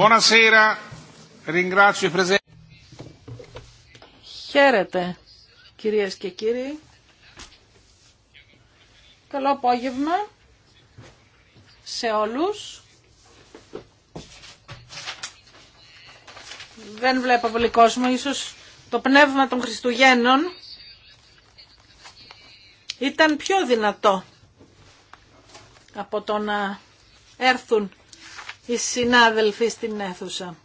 Buonasera. Ringrazio Χαίρετε, κυρίες και κύριοι. Καλό απόγευμα σε όλους. Δεν βλέπω πολύ κόσμο, ίσως το πνεύμα των Χριστουγέννων ήταν πιο δυνατό από το να έρθουν οι συνάδελφοι στην αίθουσα.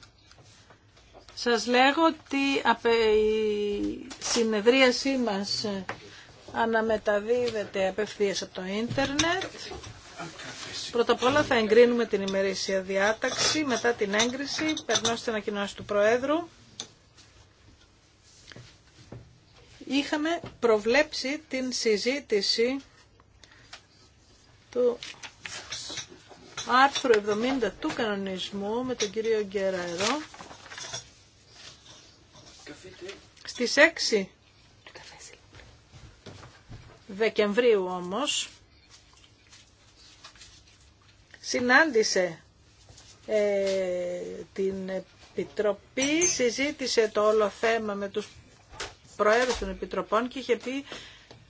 Σας λέγω ότι η συνεδρίασή μας αναμεταδίδεται απευθείας από το ίντερνετ. Πρώτα απ' όλα θα εγκρίνουμε την ημερήσια διάταξη. Μετά την έγκριση περνώ στην ανακοινώση του Προέδρου. Είχαμε προβλέψει την συζήτηση του Άρθρο 70 του κανονισμού με τον κύριο Γκέρα εδώ. Στις 6 Δεκεμβρίου όμως συνάντησε ε, την Επιτροπή, συζήτησε το όλο θέμα με τους προέδρους των Επιτροπών και είχε πει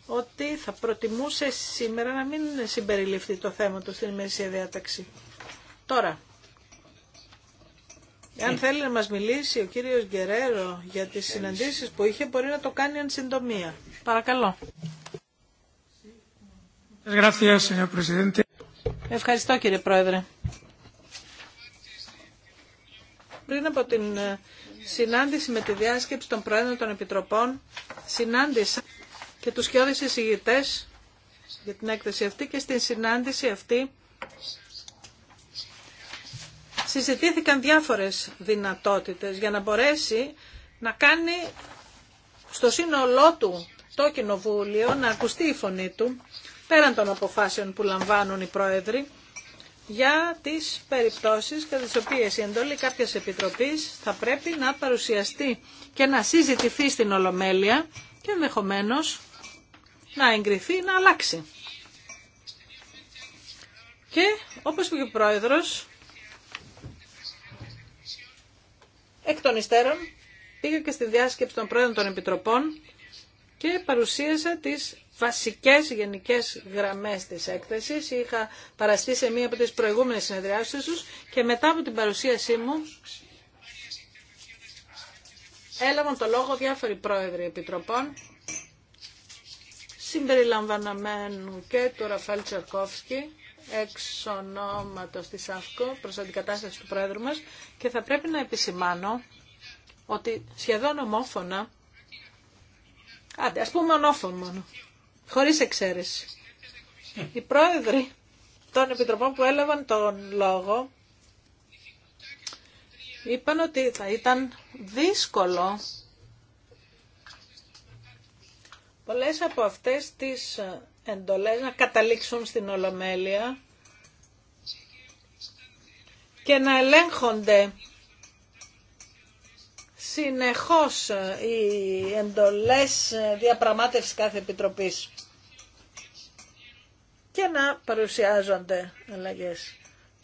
ότι θα προτιμούσε σήμερα να μην συμπεριληφθεί το θέμα του στην ημερήσια διάταξη. Τώρα, αν ναι. θέλει να μας μιλήσει ο κύριος Γκερέρο για τις συναντήσεις που είχε, μπορεί να το κάνει εν συντομία. Παρακαλώ. Ευχαριστώ κύριε Πρόεδρε. Πριν από την ε, συνάντηση με τη διάσκεψη των Προέδρων των Επιτροπών, συνάντησα και τους σκιώδεις εισηγητές για την έκθεση αυτή και στην συνάντηση αυτή συζητήθηκαν διάφορες δυνατότητες για να μπορέσει να κάνει στο σύνολό του το Κοινοβούλιο να ακουστεί η φωνή του πέραν των αποφάσεων που λαμβάνουν οι πρόεδροι για τις περιπτώσεις κατά τις οποίες η εντολή κάποιας επιτροπής θα πρέπει να παρουσιαστεί και να συζητηθεί στην Ολομέλεια και ενδεχομένω να εγκριθεί, να αλλάξει. Και όπως είπε ο Πρόεδρος, εκ των υστέρων πήγα και στη διάσκεψη των Πρόεδρων των Επιτροπών και παρουσίασα τις βασικές γενικές γραμμές της έκθεσης. Είχα παραστεί σε μία από τις προηγούμενες συνεδριάσεις τους και μετά από την παρουσίασή μου έλαβαν το λόγο διάφοροι πρόεδροι επιτροπών συμπεριλαμβανομένου και του Ραφάλ Τσαρκόφσκι, εξ ονόματος της ΑΦΚΟ, προς αντικατάσταση του Πρόεδρου μας, και θα πρέπει να επισημάνω ότι σχεδόν ομόφωνα, άντε, ας πούμε ομόφωνα μόνο, χωρίς εξαίρεση, οι πρόεδροι των επιτροπών που έλαβαν τον λόγο είπαν ότι θα ήταν δύσκολο πολλές από αυτές τις ε, εντολές να καταλήξουν στην Ολομέλεια και να ελέγχονται συνεχώς ε, οι εντολές ε, διαπραγμάτευση κάθε επιτροπής και να παρουσιάζονται αλλαγές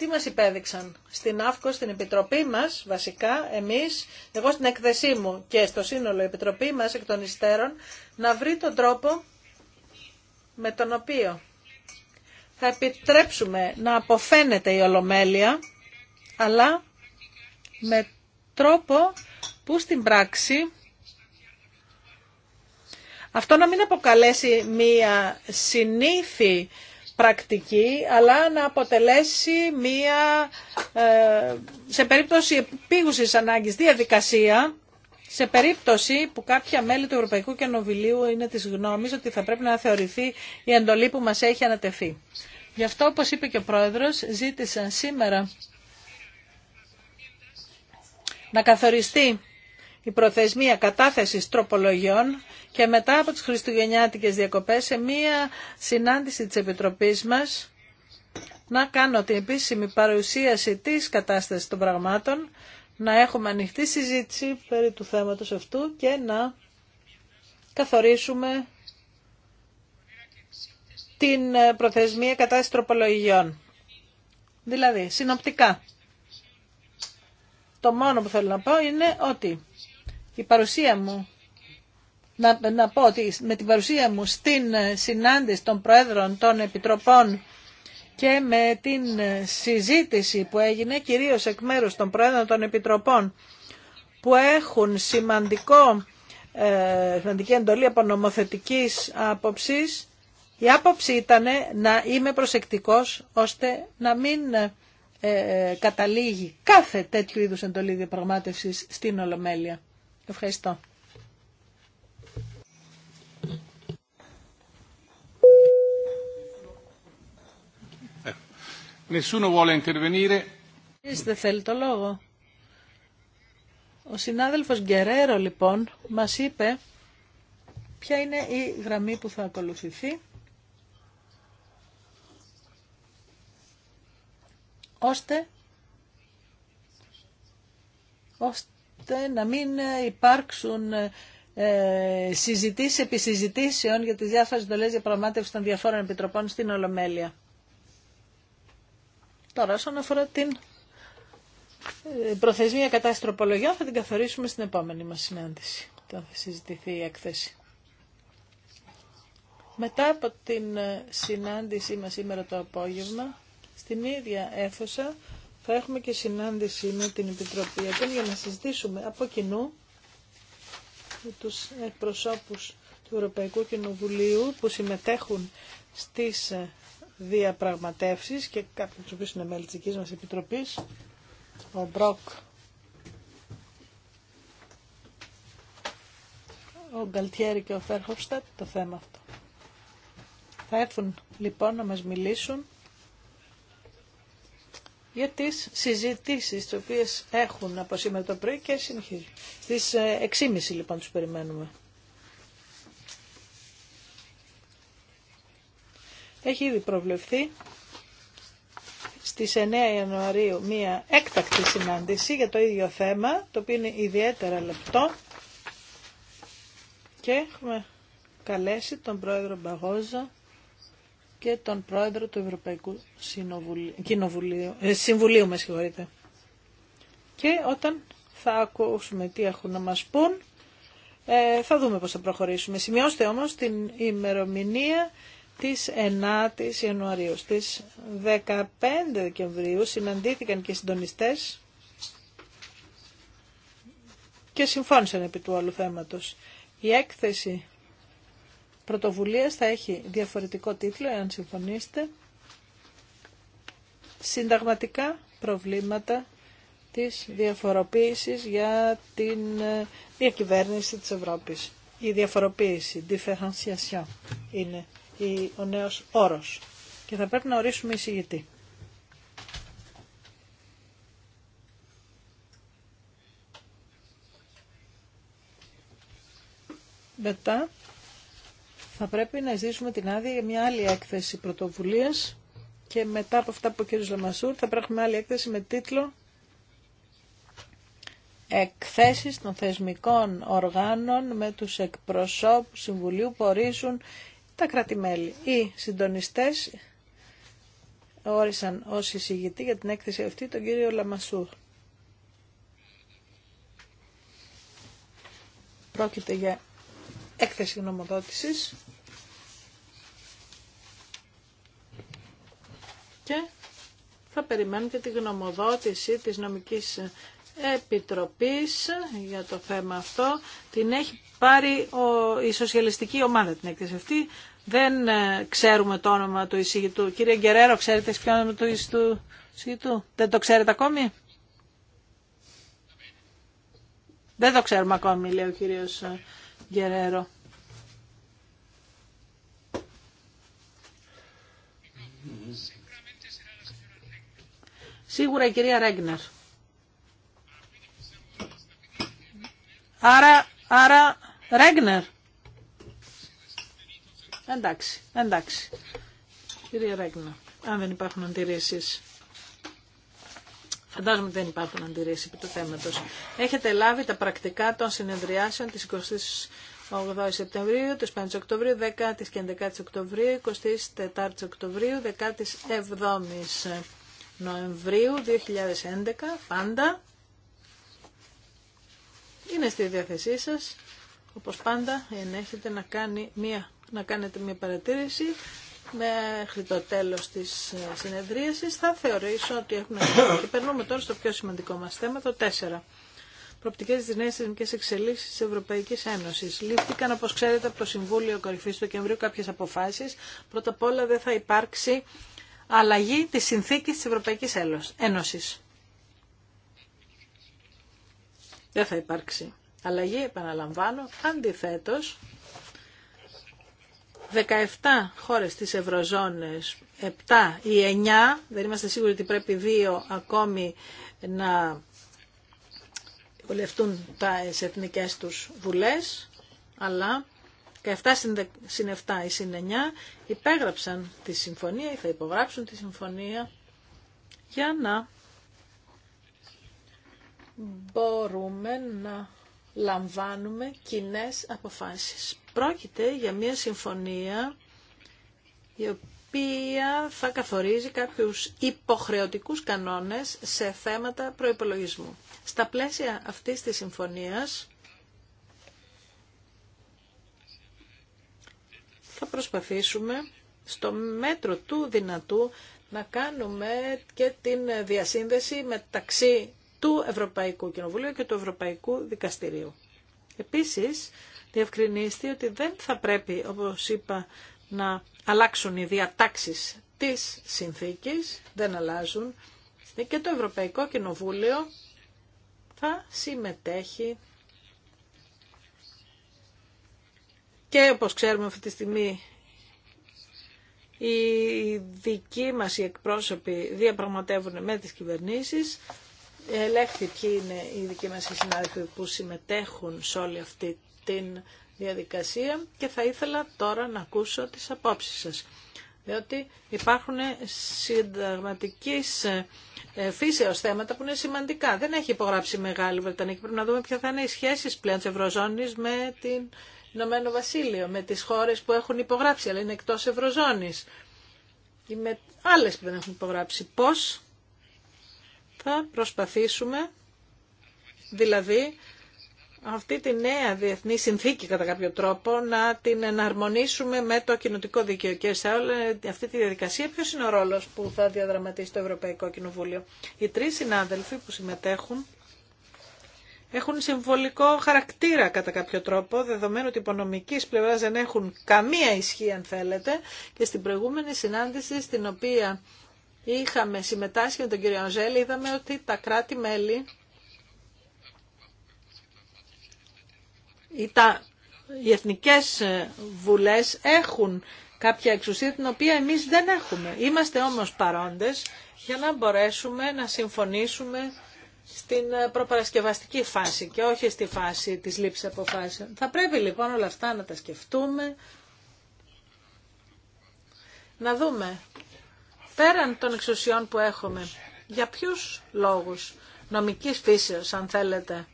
τι μας υπέδειξαν. Στην ΑΦΚΟ, στην Επιτροπή μας, βασικά, εμείς, εγώ στην εκθεσή μου και στο σύνολο Επιτροπή μας εκ των υστέρων, να βρει τον τρόπο με τον οποίο θα επιτρέψουμε να αποφαίνεται η Ολομέλεια, αλλά με τρόπο που στην πράξη αυτό να μην αποκαλέσει μία συνήθη πρακτική, αλλά να αποτελέσει μία, ε, σε περίπτωση επίγουσης ανάγκης, διαδικασία, σε περίπτωση που κάποια μέλη του Ευρωπαϊκού Κοινοβουλίου είναι της γνώμης ότι θα πρέπει να θεωρηθεί η εντολή που μας έχει ανατεθεί. Γι' αυτό, όπως είπε και ο Πρόεδρος, ζήτησαν σήμερα να καθοριστεί η προθεσμία κατάθεσης τροπολογιών και μετά από τις χριστουγεννιάτικες διακοπές σε μία συνάντηση της Επιτροπής μας να κάνω την επίσημη παρουσίαση της κατάστασης των πραγμάτων, να έχουμε ανοιχτή συζήτηση περί του θέματος αυτού και να καθορίσουμε την ε, προθεσμία κατάστασης τροπολογιών. Δηλαδή, συνοπτικά, το μόνο που θέλω να πω είναι ότι η παρουσία μου, να, να πω με την παρουσία μου στην συνάντηση των Προέδρων των Επιτροπών και με την συζήτηση που έγινε κυρίως εκ μέρους των Προέδρων των Επιτροπών που έχουν σημαντικό, ε, σημαντική εντολή από νομοθετικής άποψης, η άποψη ήταν να είμαι προσεκτικός ώστε να μην ε, ε, καταλήγει κάθε τέτοιου είδους εντολή διαπραγμάτευσης στην Ολομέλεια. Ευχαριστώ. Ε, Nessuno vuole intervenire. Δεν θέλει το λόγο. Ο συνάδελφος Γκερέρο λοιπόν μας είπε ποια είναι η γραμμή που θα ακολουθηθεί ώστε, ώστε να μην υπάρξουν ε, συζητήσεις επί συζητήσεων για τις διάφορες δολές διαπραγμάτευση των διαφόρων επιτροπών στην Ολομέλεια. Τώρα, όσον αφορά την ε, προθεσμία κατάσταση τροπολογιών, θα την καθορίσουμε στην επόμενη μας συνάντηση, όταν θα συζητηθεί η έκθεση. Μετά από την ε, συνάντησή μας σήμερα το απόγευμα, στην ίδια αίθουσα θα έχουμε και συνάντηση με την Επιτροπή για να συζητήσουμε από κοινού με τους εκπροσώπους του Ευρωπαϊκού Κοινοβουλίου που συμμετέχουν στις ε, διαπραγματεύσεις και κάποιοι τους είναι μέλη της δικής μας Επιτροπής, ο Μπροκ, ο Γκαλτιέρη και ο Φέρχοφστατ το θέμα αυτό. Θα έρθουν λοιπόν να μας μιλήσουν για τις συζητήσεις τις οποίες έχουν από σήμερα το πρωί και συνεχίζουν. Στις 6.30 ε, λοιπόν τους περιμένουμε. Έχει ήδη προβλεφθεί στις 9 Ιανουαρίου μία έκτακτη συνάντηση για το ίδιο θέμα, το οποίο είναι ιδιαίτερα λεπτό και έχουμε καλέσει τον πρόεδρο Μπαγόζα και τον πρόεδρο του Ευρωπαϊκού ε, Συμβουλίου. Με Και όταν θα ακούσουμε τι έχουν να μας πούν, ε, θα δούμε πώς θα προχωρήσουμε. Σημειώστε όμως την ημερομηνία της 9ης Ιανουαρίου. Στις 15 Δεκεμβρίου συναντήθηκαν και οι συντονιστές και συμφώνησαν επί του άλλου θέματος. Η έκθεση Πρωτοβουλία θα έχει διαφορετικό τίτλο, εάν συμφωνήσετε. Συνταγματικά προβλήματα της διαφοροποίησης για την ε, διακυβέρνηση της Ευρώπης. Η διαφοροποίηση, differentiation, είναι ο νέος όρος. Και θα πρέπει να ορίσουμε εισηγητή. Μετά θα πρέπει να ζήσουμε την άδεια για μια άλλη έκθεση πρωτοβουλία και μετά από αυτά που ο κ. Λαμασούρ θα έχουμε άλλη έκθεση με τίτλο «Εκθέσεις των θεσμικών οργάνων με τους εκπροσώπους Συμβουλίου που ορίζουν τα κράτη-μέλη». Οι συντονιστές όρισαν ως εισηγητή για την έκθεση αυτή τον κύριο Λαμασούρ. Πρόκειται για έκθεση γνωμοδότησης και θα περιμένουμε και τη γνωμοδότηση της νομικής Επιτροπής για το θέμα αυτό. Την έχει πάρει ο, η σοσιαλιστική ομάδα την έκθεση αυτή. Δεν ε, ξέρουμε το όνομα του εισηγητού. Κύριε Γκερέρο, ξέρετε ποιο όνομα του εισηγητού. Δεν το ξέρετε ακόμη. Δεν το ξέρουμε ακόμη, λέει ο κύριος ε, Γκερέρο. Σίγουρα η κυρία Ρέγνερ. Άρα, άρα, Ρέγνερ. Εντάξει, εντάξει. Κυρία Ρέγνερ, αν δεν υπάρχουν αντιρρήσεις. Φαντάζομαι ότι δεν υπάρχουν αντιρρήσεις επί του θέματος. Έχετε λάβει τα πρακτικά των συνεδριάσεων της 28 Σεπτεμβρίου, της 5 Οκτωβρίου, 10 και 11 Οκτωβρίου, 24 Οκτωβρίου, 17 Οκτωβρίου, Νοεμβρίου 2011, πάντα. Είναι στη διάθεσή σας, όπως πάντα, εάν να, κάνει μία, να κάνετε μια παρατήρηση μέχρι το τέλος της ε, συνεδρίασης θα θεωρήσω ότι έχουμε... και περνούμε τώρα στο πιο σημαντικό μας θέμα, το 4. Προπτικέ τη νέα θεσμικέ εξελίξει τη Ευρωπαϊκή Ένωση. Λήφθηκαν, όπω ξέρετε, από το Συμβούλιο Κορυφή του Δεκεμβρίου κάποιε αποφάσει. Πρώτα απ' όλα δεν θα υπάρξει αλλαγή της συνθήκης της Ευρωπαϊκής Ένωσης. Δεν θα υπάρξει αλλαγή, επαναλαμβάνω, αντιθέτως 17 χώρες της Ευρωζώνης, 7 ή 9, δεν είμαστε σίγουροι ότι πρέπει 2 ακόμη να βουλευτούν τα εθνικές τους βουλές, αλλά 17 συν 7 ή συν 9 υπέγραψαν τη συμφωνία ή θα υπογράψουν τη συμφωνία για να μπορούμε να λαμβάνουμε κοινέ αποφάσεις. Πρόκειται για μια συμφωνία η οποία θα καθορίζει κάποιους υποχρεωτικούς κανόνες σε θέματα προϋπολογισμού. Στα πλαίσια αυτής της συμφωνίας θα προσπαθήσουμε στο μέτρο του δυνατού να κάνουμε και την διασύνδεση μεταξύ του Ευρωπαϊκού Κοινοβουλίου και του Ευρωπαϊκού Δικαστηρίου. Επίσης, διευκρινίστη ότι δεν θα πρέπει, όπως είπα, να αλλάξουν οι διατάξεις της συνθήκης, δεν αλλάζουν, και το Ευρωπαϊκό Κοινοβούλιο θα συμμετέχει Και όπως ξέρουμε αυτή τη στιγμή οι δικοί μας οι εκπρόσωποι διαπραγματεύουν με τις κυβερνήσεις. Ελέγχθη ποιοι είναι οι δικοί μας οι συνάδελφοι που συμμετέχουν σε όλη αυτή την διαδικασία και θα ήθελα τώρα να ακούσω τις απόψεις σας. Διότι υπάρχουν συνταγματική ε, φύσεως θέματα που είναι σημαντικά. Δεν έχει υπογράψει η Μεγάλη βρετανική. πρέπει να δούμε ποια θα είναι οι σχέσεις πλέον της Ευρωζώνης με την Ηνωμένο Βασίλειο, με τις χώρες που έχουν υπογράψει, αλλά είναι εκτός Ευρωζώνης ή με άλλες που δεν έχουν υπογράψει. Πώς θα προσπαθήσουμε, δηλαδή, αυτή τη νέα διεθνή συνθήκη κατά κάποιο τρόπο να την εναρμονίσουμε με το κοινοτικό δίκαιο. Και σε αυτή τη διαδικασία ποιος είναι ο ρόλος που θα διαδραματίσει το Ευρωπαϊκό Κοινοβούλιο. Οι τρεις συνάδελφοι που συμμετέχουν έχουν συμβολικό χαρακτήρα κατά κάποιο τρόπο, δεδομένου ότι υπονομικής πλευρά δεν έχουν καμία ισχύ αν θέλετε και στην προηγούμενη συνάντηση στην οποία είχαμε συμμετάσχει με τον κύριο Ζέλη, είδαμε ότι τα κράτη-μέλη ή τα, οι εθνικές βουλές έχουν κάποια εξουσία την οποία εμείς δεν έχουμε. Είμαστε όμως παρόντες για να μπορέσουμε να συμφωνήσουμε στην ε, προπαρασκευαστική φάση και όχι στη φάση της λήψης αποφάσεων. Θα πρέπει λοιπόν όλα αυτά να τα σκεφτούμε, να δούμε πέραν των εξουσιών που έχουμε, για ποιους λόγους νομικής φύσεως αν θέλετε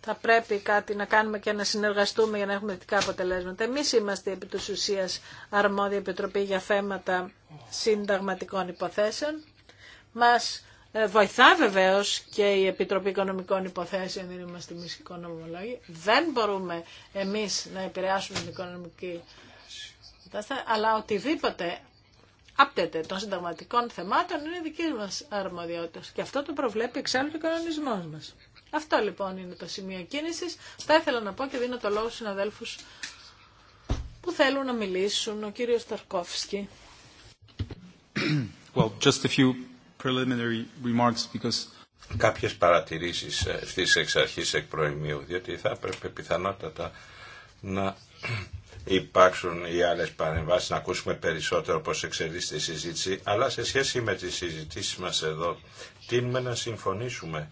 θα πρέπει κάτι να κάνουμε και να συνεργαστούμε για να έχουμε θετικά αποτελέσματα. Εμείς είμαστε επί της ουσίας αρμόδια επιτροπή για θέματα συνταγματικών υποθέσεων. Μας ε, βοηθά βεβαίω και η Επιτροπή Οικονομικών Υποθέσεων, δεν είμαστε εμεί οικονομολόγοι. Δεν μπορούμε εμεί να επηρεάσουμε την οικονομική κατάσταση, αλλά οτιδήποτε άπτεται των συνταγματικών θεμάτων είναι δική μα αρμοδιότητα. Και αυτό το προβλέπει εξάλλου και ο κανονισμό μα. Αυτό λοιπόν είναι το σημείο κίνηση. Θα ήθελα να πω και δίνω το λόγο στου συναδέλφου που θέλουν να μιλήσουν. Ο κύριο Ταρκόφσκι. Well, just a few κάποιες παρατηρήσεις στις ε, εξ αρχής εκ προημίου, διότι θα έπρεπε πιθανότατα να υπάρξουν οι άλλες παρεμβάσεις, να ακούσουμε περισσότερο πώς εξελίσσεται η συζήτηση, αλλά σε σχέση με τις συζητήσεις μας εδώ, τίνουμε να συμφωνήσουμε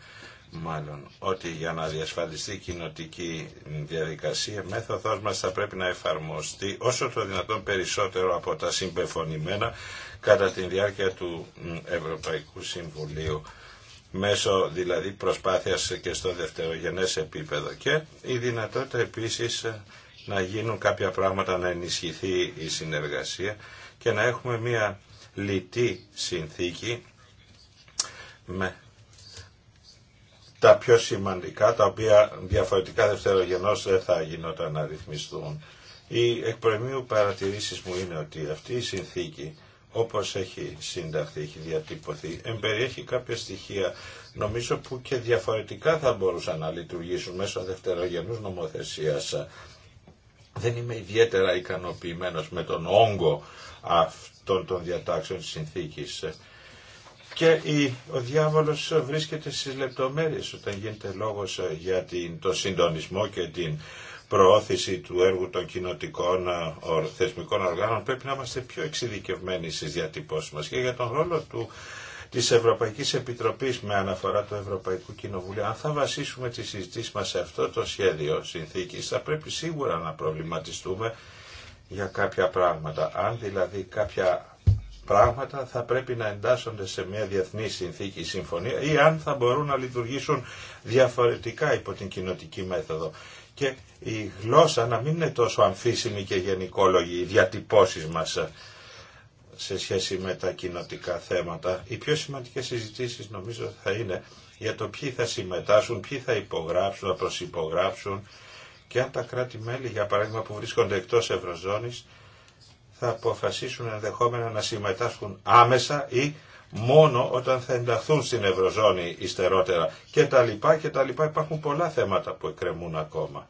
μάλλον ότι για να διασφαλιστεί η κοινοτική διαδικασία μέθοδός μας θα πρέπει να εφαρμοστεί όσο το δυνατόν περισσότερο από τα συμπεφωνημένα κατά τη διάρκεια του Ευρωπαϊκού Συμβουλίου μέσω δηλαδή προσπάθειας και στο δευτερογενές επίπεδο και η δυνατότητα επίσης να γίνουν κάποια πράγματα να ενισχυθεί η συνεργασία και να έχουμε μια λιτή συνθήκη με τα πιο σημαντικά, τα οποία διαφορετικά δευτερογενώς δεν θα γινόταν να ρυθμιστούν. Οι εκπροημίου παρατηρήσεις μου είναι ότι αυτή η συνθήκη όπως έχει συνταχθεί, έχει διατύπωθεί, εμπεριέχει κάποια στοιχεία νομίζω που και διαφορετικά θα μπορούσαν να λειτουργήσουν μέσω δευτερογενούς νομοθεσίας. Δεν είμαι ιδιαίτερα ικανοποιημένος με τον όγκο αυτών των διατάξεων της συνθήκης. Και ο διάβολος βρίσκεται στις λεπτομέρειες όταν γίνεται λόγος για το συντονισμό και την προώθηση του έργου των κοινοτικών ε, θεσμικών οργάνων πρέπει να είμαστε πιο εξειδικευμένοι στις διατυπώσεις μας και για τον ρόλο του τη Ευρωπαϊκή Επιτροπή με αναφορά του Ευρωπαϊκού Κοινοβουλίου. Αν θα βασίσουμε τη συζήτηση μα σε αυτό το σχέδιο συνθήκη, θα πρέπει σίγουρα να προβληματιστούμε για κάποια πράγματα. Αν δηλαδή κάποια πράγματα θα πρέπει να εντάσσονται σε μια διεθνή συνθήκη ή συμφωνία ή αν θα μπορούν να λειτουργήσουν διαφορετικά υπό την κοινοτική μέθοδο και η γλώσσα να μην είναι τόσο αμφίσιμη και γενικόλογη, οι διατυπώσεις μας σε σχέση με τα κοινοτικά θέματα. Οι πιο σημαντικές συζητήσεις νομίζω θα είναι για το ποιοι θα συμμετάσχουν, ποιοι θα υπογράψουν, θα προσυπογράψουν και αν τα κράτη-μέλη, για παράδειγμα, που βρίσκονται εκτός Ευρωζώνης, θα αποφασίσουν ενδεχόμενα να συμμετάσχουν άμεσα ή μόνο όταν θα ενταχθούν στην Ευρωζώνη υστερότερα και τα λοιπά και τα λοιπά υπάρχουν πολλά θέματα που εκκρεμούν ακόμα.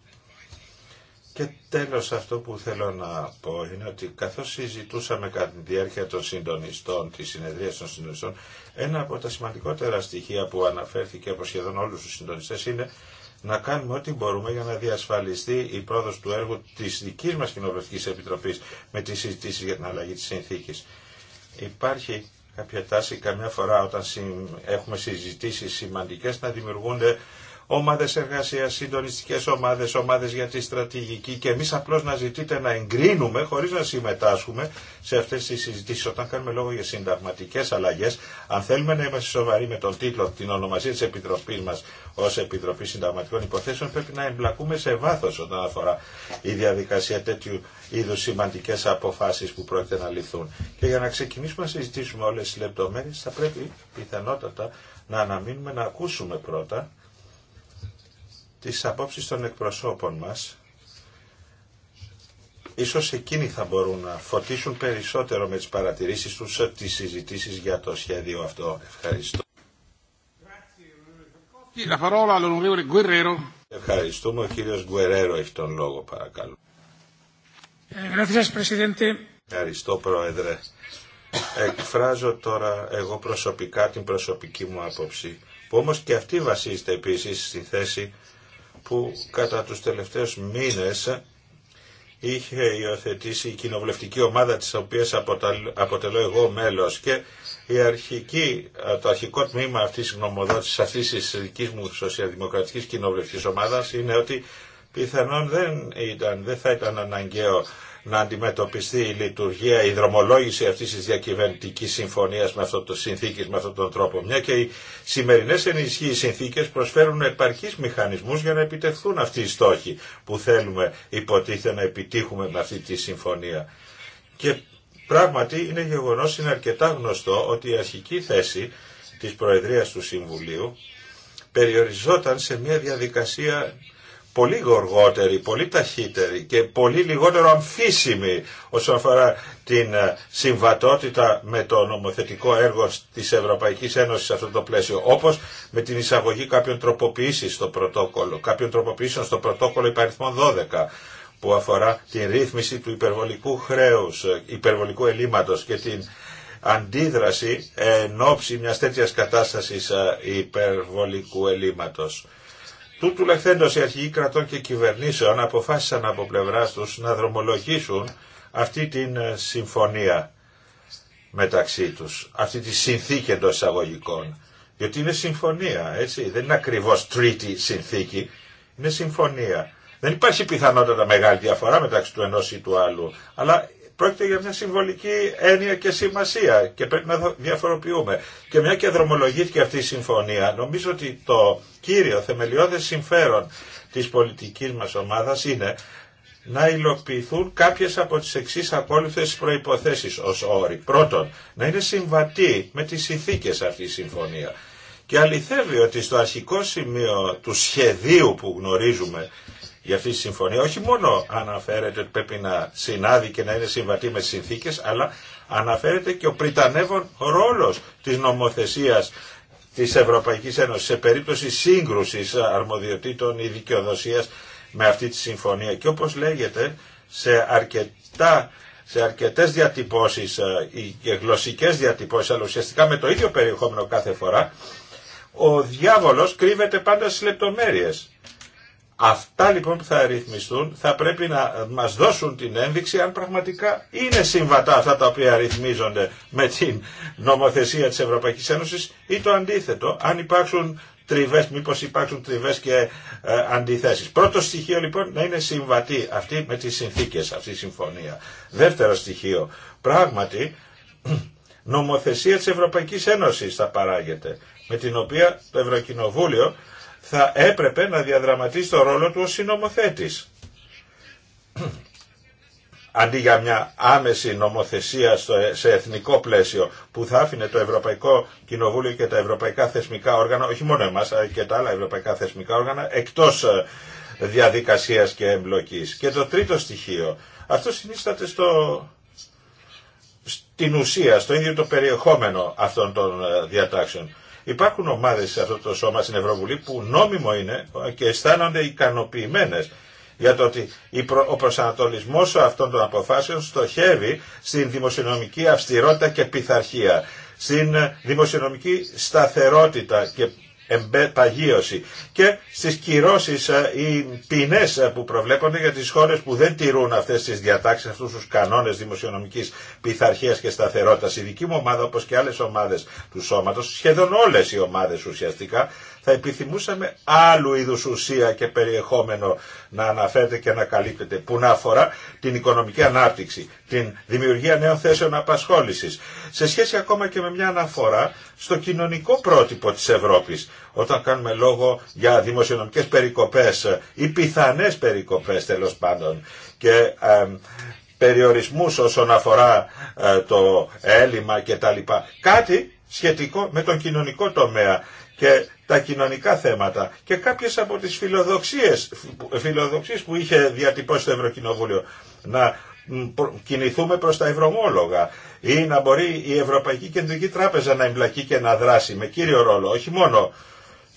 Και τέλος αυτό που θέλω να πω είναι ότι καθώς συζητούσαμε κατά τη διάρκεια των συντονιστών, τη συνεδρία των συντονιστών, ένα από τα σημαντικότερα στοιχεία που αναφέρθηκε από σχεδόν όλους τους συντονιστές είναι να κάνουμε ό,τι μπορούμε για να διασφαλιστεί η πρόοδος του έργου της δικής μας Κοινοβουλευτικής Επιτροπής με τις συζητήσεις για την αλλαγή της συνθήκης. Υπάρχει κάποια τάση καμιά φορά όταν έχουμε συζητήσεις σημαντικές να δημιουργούνται ομάδες εργασίας, συντονιστικές ομάδες, ομάδες για τη στρατηγική και εμείς απλώς να ζητείτε να εγκρίνουμε χωρίς να συμμετάσχουμε σε αυτές τις συζητήσεις όταν κάνουμε λόγο για συνταγματικές αλλαγές. Αν θέλουμε να είμαστε σοβαροί με τον τίτλο, την ονομασία της Επιτροπής μας ως Επιτροπή Συνταγματικών Υποθέσεων πρέπει να εμπλακούμε σε βάθος όταν αφορά η διαδικασία τέτοιου είδους σημαντικές αποφάσεις που πρόκειται να ληφθούν. Και για να ξεκινήσουμε να συζητήσουμε όλες τις λεπτομέρειες θα πρέπει πιθανότατα να αναμείνουμε να ακούσουμε πρώτα τις απόψεις των εκπροσώπων μας. Ίσως εκείνοι θα μπορούν να φωτίσουν περισσότερο με τις παρατηρήσεις τους τις συζητήσεις για το σχέδιο αυτό. Ευχαριστώ. Ευχαριστούμε. Ο κύριος Γκουερέρο έχει τον λόγο παρακαλώ. Ε, Ευχαριστώ Πρόεδρε. Εκφράζω τώρα εγώ προσωπικά την προσωπική μου άποψη που όμως και αυτή βασίζεται επίσης στη θέση που κατά τους τελευταίους μήνες είχε υιοθετήσει η κοινοβουλευτική ομάδα της οποίας αποτελώ εγώ μέλος και η αρχική, ε, το αρχικό τμήμα αυτής της γνωμοδότησης αυτής της δικής μου σοσιαλδημοκρατικής κοινοβουλευτικής ομάδας είναι ότι πιθανόν δεν, ήταν, δεν θα ήταν αναγκαίο να αντιμετωπιστεί η λειτουργία, η δρομολόγηση αυτής της διακυβερνητική συμφωνίας με αυτό το συνθήκη, με αυτόν τον τρόπο. Μια και οι σημερινές ενισχύει συνθήκε προσφέρουν επαρχεί μηχανισμούς για να επιτευχθούν αυτοί οι στόχοι που θέλουμε υποτίθεται να επιτύχουμε με αυτή τη συμφωνία. Και πράγματι είναι γεγονό είναι αρκετά γνωστό ότι η αρχική θέση τη Προεδρία του Συμβουλίου περιοριζόταν σε μια διαδικασία πολύ γοργότερη, πολύ ταχύτερη και πολύ λιγότερο αμφίσιμη όσον αφορά την ε, συμβατότητα με το νομοθετικό έργο της Ευρωπαϊκής Ένωσης σε αυτό το πλαίσιο, όπως με την εισαγωγή κάποιων τροποποιήσεων στο πρωτόκολλο, κάποιων τροποποιήσεων στο πρωτόκολλο υπαριθμών 12 που αφορά την ρύθμιση του υπερβολικού χρέους, ε, υπερβολικού ελλείμματος και την αντίδραση εν ώψη μιας τέτοιας κατάστασης ε, υπερβολικού ελλείμματος. Τούτου λεχθέντος οι αρχηγοί κρατών και κυβερνήσεων αποφάσισαν από πλευρά τους να δρομολογήσουν αυτή την ε, συμφωνία μεταξύ τους, αυτή τη συνθήκη εντό εισαγωγικών. Γιατί είναι συμφωνία, έτσι. Δεν είναι ακριβώς τρίτη συνθήκη, είναι συμφωνία. Δεν υπάρχει πιθανότατα μεγάλη διαφορά μεταξύ του ενός ή του άλλου, αλλά πρόκειται για μια συμβολική έννοια και σημασία και πρέπει να διαφοροποιούμε. Και μια και δρομολογήθηκε αυτή η συμφωνία, νομίζω ότι το κύριο θεμελιώδες συμφέρον της πολιτικής μας ομάδας είναι να υλοποιηθούν κάποιες από τις εξής απόλυτες προϋποθέσεις ως όροι. Πρώτον, να είναι συμβατή με τις ηθίκες αυτή η συμφωνία. Και αληθεύει ότι στο αρχικό σημείο του σχεδίου που γνωρίζουμε για αυτή τη συμφωνία όχι μόνο αναφέρεται ότι πρέπει να συνάδει και να είναι συμβατή με τις συνθήκες, αλλά αναφέρεται και ο πριτανεύων ρόλος της νομοθεσίας της Ευρωπαϊκής Ένωσης σε περίπτωση σύγκρουσης αρμοδιοτήτων ή δικαιοδοσίας με αυτή τη συμφωνία. Και όπως λέγεται, σε αρκετά σε αρκετές διατυπώσεις ε, και γλωσσικές διατυπώσεις, αλλά ουσιαστικά με το ίδιο περιεχόμενο κάθε φορά, ο διάβολος κρύβεται πάντα στις λεπτομέρειες. Αυτά λοιπόν που θα αριθμιστούν θα πρέπει να μας δώσουν την ένδειξη αν πραγματικά είναι συμβατά αυτά τα οποία ρυθμίζονται με την νομοθεσία της Ευρωπαϊκής Ένωσης ή το αντίθετο, αν υπάρξουν τριβές, μήπως υπάρξουν τριβές και ε, αντιθέσεις. Πρώτο στοιχείο λοιπόν να είναι συμβατή αυτή με τις συνθήκες αυτή η συμφωνία. Δεύτερο στοιχείο, πράγματι νομοθεσία της Ευρωπαϊκής Ένωσης θα παράγεται με την οποία το Ευρωκοινοβούλιο θα έπρεπε να διαδραματίσει το ρόλο του ως συνομοθέτης. Αντί για μια άμεση νομοθεσία ε, σε εθνικό πλαίσιο που θα άφηνε το Ευρωπαϊκό Κοινοβούλιο και τα ευρωπαϊκά θεσμικά όργανα, όχι μόνο εμάς αλλά και τα άλλα ευρωπαϊκά θεσμικά όργανα, εκτός ε, διαδικασίας και εμπλοκής. Και το τρίτο στοιχείο, αυτό συνίσταται στο στην ουσία, στο ίδιο το περιεχόμενο αυτών των ε, διατάξεων. Υπάρχουν ομάδε σε αυτό το σώμα στην Ευρωβουλή που νόμιμο είναι και αισθάνονται ικανοποιημένε για το ότι ο προσανατολισμός αυτών των αποφάσεων στοχεύει στην δημοσιονομική αυστηρότητα και πειθαρχία, στην δημοσιονομική σταθερότητα και παγίωση και στις κυρώσεις ε, οι ποινές ε, που προβλέπονται για τις χώρες που δεν τηρούν αυτές τις διατάξεις, αυτούς τους κανόνες δημοσιονομικής πειθαρχίας και σταθερότητας. Η δική μου ομάδα όπως και άλλες ομάδες του σώματος, σχεδόν όλες οι ομάδες ουσιαστικά, θα επιθυμούσαμε άλλου είδους ουσία και περιεχόμενο να αναφέρεται και να καλύπτεται που να αφορά την οικονομική ανάπτυξη, την δημιουργία νέων θέσεων απασχόλησης. Σε σχέση ακόμα και με μια αναφορά στο κοινωνικό πρότυπο της Ευρώπης, όταν κάνουμε λόγο για δημοσιονομικές περικοπές ή πιθανές περικοπές τέλος πάντων και ε, περιορισμούς όσον αφορά ε, το έλλειμμα κτλ. Κάτι σχετικό με τον κοινωνικό τομέα και τα κοινωνικά θέματα και κάποιες από τις φιλοδοξίες, φιλοδοξίες που είχε διατυπώσει το Ευρωκοινοβούλιο να κινηθούμε προς τα ευρωμόλογα ή να μπορεί η Ευρωπαϊκή Κεντρική Τράπεζα να εμπλακεί και να δράσει με κύριο ρόλο, όχι μόνο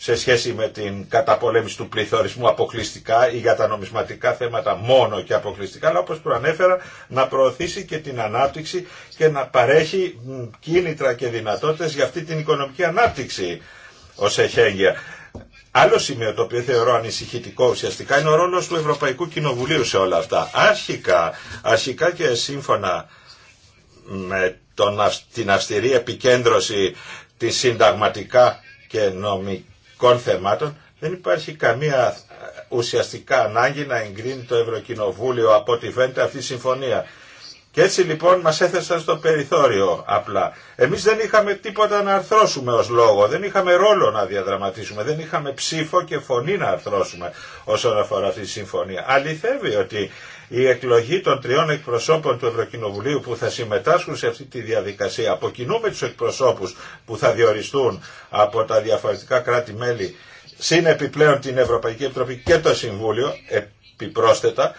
σε σχέση με την καταπολέμηση του πληθωρισμού αποκλειστικά ή για τα νομισματικά θέματα μόνο και αποκλειστικά, αλλά όπως προανέφερα να προωθήσει και την ανάπτυξη και να παρέχει κίνητρα και δυνατότητες για αυτή την οικονομική ανάπτυξη ω εχέγγυα. Άλλο σημείο το οποίο θεωρώ ανησυχητικό ουσιαστικά είναι ο ρόλο του Ευρωπαϊκού Κοινοβουλίου σε όλα αυτά. Αρχικά, αρχικά και σύμφωνα με τον, την αυστηρή επικέντρωση τη συνταγματικά και νομικών θεμάτων, δεν υπάρχει καμία ε, ουσιαστικά ανάγκη να εγκρίνει το Ευρωκοινοβούλιο από ό,τι φαίνεται αυτή η συμφωνία. Και έτσι λοιπόν μας έθεσαν στο περιθώριο απλά. Εμείς δεν είχαμε τίποτα να αρθρώσουμε ως λόγο, δεν είχαμε ρόλο να διαδραματίσουμε, δεν είχαμε ψήφο και φωνή να αρθρώσουμε όσον αφορά αυτή τη συμφωνία. Αληθεύει ότι η εκλογή των τριών εκπροσώπων του Ευρωκοινοβουλίου που θα συμμετάσχουν σε αυτή τη διαδικασία, από κοινού με τους εκπροσώπους που θα διοριστούν από τα διαφορετικά κράτη-μέλη, συν επιπλέον την Ευρωπαϊκή Επιτροπή και το Συμβούλιο, επιπρόσθετα,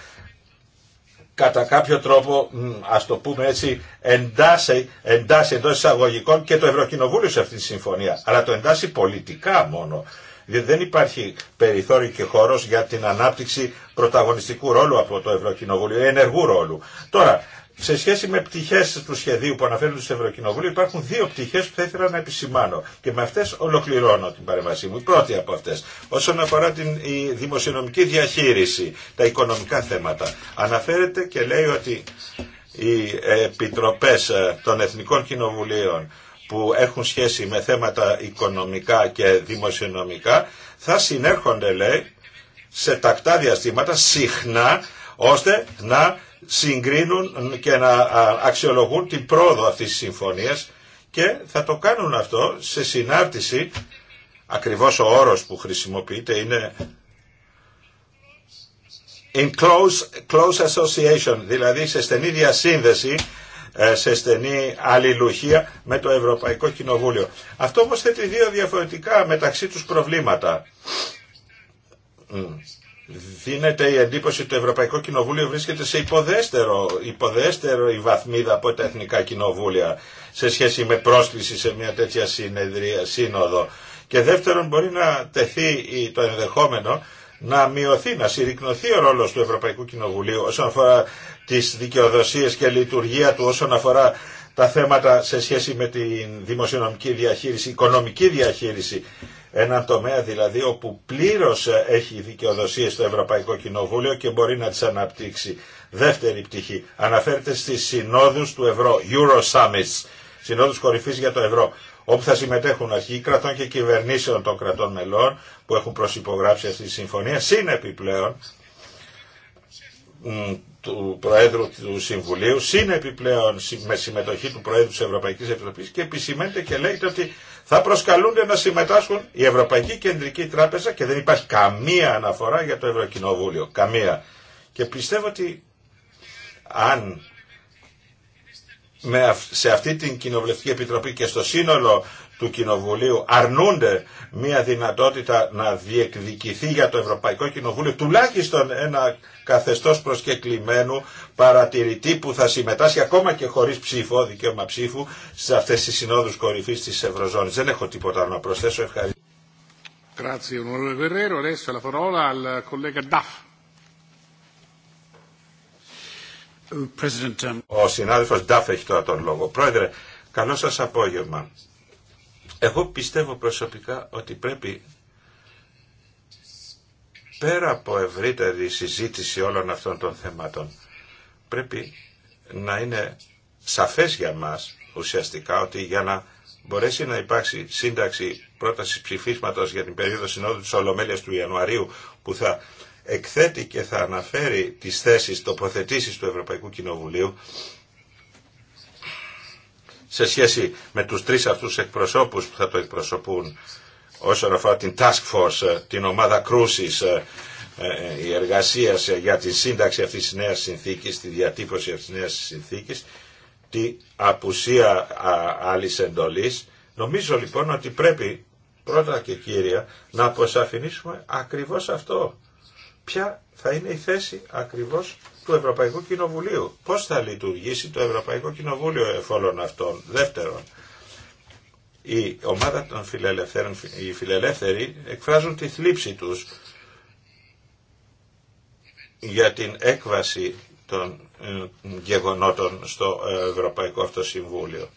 κατά κάποιο τρόπο, ας το πούμε έτσι, εντάσσει, εντάσσει εντός εισαγωγικών και το Ευρωκοινοβούλιο σε αυτή τη συμφωνία. Αλλά το εντάσσει πολιτικά μόνο. Διότι δεν υπάρχει περιθώριο και χώρο για την ανάπτυξη πρωταγωνιστικού ρόλου από το Ευρωκοινοβούλιο, ενεργού ρόλου. Τώρα, σε σχέση με πτυχέ του σχεδίου που αναφέρουν στο Ευρωκοινοβούλιο, υπάρχουν δύο πτυχέ που θα ήθελα να επισημάνω. Και με αυτέ ολοκληρώνω την παρέμβασή μου. Η πρώτη από αυτέ, όσον αφορά την δημοσιονομική διαχείριση, τα οικονομικά θέματα. Αναφέρεται και λέει ότι οι επιτροπέ ε, των Εθνικών Κοινοβουλίων που έχουν σχέση με θέματα οικονομικά και δημοσιονομικά θα συνέρχονται λέει σε τακτά διαστήματα συχνά ώστε να συγκρίνουν και να αξιολογούν την πρόοδο αυτής της συμφωνίας και θα το κάνουν αυτό σε συνάρτηση, ακριβώς ο όρος που χρησιμοποιείται είναι in close, close association, δηλαδή σε στενή διασύνδεση, ε, σε στενή αλληλουχία με το Ευρωπαϊκό Κοινοβούλιο. Αυτό όμως θέτει δύο διαφορετικά μεταξύ τους προβλήματα δίνεται η εντύπωση το Ευρωπαϊκό Κοινοβούλιο βρίσκεται σε υποδέστερο, υποδέστερο η βαθμίδα από τα εθνικά κοινοβούλια σε σχέση με πρόσκληση σε μια τέτοια συνεδρία, σύνοδο. Και δεύτερον μπορεί να τεθεί το ενδεχόμενο να μειωθεί, να συρρυκνωθεί ο ρόλος του Ευρωπαϊκού Κοινοβουλίου όσον αφορά τις δικαιοδοσίες και λειτουργία του, όσον αφορά τα θέματα σε σχέση με τη δημοσιονομική διαχείριση, οικονομική διαχείριση ένα τομέα δηλαδή όπου πλήρως έχει δικαιοδοσία στο Ευρωπαϊκό Κοινοβούλιο και μπορεί να τις αναπτύξει. Δεύτερη πτυχή αναφέρεται στις συνόδους του ευρώ, Euro Summits, συνόδους κορυφής για το ευρώ όπου θα συμμετέχουν αρχή κρατών και κυβερνήσεων των κρατών μελών που έχουν προσυπογράψει αυτή τη συμφωνία, συν επιπλέον του Προέδρου του Συμβουλίου, συν επιπλέον με συμμετοχή του Προέδρου της Ευρωπαϊκής Επιτροπής και επισημαίνεται και λέγεται ότι θα προσκαλούνται να συμμετάσχουν η Ευρωπαϊκή Κεντρική Τράπεζα και δεν υπάρχει καμία αναφορά για το Ευρωκοινοβούλιο. Καμία. Και πιστεύω ότι αν σε αυτή την Κοινοβουλευτική Επιτροπή και στο σύνολο του Κοινοβουλίου αρνούνται μια δυνατότητα να διεκδικηθεί για το Ευρωπαϊκό Κοινοβούλιο τουλάχιστον ένα καθεστώς προσκεκλημένου παρατηρητή που θα συμμετάσχει ακόμα και χωρίς ψήφο, δικαίωμα ψήφου, σε αυτές τις συνόδους κορυφής της Ευρωζώνης. Δεν έχω τίποτα να προσθέσω. Ευχαριστώ. Um, Ο συνάδελφος Ντάφ έχει τώρα τον λόγο. Πρόεδρε, καλό σας απόγευμα. Εγώ πιστεύω προσωπικά ότι πρέπει πέρα από ευρύτερη συζήτηση όλων αυτών των θεμάτων πρέπει να είναι σαφές για μας ουσιαστικά ότι για να μπορέσει να υπάρξει σύνταξη πρόταση ψηφίσματος για την περίοδο συνόδου της Ολομέλειας του Ιανουαρίου που θα εκθέτει και θα αναφέρει τις θέσεις, τοποθετήσεις του Ευρωπαϊκού Κοινοβουλίου σε σχέση με τους τρεις αυτούς εκπροσώπους που θα το εκπροσωπούν όσον αφορά την Task Force, ε, την ομάδα κρούσης, ε, ε, η εργασία για τη σύνταξη αυτής της νέας συνθήκης, τη διατύπωση αυτής της νέας συνθήκης, τη απουσία άλλης εντολής. Νομίζω λοιπόν ότι πρέπει πρώτα και κύρια να αποσαφηνίσουμε ακριβώς αυτό. Ποια θα είναι η θέση ακριβώς του Ευρωπαϊκού Κοινοβουλίου. Πώς θα λειτουργήσει το Ευρωπαϊκό Κοινοβούλιο εφόλων αυτών. Δεύτερον, η ομάδα των φιλελευθέρων, οι φιλελεύθεροι εκφράζουν τη θλίψη τους για την έκβαση των ε, γεγονότων στο ε, Ευρωπαϊκό Αυτοσυμβούλιο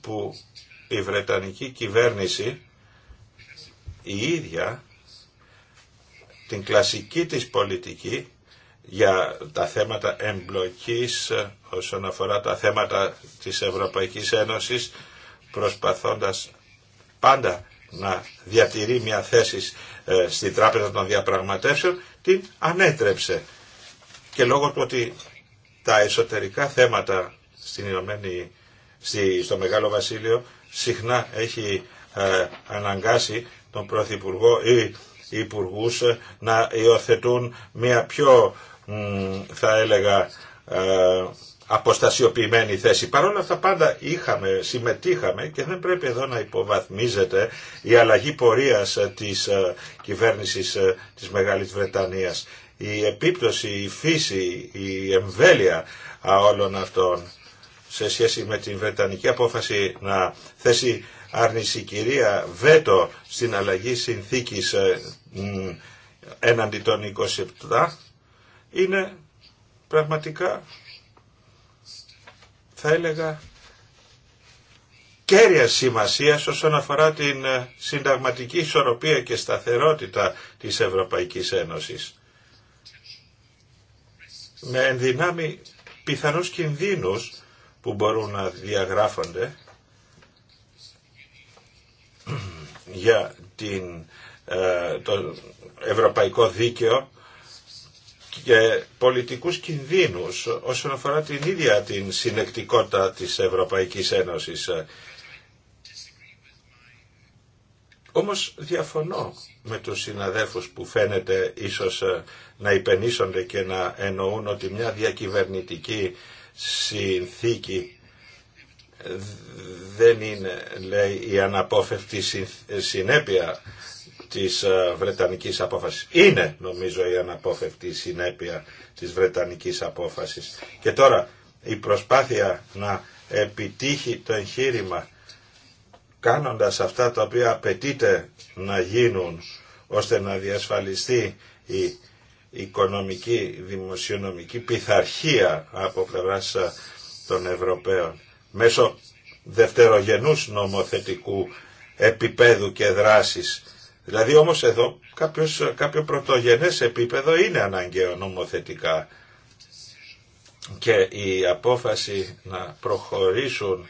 που η Βρετανική κυβέρνηση η ίδια την κλασική της πολιτική για τα θέματα εμπλοκής ε, όσον αφορά τα θέματα της Ευρωπαϊκής Ένωσης προσπαθώντας πάντα να διατηρεί μια θέση ε, στην Τράπεζα των Διαπραγματεύσεων την ανέτρεψε και λόγω του ότι τα εσωτερικά θέματα στην στο Μεγάλο Βασίλειο συχνά έχει ε, αναγκάσει τον Πρωθυπουργό ή υπουργού να υιοθετούν μια πιο θα έλεγα ε, αποστασιοποιημένη θέση. Παρ' όλα αυτά πάντα είχαμε, συμμετείχαμε και δεν πρέπει εδώ να υποβαθμίζεται η αλλαγή πορείας της ε, κυβέρνησης ε, της Μεγάλης Βρετανίας. Η επίπτωση, η φύση, η εμβέλεια όλων αυτών σε σχέση με την Βρετανική απόφαση να θέσει αρνηση κυρία βέτο στην αλλαγή συνθήκης έναντι των 27 είναι πραγματικά θα έλεγα κέρια σημασία όσον αφορά την ε, συνταγματική ισορροπία και σταθερότητα της Ευρωπαϊκής Ένωσης. Με ενδυνάμει πιθανούς κινδύνους που μπορούν να διαγράφονται για την ε, το ευρωπαϊκό δίκαιο και πολιτικούς κινδύνους όσον αφορά την ίδια την συνεκτικότητα της Ευρωπαϊκής Ένωσης. Όμως διαφωνώ με τους συναδέλφους που φαίνεται ίσως να υπενήσονται και να εννοούν ότι μια διακυβερνητική συνθήκη δεν είναι η αναπόφευκτη συνέπεια της ε, Βρετανικής απόφασης. Είναι νομίζω η αναπόφευκτη συνέπεια της Βρετανικής απόφασης. Και τώρα η προσπάθεια να επιτύχει το εγχείρημα κάνοντας αυτά τα οποία απαιτείται να γίνουν ώστε να διασφαλιστεί η οικονομική, δημοσιονομική πειθαρχία από πλευράς ε, των Ευρωπαίων μέσω δευτερογενούς νομοθετικού επίπεδου και δράσης Δηλαδή όμως εδώ κάποιος, κάποιο πρωτογενές επίπεδο είναι αναγκαίο νομοθετικά και η απόφαση να προχωρήσουν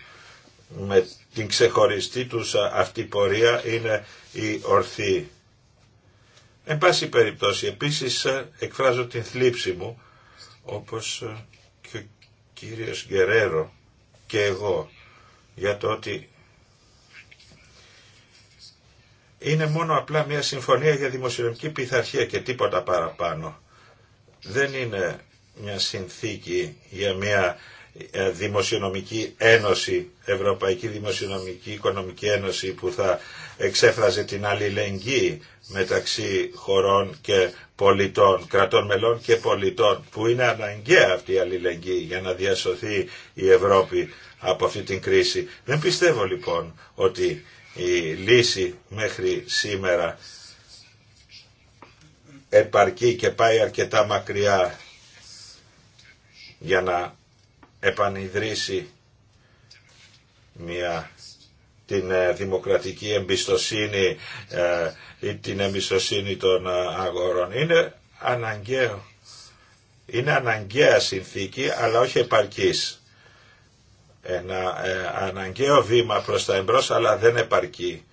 με την ξεχωριστή τους αυτή πορεία είναι η ορθή. Εν πάση περιπτώσει, επίσης εκφράζω την θλίψη μου, όπως και ο κύριος Γκερέρο και εγώ, για το ότι είναι μόνο απλά μια συμφωνία για δημοσιονομική πειθαρχία και τίποτα παραπάνω. Δεν είναι μια συνθήκη για μια ε, δημοσιονομική ένωση, Ευρωπαϊκή Δημοσιονομική Οικονομική Ένωση που θα εξέφραζε την αλληλεγγύη μεταξύ χωρών και πολιτών, κρατών μελών και πολιτών που είναι αναγκαία αυτή η αλληλεγγύη για να διασωθεί η Ευρώπη από αυτή την κρίση. Δεν πιστεύω λοιπόν ότι η λύση μέχρι σήμερα επαρκεί και πάει αρκετά μακριά για να επανειδρύσει μια την ε, δημοκρατική εμπιστοσύνη ε, ή την εμπιστοσύνη των ε, αγορών. Είναι αναγκαίο. Είναι αναγκαία συνθήκη αλλά όχι επαρκής ένα ε, αναγκαίο βήμα προς τα εμπρός αλλά δεν επαρκεί.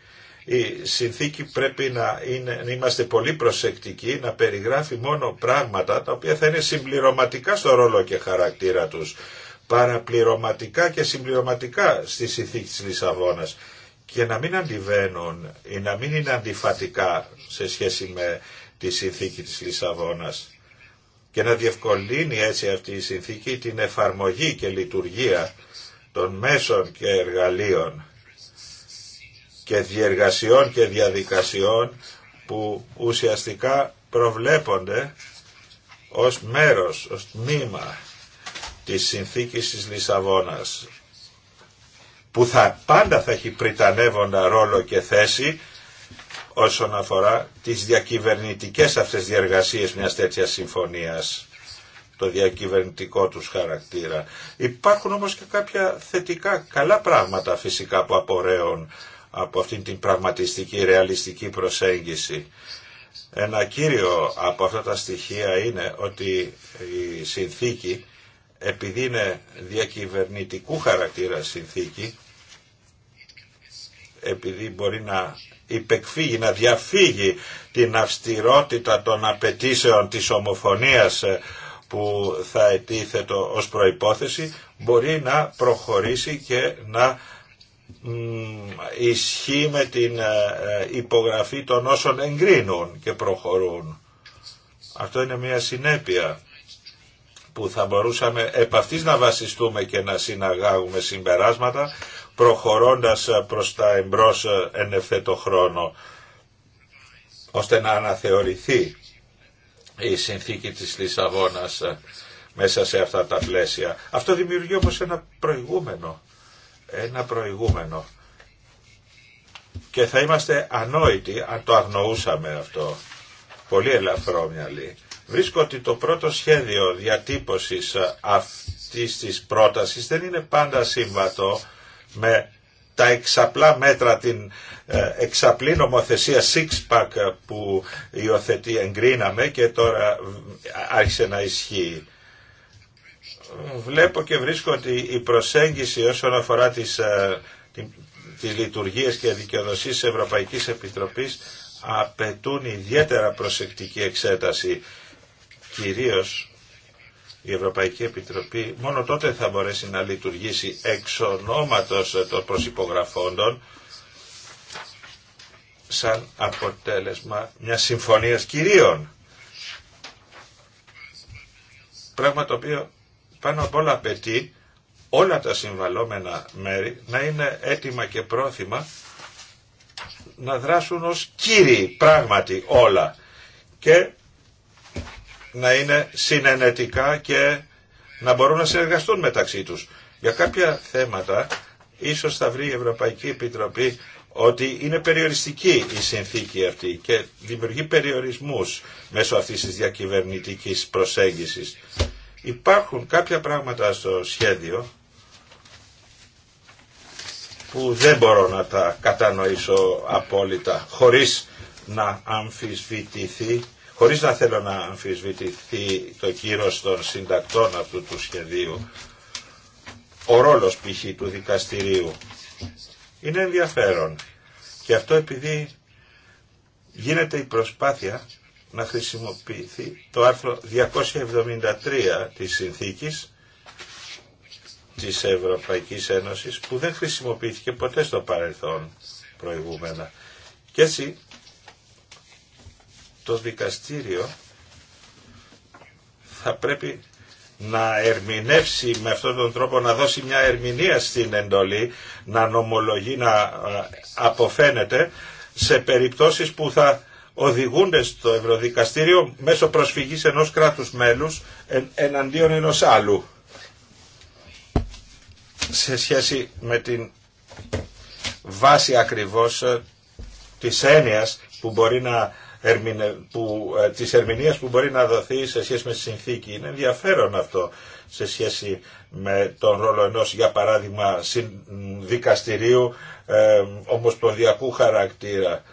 Η συνθήκη πρέπει να, είναι, να είμαστε πολύ προσεκτικοί, να περιγράφει μόνο πράγματα τα οποία θα είναι συμπληρωματικά στο ρόλο και χαρακτήρα τους, παραπληρωματικά και συμπληρωματικά στη συνθήκη της Λισαβόνας και να μην αντιβαίνουν ή να μην είναι αντιφατικά σε σχέση με τη συνθήκη της Λισαβόνας και να διευκολύνει έτσι αυτή η συνθήκη την εφαρμογή και λειτουργία των μέσων και εργαλείων και διεργασιών και διαδικασιών που ουσιαστικά προβλέπονται ως μέρος, ως τμήμα της συνθήκης της Λισαβόνας που θα, πάντα θα έχει πριτανεύοντα ρόλο και θέση όσον αφορά τις διακυβερνητικές αυτές διεργασίες μιας τέτοιας συμφωνίας το διακυβερνητικό τους χαρακτήρα. Υπάρχουν όμως και κάποια θετικά καλά πράγματα φυσικά που απορρέουν από αυτήν την πραγματιστική, ρεαλιστική προσέγγιση. Ένα κύριο από αυτά τα στοιχεία είναι ότι η συνθήκη, επειδή είναι διακυβερνητικού χαρακτήρα συνθήκη, επειδή μπορεί να υπεκφύγει, να διαφύγει την αυστηρότητα των απαιτήσεων της ομοφωνίας ε, που θα ετίθετο ως προϋπόθεση μπορεί να προχωρήσει και να ισχύει με την ε, ε, υπογραφή των όσων εγκρίνουν και προχωρούν. Αυτό είναι μια συνέπεια που θα μπορούσαμε επ' αυτής να βασιστούμε και να συναγάγουμε συμπεράσματα προχωρώντας προς τα εμπρός εν χρόνο ώστε να αναθεωρηθεί η συνθήκη της Λισαβόνας ε, μέσα σε αυτά τα πλαίσια. Αυτό δημιουργεί όμως ένα προηγούμενο. Ένα προηγούμενο. Και θα είμαστε ανόητοι αν το αγνοούσαμε αυτό. Πολύ ελαφρόμυαλοι. Βρίσκω ότι το πρώτο σχέδιο διατύπωσης ε, αυτής της πρότασης δεν είναι πάντα σύμβατο με τα εξαπλά μέτρα, την ε, εξαπλή νομοθεσία six pack που υιοθετεί εγκρίναμε και τώρα άρχισε να ισχύει. Βλέπω και βρίσκω ότι η προσέγγιση όσον αφορά τις, ε, τις λειτουργίες και δικαιοδοσίες της Ευρωπαϊκής Επιτροπής απαιτούν ιδιαίτερα προσεκτική εξέταση, κυρίως η Ευρωπαϊκή Επιτροπή μόνο τότε θα μπορέσει να λειτουργήσει εξ ονόματος των προσυπογραφώντων σαν αποτέλεσμα μια συμφωνίας κυρίων. Πράγμα το οποίο πάνω απ' όλα απαιτεί όλα τα συμβαλόμενα μέρη να είναι έτοιμα και πρόθυμα να δράσουν ως κύριοι πράγματι όλα και να είναι συνενετικά και να μπορούν να συνεργαστούν μεταξύ τους. Για κάποια θέματα ίσως θα βρει η Ευρωπαϊκή Επιτροπή ότι είναι περιοριστική η συνθήκη αυτή και δημιουργεί περιορισμούς μέσω αυτής της διακυβερνητικής προσέγγισης. Υπάρχουν κάποια πράγματα στο σχέδιο που δεν μπορώ να τα κατανοήσω απόλυτα χωρίς να αμφισβητηθεί χωρίς να θέλω να αμφισβητηθεί το κύρος των συντακτών αυτού του σχεδίου, ο ρόλος π.χ. του δικαστηρίου είναι ενδιαφέρον. Και αυτό επειδή γίνεται η προσπάθεια να χρησιμοποιηθεί το άρθρο 273 της Συνθήκης της Ευρωπαϊκής Ένωσης που δεν χρησιμοποιήθηκε ποτέ στο παρελθόν προηγούμενα. Και έτσι το δικαστήριο θα πρέπει να ερμηνεύσει με αυτόν τον τρόπο, να δώσει μια ερμηνεία στην εντολή, να νομολογεί, να ε, αποφαίνεται σε περιπτώσεις που θα οδηγούνται στο Ευρωδικαστήριο μέσω προσφυγής ενός κράτους μέλους εναντίον ενός άλλου. Σε σχέση με την βάση ακριβώς ε, της έννοιας που μπορεί να ε, τη ερμηνεία που μπορεί να δοθεί σε σχέση με τη συνθήκη. Είναι ενδιαφέρον αυτό σε σχέση με τον ρόλο ενός, για παράδειγμα, δικαστηρίου ε, ομοσπονδιακού χαρακτήρα.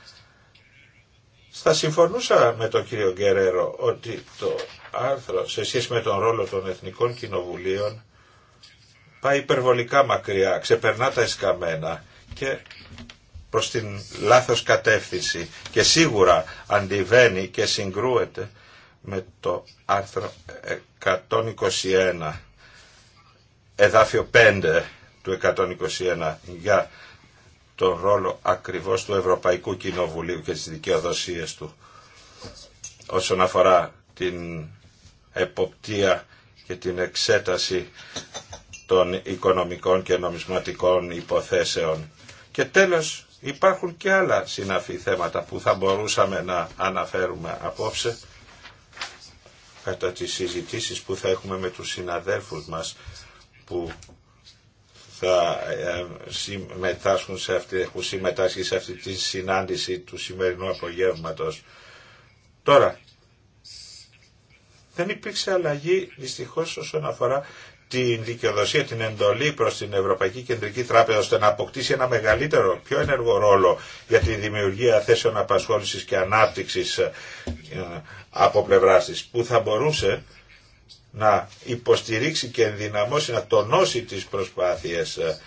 Θα συμφωνούσα με τον κύριο Γκερέρο ότι το άρθρο σε σχέση με τον ρόλο των Εθνικών Κοινοβουλίων πάει υπερβολικά μακριά, ξεπερνά τα εσκαμμένα και προς την λάθος κατεύθυνση και σίγουρα αντιβαίνει και συγκρούεται με το άρθρο 121 εδάφιο 5 του 121 για τον ρόλο ακριβώς του Ευρωπαϊκού Κοινοβουλίου και τις δικαιοδοσίες του όσον αφορά την εποπτεία και την εξέταση των οικονομικών και νομισματικών υποθέσεων. Και τέλος Υπάρχουν και άλλα συναφή θέματα που θα μπορούσαμε να αναφέρουμε απόψε κατά τις συζητήσεις που θα έχουμε με τους συναδέλφους μας που θα ε, συμμετάσχουν σε αυτή, έχουν συμμετάσχει σε αυτή τη συνάντηση του σημερινού απογεύματος. Τώρα, δεν υπήρξε αλλαγή δυστυχώς όσον αφορά την δικαιοδοσία, την εντολή προς την Ευρωπαϊκή Κεντρική Τράπεζα ώστε να αποκτήσει ένα μεγαλύτερο, πιο ενεργό ρόλο για τη δημιουργία θέσεων απασχόλησης και ανάπτυξης ε, από πλευράς της, που θα μπορούσε να υποστηρίξει και ενδυναμώσει, να τονώσει τις προσπάθειες ε,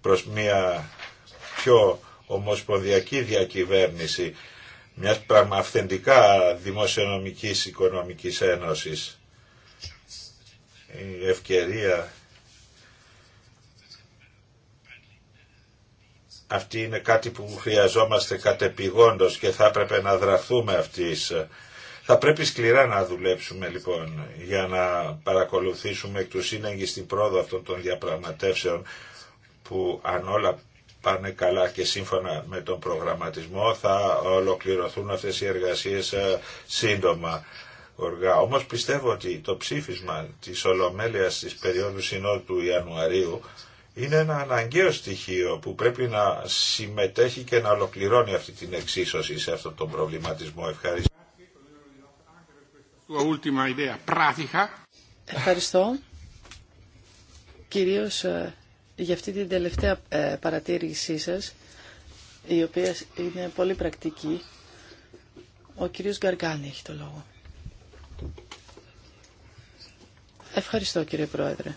προς μια πιο ομοσπονδιακή διακυβέρνηση μιας πραγμαυθεντικά δημοσιονομικής οικονομικής ένωσης. Η ευκαιρία αυτή είναι κάτι που χρειαζόμαστε κατεπηγόντως και θα έπρεπε να δραθούμε αυτής. Θα πρέπει σκληρά να δουλέψουμε λοιπόν για να παρακολουθήσουμε εκ του σύνεγγι στην πρόοδο αυτών των διαπραγματεύσεων που αν όλα πάνε καλά και σύμφωνα με τον προγραμματισμό θα ολοκληρωθούν αυτές οι εργασίες ε, σύντομα. Οργά. Όμως πιστεύω ότι το ψήφισμα της Ολομέλειας της περίοδου συνόδου του Ιανουαρίου είναι ένα αναγκαίο στοιχείο που πρέπει να συμμετέχει και να ολοκληρώνει αυτή την εξίσωση σε αυτόν τον προβληματισμό. Ευχαριστώ. Ευχαριστώ. Κυρίως ε, για αυτή την τελευταία ε, παρατήρησή σας, η οποία είναι πολύ πρακτική. Ο κύριος Γκαργκάνη έχει το λόγο. Ευχαριστώ κύριε Πρόεδρε.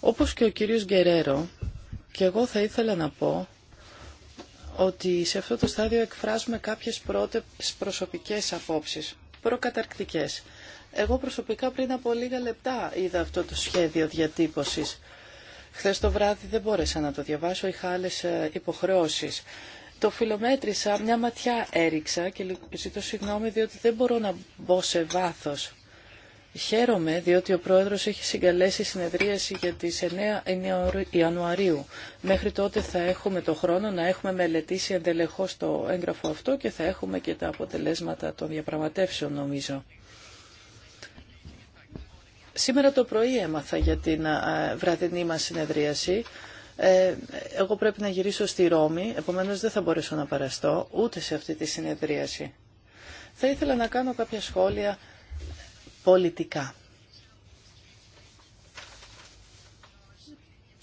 Όπως και ο κύριος Γκερέρο, και εγώ θα ήθελα να πω ότι σε αυτό το στάδιο εκφράζουμε κάποιες πρώτες προσωπικές απόψεις, προκαταρκτικές. Εγώ προσωπικά πριν από λίγα λεπτά είδα αυτό το σχέδιο διατύπωσης. Χθες το βράδυ δεν μπόρεσα να το διαβάσω, είχα άλλες ε, υποχρεώσεις. Το φιλομέτρησα, μια ματιά έριξα και ζητώ συγγνώμη διότι δεν μπορώ να μπω σε βάθος. Χαίρομαι διότι ο Πρόεδρος έχει συγκαλέσει συνεδρίαση για τις 9 Ιανουαρίου. Μέχρι τότε θα έχουμε το χρόνο να έχουμε μελετήσει εντελεχώς το έγγραφο αυτό και θα έχουμε και τα αποτελέσματα των διαπραγματεύσεων νομίζω. Σήμερα το πρωί έμαθα για την βραδινή μας συνεδρίαση. Ε, εγώ πρέπει να γυρίσω στη Ρώμη, επομένως δεν θα μπορέσω να παραστώ ούτε σε αυτή τη συνεδρίαση. Θα ήθελα να κάνω κάποια σχόλια πολιτικά.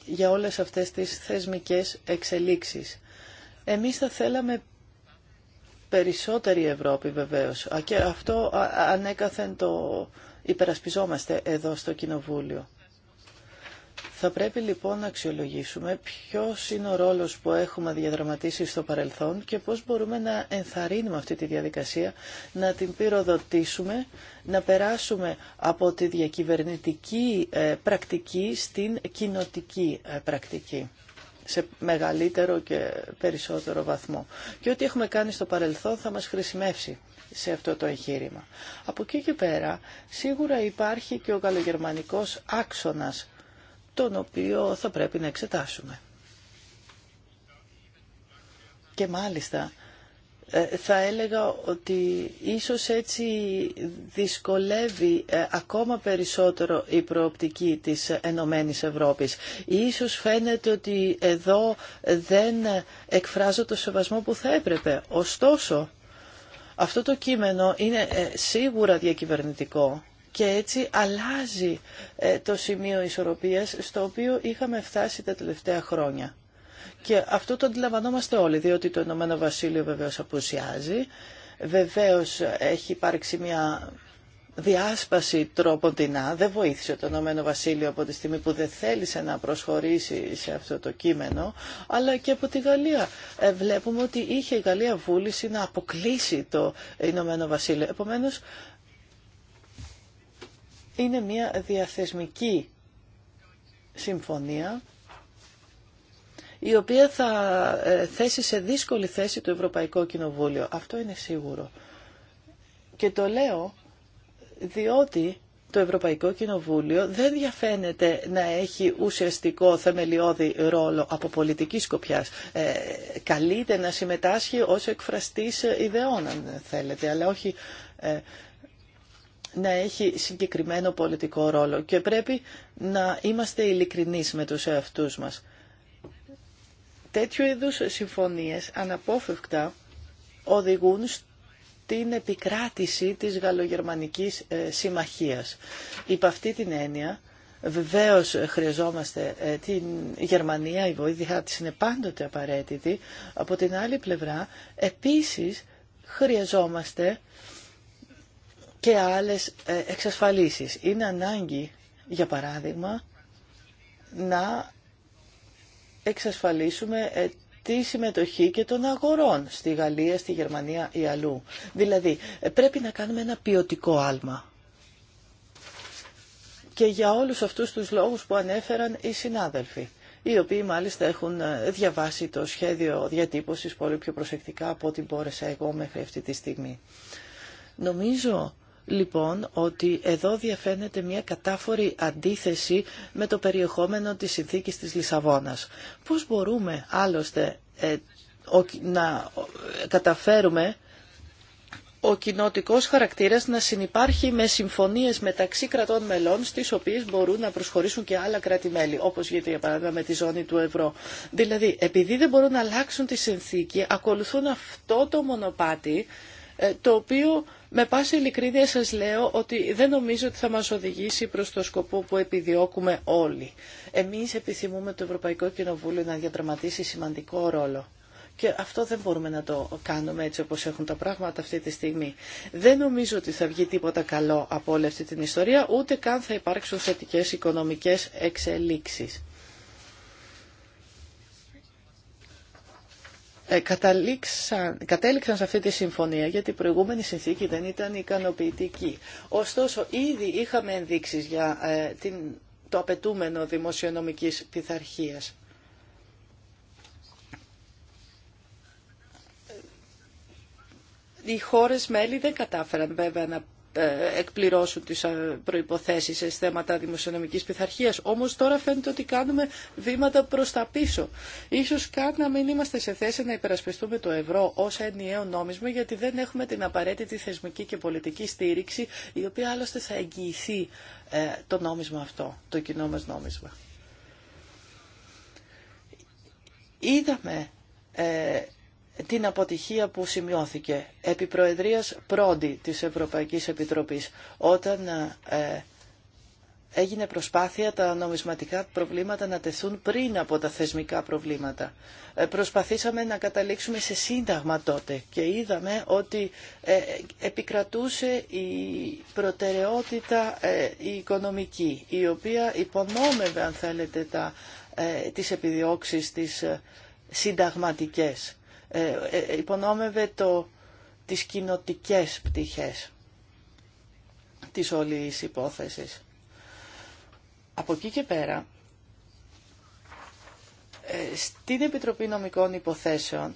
για όλες αυτές τις θεσμικές εξελίξεις. Εμείς θα θέλαμε περισσότερη Ευρώπη βεβαίως και αυτό ανέκαθεν το υπερασπιζόμαστε εδώ στο Κοινοβούλιο. Θα πρέπει λοιπόν να αξιολογήσουμε ποιος είναι ο ρόλος που έχουμε διαδραματίσει στο παρελθόν και πώς μπορούμε να ενθαρρύνουμε αυτή τη διαδικασία, να την πυροδοτήσουμε, να περάσουμε από τη διακυβερνητική ε, πρακτική στην κοινοτική ε, πρακτική σε μεγαλύτερο και περισσότερο βαθμό. Και ό,τι έχουμε κάνει στο παρελθόν θα μας χρησιμεύσει σε αυτό το εγχείρημα. Από εκεί και πέρα σίγουρα υπάρχει και ο καλογερμανικός άξονας τον οποίο θα πρέπει να εξετάσουμε. Και μάλιστα ε, θα έλεγα ότι ίσως έτσι δυσκολεύει ε, ακόμα περισσότερο η προοπτική της Ενωμένης Ευρώπης. Ίσως φαίνεται ότι εδώ δεν εκφράζω το σεβασμό που θα έπρεπε. Ωστόσο, αυτό το κείμενο είναι ε, σίγουρα διακυβερνητικό και έτσι αλλάζει ε, το σημείο ισορροπίας στο οποίο είχαμε φτάσει τα τελευταία χρόνια. Και αυτό το αντιλαμβανόμαστε όλοι, διότι το Ηνωμένο Βασίλειο βεβαίως απουσιάζει, βεβαίως έχει υπάρξει μια διάσπαση τρόπον τεινά δεν βοήθησε το Ηνωμένο Βασίλειο από τη στιγμή που δεν θέλησε να προσχωρήσει σε αυτό το κείμενο, αλλά και από τη Γαλλία. Ε, βλέπουμε ότι είχε η Γαλλία βούληση να αποκλείσει το Ηνωμένο Βασίλειο. Επομένως, είναι μια διαθεσμική συμφωνία η οποία θα ε, θέσει σε δύσκολη θέση το Ευρωπαϊκό Κοινοβούλιο. Αυτό είναι σίγουρο. Και το λέω διότι το Ευρωπαϊκό Κοινοβούλιο δεν διαφαίνεται να έχει ουσιαστικό θεμελιώδη ρόλο από πολιτική σκοπιά. Ε, καλείται να συμμετάσχει ως εκφραστής ιδεών, αν θέλετε, αλλά όχι ε, να έχει συγκεκριμένο πολιτικό ρόλο. Και πρέπει να είμαστε ειλικρινεί με τους εαυτούς μας. Τέτοιου είδους συμφωνίες αναπόφευκτα οδηγούν την επικράτηση της γαλλογερμανικής ε, συμμαχίας. Υπ' αυτή την έννοια βεβαίως χρειαζόμαστε ε, την Γερμανία, η βοήθεια της είναι πάντοτε απαραίτητη. Από την άλλη πλευρά, επίσης χρειαζόμαστε και άλλες ε, εξασφαλίσεις. Είναι ανάγκη, για παράδειγμα, να εξασφαλίσουμε τη συμμετοχή και των αγορών στη Γαλλία, στη Γερμανία ή αλλού. Δηλαδή, πρέπει να κάνουμε ένα ποιοτικό άλμα. Και για όλους αυτούς τους λόγους που ανέφεραν οι συνάδελφοι, οι οποίοι μάλιστα έχουν ε, διαβάσει το σχέδιο διατύπωσης πολύ πιο προσεκτικά από ό,τι μπόρεσα εγώ μέχρι αυτή τη στιγμή. Νομίζω λοιπόν ότι εδώ διαφαίνεται μια κατάφορη αντίθεση με το περιεχόμενο της συνθήκης της Λισαβόνας. Πώς μπορούμε άλλωστε ε, να καταφέρουμε ο κοινοτικός χαρακτήρας να συνεπάρχει με συμφωνίες μεταξύ κρατών μελών στις οποίες μπορούν να προσχωρήσουν και άλλα κράτη-μέλη, όπως γίνεται για παράδειγμα με τη ζώνη του ευρώ. Δηλαδή, επειδή δεν μπορούν να αλλάξουν τη συνθήκη, ακολουθούν αυτό το μονοπάτι ε, το οποίο με πάση ειλικρίνεια σας λέω ότι δεν νομίζω ότι θα μας οδηγήσει προς το σκοπό που επιδιώκουμε όλοι. Εμείς επιθυμούμε το Ευρωπαϊκό Κοινοβούλιο να διαδραματίσει σημαντικό ρόλο. Και αυτό δεν μπορούμε να το κάνουμε έτσι όπως έχουν τα πράγματα αυτή τη στιγμή. Δεν νομίζω ότι θα βγει τίποτα καλό από όλη αυτή την ιστορία, ούτε καν θα υπάρξουν θετικές οικονομικές εξελίξεις. Ε, κατέληξαν σε αυτή τη συμφωνία γιατί η προηγούμενη συνθήκη δεν ήταν ικανοποιητική. Ωστόσο, ήδη είχαμε ενδείξεις για ε, την, το απαιτούμενο δημοσιονομικής πειθαρχίας. Οι χώρες μέλη δεν κατάφεραν βέβαια να ε, εκπληρώσουν τις ε, προϋποθέσεις σε θέματα δημοσιονομικής πειθαρχία. Όμως τώρα φαίνεται ότι κάνουμε βήματα προς τα πίσω. Ίσως καν να μην είμαστε σε θέση να υπερασπιστούμε το ευρώ ως ενιαίο νόμισμα γιατί δεν έχουμε την απαραίτητη θεσμική και πολιτική στήριξη η οποία άλλωστε θα εγγυηθεί ε, το νόμισμα αυτό, το κοινό μας νόμισμα. Είδαμε την αποτυχία που σημειώθηκε επί Προεδρίας πρώτη της Ευρωπαϊκής Επιτροπής όταν ε, έγινε προσπάθεια τα νομισματικά προβλήματα να τεθούν πριν από τα θεσμικά προβλήματα. Ε, προσπαθήσαμε να καταλήξουμε σε σύνταγμα τότε και είδαμε ότι ε, επικρατούσε η προτεραιότητα η οικονομική η οποία υπονόμευε αν θέλετε τα, τις επιδιώξεις της συνταγματικές. Ε, ε, υπονόμευε το, τις κοινωτικές πτυχές της όλης υπόθεσης. Από εκεί και πέρα, ε, στην Επιτροπή Νομικών Υποθέσεων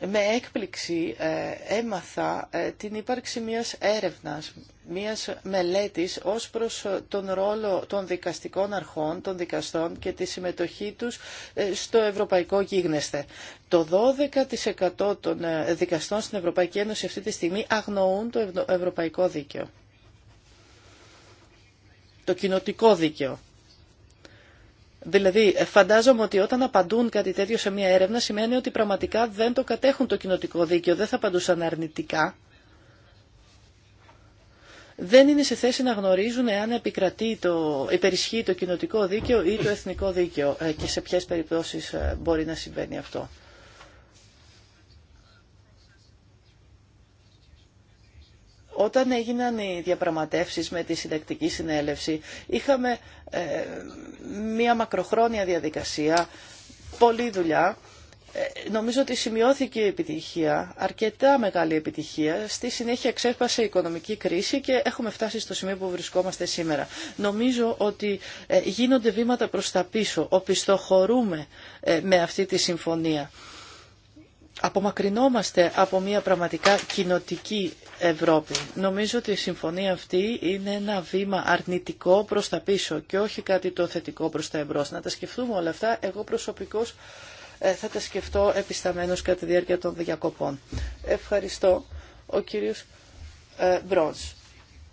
με έκπληξη ε, έμαθα ε, την ύπαρξη μιας έρευνας, μιας μελέτης ως προς ε, τον ρόλο των δικαστικών αρχών, των δικαστών και τη συμμετοχή τους στο ευρωπαϊκό γίγνεσθε. Το 12% των δικαστών στην Ευρωπαϊκή Ένωση αυτή τη στιγμή αγνοούν το ευρωπαϊκό δίκαιο. Το κοινοτικό δίκαιο. Δηλαδή, φαντάζομαι ότι όταν απαντούν κάτι τέτοιο σε μια έρευνα, σημαίνει ότι πραγματικά δεν το κατέχουν το κοινοτικό δίκαιο, δεν θα απαντούσαν αρνητικά. Δεν είναι σε θέση να γνωρίζουν εάν επικρατεί το, υπερισχύει το κοινοτικό δίκαιο ή το εθνικό δίκαιο ε, και σε ποιες περιπτώσεις ε, μπορεί να συμβαίνει αυτό. Όταν έγιναν οι διαπραγματεύσεις με τη συντακτική συνέλευση, είχαμε ε, μία μακροχρόνια διαδικασία, πολλή δουλειά. Ε, νομίζω ότι σημειώθηκε η επιτυχία, αρκετά μεγάλη επιτυχία. Στη συνέχεια ξέσπασε η οικονομική κρίση και έχουμε φτάσει στο σημείο που βρισκόμαστε σήμερα. Νομίζω ότι ε, γίνονται βήματα προς τα πίσω, οπισθοχωρούμε με αυτή τη συμφωνία απομακρυνόμαστε από μια πραγματικά κοινοτική Ευρώπη. Νομίζω ότι η συμφωνία αυτή είναι ένα βήμα αρνητικό προς τα πίσω και όχι κάτι το θετικό προς τα εμπρός. Να τα σκεφτούμε όλα αυτά. Εγώ προσωπικώς ε, θα τα σκεφτώ επισταμένως κατά τη διάρκεια των διακοπών. Ευχαριστώ. Ο κύριος ε, Μπρόντς.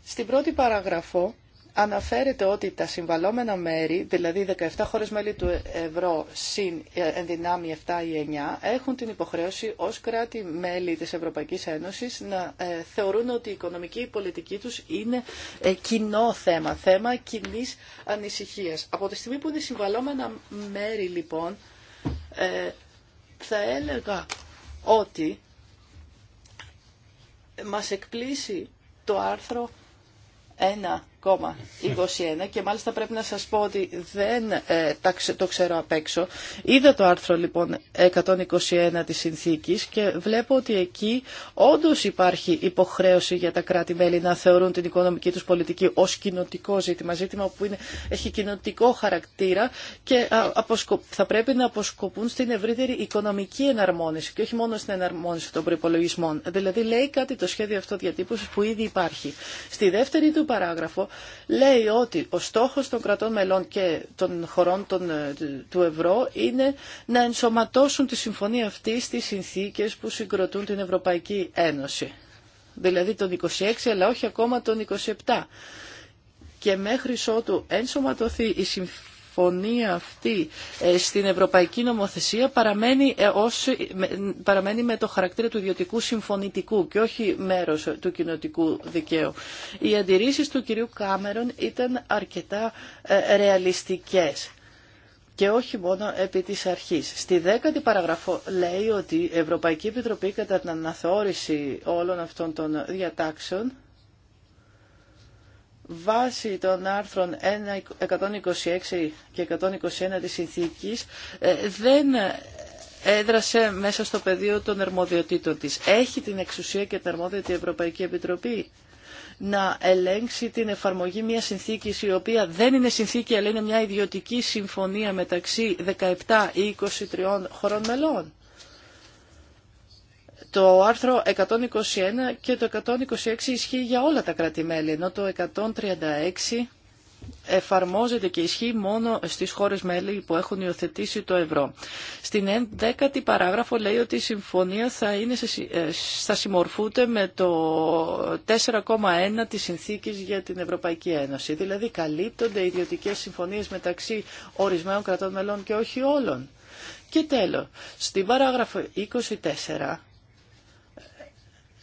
Στην πρώτη παραγραφό αναφέρεται ότι τα συμβαλόμενα μέρη, δηλαδή 17 χώρες μέλη του ευρώ συν ε, ενδυνάμει 7 ή 9, έχουν την υποχρέωση ως κράτη-μέλη της Ευρωπαϊκής Ένωσης να ε, θεωρούν ότι η οικονομική πολιτική τους είναι ε, κοινό θέμα, θέμα κοινή ανησυχίας. Από τη στιγμή που είναι συμβαλόμενα μέρη λοιπόν, θα έλεγα ότι μας εκπλήσει το άρθρο 1 21 και μάλιστα πρέπει να σας πω ότι δεν ε, το ξέρω απ' έξω. Είδα το άρθρο λοιπόν 121 της συνθήκης και βλέπω ότι εκεί όντως υπάρχει υποχρέωση για τα κράτη-μέλη να θεωρούν την οικονομική τους πολιτική ως κοινοτικό ζήτημα, ζήτημα που είναι, έχει κοινοτικό χαρακτήρα και θα πρέπει να αποσκοπούν στην ευρύτερη οικονομική εναρμόνιση και όχι μόνο στην εναρμόνιση των προπολογισμών. Δηλαδή λέει κάτι το σχέδιο αυτό διατύπωσης που ήδη υπάρχει. Στη δεύτερη του παράγραφο λέει ότι ο στόχος των κρατών μελών και των χωρών των, ε, του ευρώ είναι να ενσωματώσουν τη συμφωνία αυτή στις συνθήκες που συγκροτούν την Ευρωπαϊκή Ένωση. Δηλαδή τον 26 αλλά όχι ακόμα τον 27. Και μέχρι ότου ενσωματωθεί η συμφωνία συμφωνία αυτή ε, στην Ευρωπαϊκή Νομοθεσία παραμένει, ε, ως, παραμένει με το χαρακτήρα του ιδιωτικού συμφωνητικού και όχι μέρος του κοινοτικού δικαίου. Οι αντιρρήσεις του κυρίου Κάμερον ήταν αρκετά ε, ρεαλιστικές και όχι μόνο επί της αρχής. Στη δέκατη παραγραφό λέει ότι η Ευρωπαϊκή Επιτροπή κατά την αναθεώρηση όλων αυτών των διατάξεων Βάσει των άρθρων 126 και 121 της συνθήκης ε, δεν έδρασε μέσα στο πεδίο των ερμοδιοτήτων της. Έχει την εξουσία και την αρμόδια Ευρωπαϊκή Επιτροπή να ελέγξει την εφαρμογή μια συνθήκη η οποία δεν είναι συνθήκη αλλά είναι μια ιδιωτική συμφωνία μεταξύ 17 ή 23 χωρών μελών. Το άρθρο 121 και το 126 ισχύει για όλα τα κράτη-μέλη, ενώ το 136 εφαρμόζεται και ισχύει μόνο στις χώρες μέλη που έχουν υιοθετήσει το ευρώ. Στην 10η παράγραφο λέει ότι η συμφωνία θα, είναι σε, ε, θα συμμορφούνται με το 4,1 της συνθήκης για την Ευρωπαϊκή Ένωση. Δηλαδή καλύπτονται ιδιωτικές συμφωνίες μεταξύ ορισμένων κρατών μελών και όχι όλων. Και τέλος, στην παράγραφο 24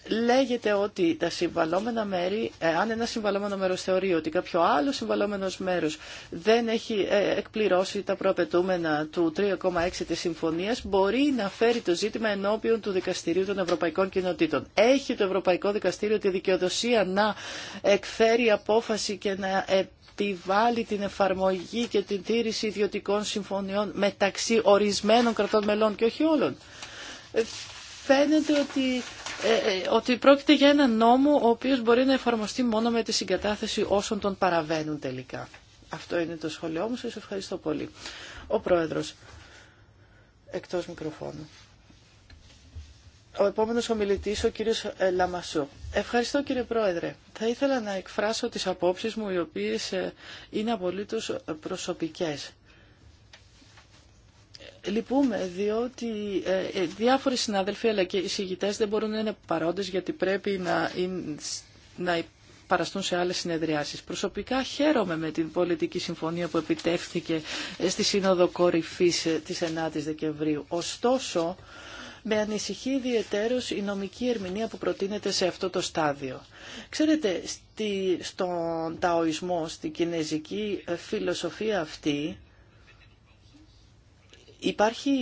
λέγεται ότι τα συμβαλόμενα μέρη, ε, αν ένα συμβαλόμενο μέρος θεωρεί ότι κάποιο άλλο συμβαλόμενο μέρος δεν έχει ε, εκπληρώσει τα προαπαιτούμενα του 3,6 της συμφωνίας, μπορεί να φέρει το ζήτημα ενώπιον του Δικαστηρίου των Ευρωπαϊκών Κοινοτήτων. Έχει το Ευρωπαϊκό Δικαστήριο τη δικαιοδοσία να εκφέρει απόφαση και να επιβάλλει την εφαρμογή και την τήρηση ιδιωτικών συμφωνιών μεταξύ ορισμένων κρατών μελών και όχι όλων. Ε, φαίνεται ότι ε, ε, ότι πρόκειται για ένα νόμο ο οποίος μπορεί να εφαρμοστεί μόνο με τη συγκατάθεση όσων τον παραβαίνουν τελικά. Αυτό είναι το σχολείο μου. Σας ευχαριστώ πολύ. Ο Πρόεδρος, εκτός μικροφώνου. Ο επόμενος ομιλητής, ο κύριος ε, Λαμασού. Ευχαριστώ κύριε Πρόεδρε. Θα ήθελα να εκφράσω τις απόψεις μου, οι οποίες είναι απολύτως προσωπικές. Λυπούμε διότι ε, ε, διάφοροι συνάδελφοι αλλά και οι συγητές δεν μπορούν να είναι παρόντες γιατί πρέπει να, να παραστούν σε άλλες συνεδριάσεις. Προσωπικά χαίρομαι με την πολιτική συμφωνία που επιτεύχθηκε ε, στη Σύνοδο Κορυφής της 9ης Δεκεμβρίου. Ωστόσο, με ανησυχεί ιδιαιτέρως η νομική ερμηνεία που προτείνεται σε αυτό το στάδιο. Ξέρετε, στη, στον ταοισμό, στην κινέζικη φιλοσοφία αυτή, Υπάρχει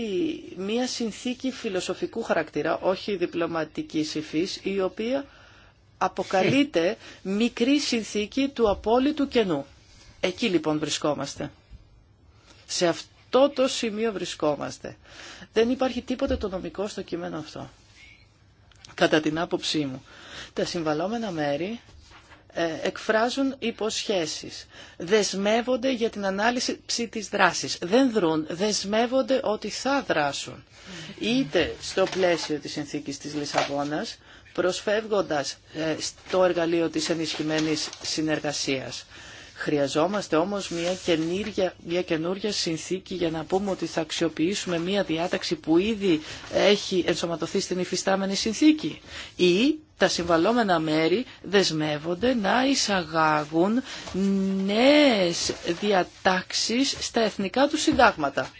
μία συνθήκη φιλοσοφικού χαρακτήρα, όχι διπλωματικής υφής, η οποία αποκαλείται μικρή συνθήκη του απόλυτου κενού. Εκεί λοιπόν βρισκόμαστε. Σε αυτό το σημείο βρισκόμαστε. Δεν υπάρχει τίποτε το νομικό στο κείμενο αυτό. Κατά την άποψή μου, τα συμβαλόμενα μέρη ε, εκφράζουν υποσχέσεις, δεσμεύονται για την ανάλυση της δράσης, δεν δρούν, δεσμεύονται ότι θα δράσουν. Είτε στο πλαίσιο της συνθήκης της Λισαβόνας, προσφεύγοντας ε, στο εργαλείο της ενισχυμένης συνεργασίας. Χρειαζόμαστε όμως μια καινούργια, μια καινούργια συνθήκη για να πούμε ότι θα αξιοποιήσουμε μια διάταξη που ήδη έχει ενσωματωθεί στην υφιστάμενη συνθήκη. Ή τα συμβαλόμενα μέρη δεσμεύονται να εισαγάγουν νέες διατάξεις στα εθνικά του συντάγματα.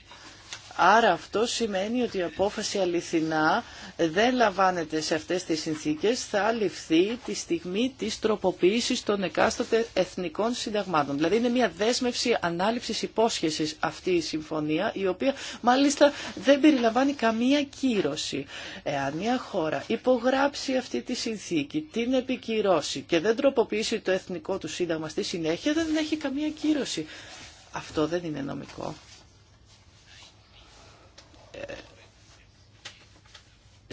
Άρα αυτό σημαίνει ότι η απόφαση αληθινά δεν λαμβάνεται σε αυτές τις συνθήκες, θα ληφθεί τη στιγμή της τροποποίησης των εκάστοτε εθνικών συνταγμάτων. Δηλαδή είναι μια δέσμευση ανάληψης υπόσχεσης αυτή η συμφωνία, η οποία μάλιστα δεν περιλαμβάνει καμία κύρωση. Εάν μια χώρα υπογράψει αυτή τη συνθήκη, την επικυρώσει και δεν τροποποιήσει το εθνικό του σύνταγμα στη συνέχεια, δεν έχει καμία κύρωση. Αυτό δεν είναι νομικό.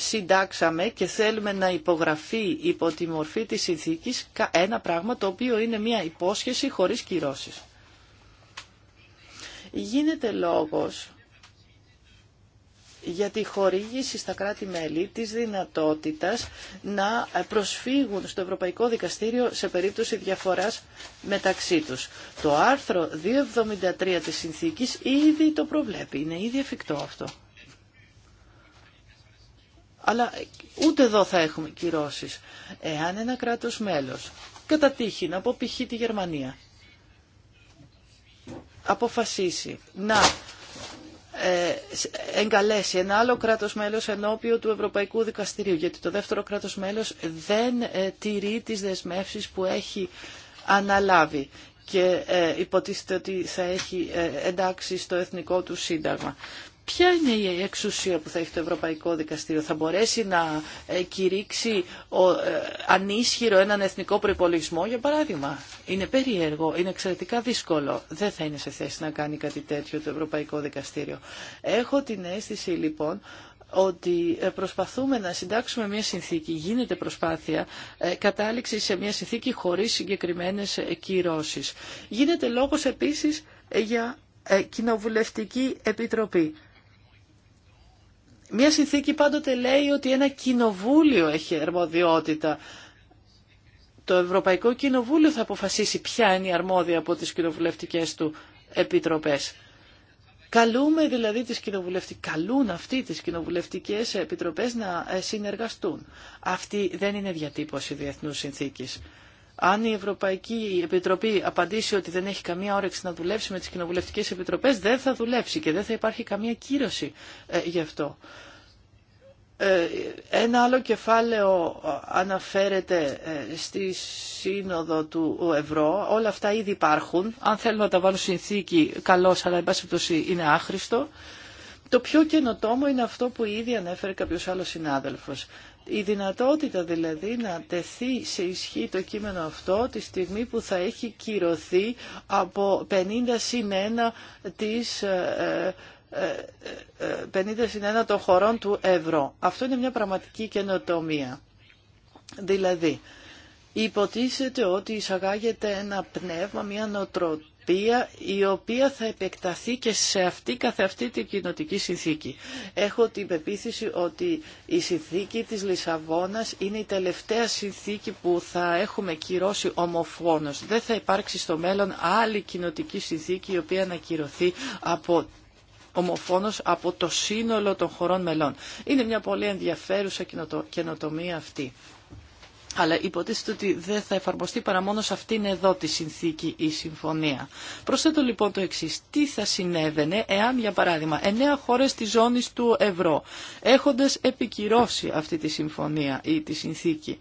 συντάξαμε και θέλουμε να υπογραφεί υπό τη μορφή της συνθήκης ένα πράγμα το οποίο είναι μια υπόσχεση χωρίς κυρώσεις. Γίνεται λόγος για τη χορήγηση στα κράτη-μέλη της δυνατότητας να προσφύγουν στο Ευρωπαϊκό Δικαστήριο σε περίπτωση διαφοράς μεταξύ τους. Το άρθρο 273 της συνθήκης ήδη το προβλέπει. Είναι ήδη εφικτό αυτό. Αλλά ούτε εδώ θα έχουμε κυρώσεις. Εάν ένα κράτος μέλος κατατύχει να πω τη Γερμανία αποφασίσει να ε, εγκαλέσει ένα άλλο κράτος μέλος ενώπιον του Ευρωπαϊκού Δικαστηρίου γιατί το δεύτερο κράτος μέλος δεν ε, τηρεί τις δεσμεύσεις που έχει αναλάβει και ε, υποτίθεται ότι θα έχει εντάξει στο εθνικό του σύνταγμα. Ποια είναι η εξουσία που θα έχει το Ευρωπαϊκό Δικαστήριο. Θα μπορέσει να ε, κηρύξει ε, ανίσχυρο έναν εθνικό προπολογισμό, για παράδειγμα. Είναι περίεργο, είναι εξαιρετικά δύσκολο. Δεν θα είναι σε θέση να κάνει κάτι τέτοιο το Ευρωπαϊκό Δικαστήριο. Έχω την αίσθηση λοιπόν ότι ε, προσπαθούμε να συντάξουμε μια συνθήκη, γίνεται προσπάθεια κατάληξη σε μια συνθήκη χωρίς συγκεκριμένες κυρώσεις. Γίνεται λόγος επίσης για κοινοβουλευτική επιτροπή. Μια συνθήκη πάντοτε λέει ότι ένα κοινοβούλιο έχει αρμοδιότητα. Το Ευρωπαϊκό Κοινοβούλιο θα αποφασίσει ποια είναι η αρμόδια από τις κοινοβουλευτικές του επιτροπές. Καλούμε δηλαδή τις κοινοβουλευτικές, καλούν αυτοί τις κοινοβουλευτικές επιτροπές να ε, συνεργαστούν. Αυτή δεν είναι διατύπωση διεθνούς συνθήκης. Αν η Ευρωπαϊκή Επιτροπή απαντήσει ότι δεν έχει καμία όρεξη να δουλέψει με τις κοινοβουλευτικές επιτροπές, δεν θα δουλέψει και δεν θα υπάρχει καμία κύρωση ε, γι' αυτό. Ε, ένα άλλο κεφάλαιο ε, αναφέρεται στη σύνοδο του ευρώ. Όλα αυτά ήδη υπάρχουν. Αν θέλουν να τα βάλουν συνθήκη, καλώς, αλλά εν πάση πτώση είναι άχρηστο. Το πιο καινοτόμο είναι αυτό που ήδη ανέφερε κάποιος άλλος συνάδελφος η δυνατότητα δηλαδή να τεθεί σε ισχύ το κείμενο αυτό τη στιγμή που θα έχει κυρωθεί από 50 συν 1 της 50 ε, 1 ε, ε, των χωρών του ευρώ. Αυτό είναι μια πραγματική καινοτομία. Δηλαδή, υποτίθεται ότι εισαγάγεται ένα πνεύμα, μια νοτροτή η οποία θα επεκταθεί και σε αυτή αυτή την κοινοτική συνθήκη. Έχω την πεποίθηση ότι η συνθήκη της Λισαβόνας είναι η τελευταία συνθήκη που θα έχουμε κυρώσει ομοφόνος. Δεν θα υπάρξει στο μέλλον άλλη κοινοτική συνθήκη η οποία να κυρωθεί από ομοφόνος από το σύνολο των χωρών μελών. Είναι μια πολύ ενδιαφέρουσα καινοτομία αυτή. Αλλά υποτίθεται ότι δεν θα εφαρμοστεί παρά μόνο σε αυτήν εδώ τη συνθήκη ή συμφωνία. Προσθέτω λοιπόν το εξή. Τι θα συνέβαινε εάν, για παράδειγμα, εννέα χώρε τη ζώνη του ευρώ, έχοντα επικυρώσει αυτή τη συμφωνία ή τη συνθήκη,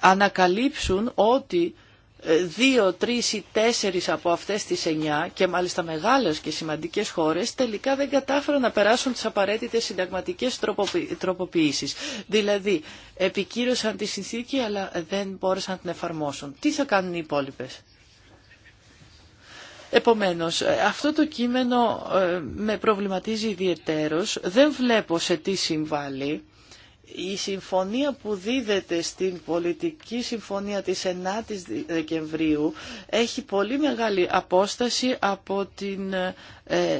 ανακαλύψουν ότι ε, δύο, τρεις ή τέσσερις από αυτές τις εννιά και μάλιστα μεγάλες και σημαντικές χώρες τελικά δεν κατάφεραν να περάσουν τις απαραίτητες συνταγματικές τροποποιήσεις. Δηλαδή επικύρωσαν τη συνθήκη αλλά δεν μπόρεσαν να την εφαρμόσουν. Τι θα κάνουν οι υπόλοιπε. Επομένως, ε, αυτό το κείμενο ε, με προβληματίζει ιδιαιτέρως, δεν βλέπω σε τι συμβάλλει η συμφωνία που δίδεται στην πολιτική συμφωνία της 9ης Δεκεμβρίου έχει πολύ μεγάλη απόσταση από την ε,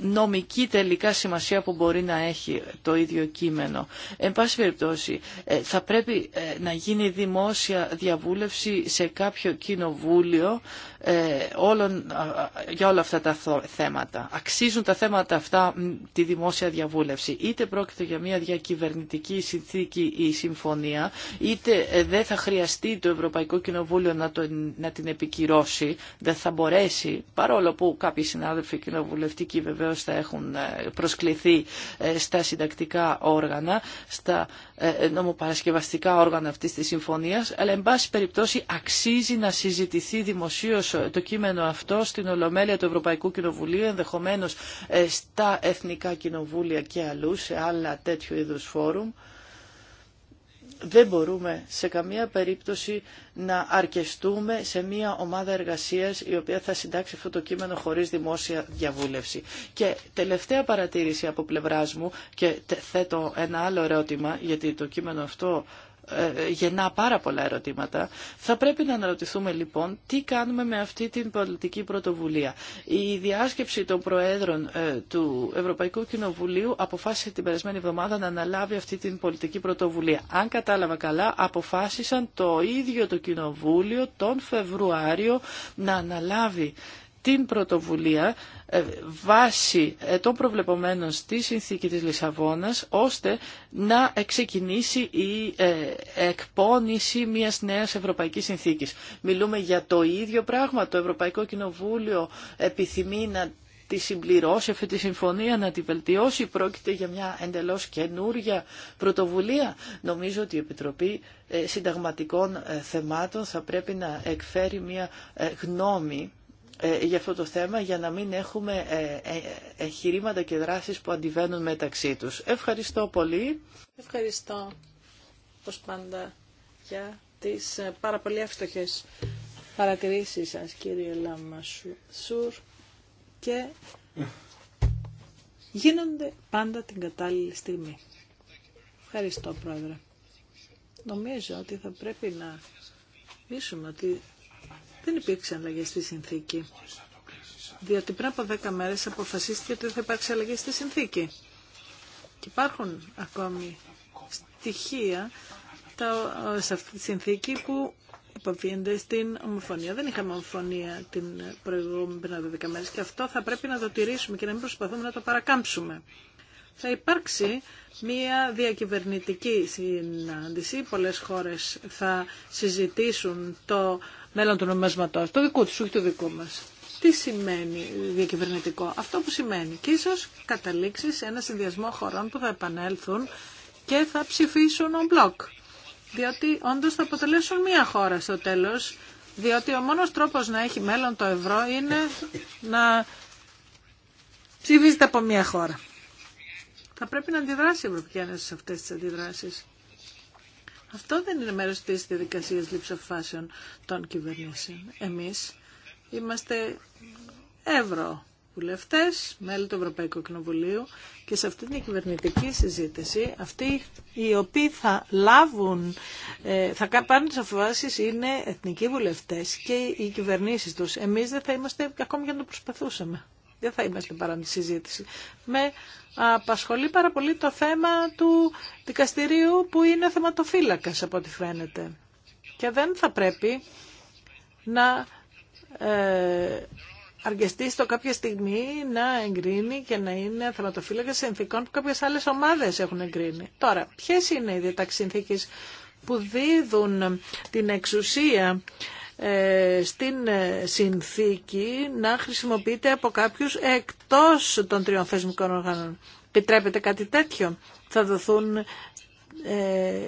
νομική τελικά σημασία που μπορεί να έχει το ίδιο κείμενο. Εν πάση περιπτώσει, ε, θα πρέπει ε, να γίνει δημόσια διαβούλευση σε κάποιο κοινοβούλιο ε, για όλα αυτά τα θέματα. Αξίζουν τα θέματα αυτά τη δημόσια διαβούλευση. Είτε πρόκειται για μια διακυβερνητική συνθήκη ή συμφωνία, είτε ε, δεν θα χρειαστεί το Ευρωπαϊκό Κοινοβούλιο να, την επικυρώσει, δεν θα μπορέσει, παρόλο που κάποιοι συνάδελφοι κοινοβουλευτικοί βεβαίω θα έχουν ε, προσκληθεί στα συντακτικά όργανα, στα νομοπαρασκευαστικά όργανα αυτής της συμφωνίας, αλλά εν πάση περιπτώσει αξίζει να συζητηθεί δημοσίως το κείμενο αυτό στην Ολομέλεια του Ευρωπαϊκού Κοινοβουλίου, ενδεχομένως ε, στα Εθνικά Κοινοβούλια και αλλού, σε άλλα τέτοιου είδους φόρουμ. Δεν μπορούμε σε καμία περίπτωση να αρκεστούμε σε μια ομάδα εργασίας η οποία θα συντάξει αυτό το κείμενο χωρίς δημόσια διαβούλευση. Και τελευταία παρατήρηση από πλευράς μου και θέτω ένα άλλο ερώτημα γιατί το κείμενο αυτό ε, γεννά πάρα πολλά ερωτήματα. Θα πρέπει να αναρωτηθούμε λοιπόν τι κάνουμε με αυτή την πολιτική πρωτοβουλία. Η διάσκεψη των Προέδρων ε, του Ευρωπαϊκού Κοινοβουλίου αποφάσισε την περασμένη εβδομάδα να αναλάβει αυτή την πολιτική πρωτοβουλία. Αν κατάλαβα καλά, αποφάσισαν το ίδιο το Κοινοβούλιο τον Φεβρουάριο να αναλάβει την πρωτοβουλία ε, βάσει ε, των προβλεπωμένων στη συνθήκη της Λισαβόνας ώστε να ξεκινήσει η ε, εκπόνηση μιας νέας ευρωπαϊκής συνθήκης. Μιλούμε για το ίδιο πράγμα. Το Ευρωπαϊκό Κοινοβούλιο επιθυμεί να τη συμπληρώσει αυτή τη συμφωνία, να τη βελτιώσει. Πρόκειται για μια εντελώς καινούρια πρωτοβουλία. Νομίζω ότι η Επιτροπή Συνταγματικών Θεμάτων θα πρέπει να εκφέρει μια γνώμη ε, για αυτό το θέμα για να μην έχουμε ε, ε, εγχειρήματα και δράσεις που αντιβαίνουν μεταξύ τους. Ευχαριστώ πολύ. Ευχαριστώ, όπως πάντα, για τις πάρα πολύ εύστοχες παρατηρήσεις σας, κύριε Λάμα Και γίνονται πάντα την κατάλληλη στιγμή. Ευχαριστώ, Πρόεδρε. Νομίζω ότι θα πρέπει να πείσουμε ότι δεν υπήρξε αλλαγή στη συνθήκη. Διότι πριν από 10 μέρες αποφασίστηκε ότι δεν θα υπάρξει αλλαγή στη συνθήκη. Και υπάρχουν ακόμη στοιχεία σε αυτή τη συνθήκη που υποβίενται στην ομοφωνία. Δεν είχαμε ομοφωνία την προηγούμενη πριν από 10 μέρες και αυτό θα πρέπει να το τηρήσουμε και να μην προσπαθούμε να το παρακάμψουμε. Θα υπάρξει μία διακυβερνητική συνάντηση. Πολλές χώρες θα συζητήσουν το μέλλον του νομισματό, το δικό του, όχι το δικό μας. Τι σημαίνει διακυβερνητικό. Αυτό που σημαίνει και ίσω καταλήξει σε ένα συνδυασμό χωρών που θα επανέλθουν και θα ψηφίσουν ο μπλοκ. Διότι όντω θα αποτελέσουν μία χώρα στο τέλος, διότι ο μόνος τρόπος να έχει μέλλον το ευρώ είναι να ψηφίζεται από μία χώρα. Θα πρέπει να αντιδράσει η Ευρωπαϊκή Ένωση σε αυτές τις αντιδράσεις. Αυτό δεν είναι μέρος της διαδικασίας λειψοφάσεων των κυβερνήσεων. Εμείς είμαστε ευρωβουλευτές, μέλη του Ευρωπαϊκού Κοινοβουλίου και σε αυτή την κυβερνητική συζήτηση αυτοί οι οποίοι θα λάβουν, ε, θα πάρουν τις αποφάσεις είναι εθνικοί βουλευτές και οι κυβερνήσεις τους. Εμείς δεν θα είμαστε, ακόμη για να το προσπαθούσαμε δεν θα είμαστε παρά συζήτηση. Με απασχολεί πάρα πολύ το θέμα του δικαστηρίου που είναι θεματοφύλακας από ό,τι φαίνεται. Και δεν θα πρέπει να ε, αργεστεί στο κάποια στιγμή να εγκρίνει και να είναι θεματοφύλακα συνθήκων που κάποιες άλλες ομάδες έχουν εγκρίνει. Τώρα, ποιες είναι οι διαταξίνθηκες που δίδουν την εξουσία ε, στην ε, συνθήκη να χρησιμοποιείται από κάποιους εκτός των τριών θεσμικών οργάνων. Επιτρέπεται κάτι τέτοιο. Θα δοθούν ε,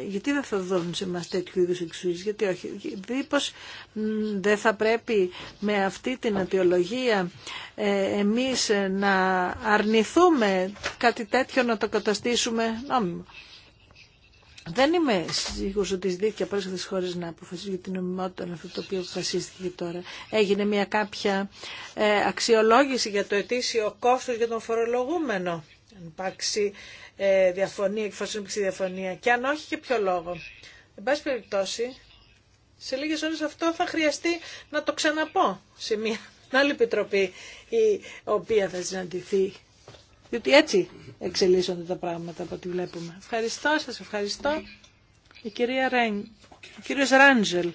γιατί δεν θα δοθούν σε μας τέτοιου είδους εξουσίες, γιατί όχι. Δίπως δεν θα πρέπει με αυτή την αιτιολογία ε, εμείς να αρνηθούμε κάτι τέτοιο να το καταστήσουμε νόμιμο. Δεν είμαι σίγουρη ότι δίκαια από τι χώρε να αποφασίσει για την νομιμότητα αυτό το οποίο αποφασίστηκε τώρα. Έγινε μια κάποια ε, αξιολόγηση για το ετήσιο κόστο για τον φορολογούμενο. Αν υπάρξει ε, διαφωνία, εφόσον διαφωνία. Και αν όχι, και ποιο λόγο. Εν πάση περιπτώσει, σε λίγε ώρε αυτό θα χρειαστεί να το ξαναπώ σε μια άλλη επιτροπή η οποία θα συναντηθεί διότι έτσι εξελίσσονται τα πράγματα από ό,τι βλέπουμε. Ευχαριστώ, σας ευχαριστώ. Η κυρία Ρέν, ο κύριος Ράντζελ.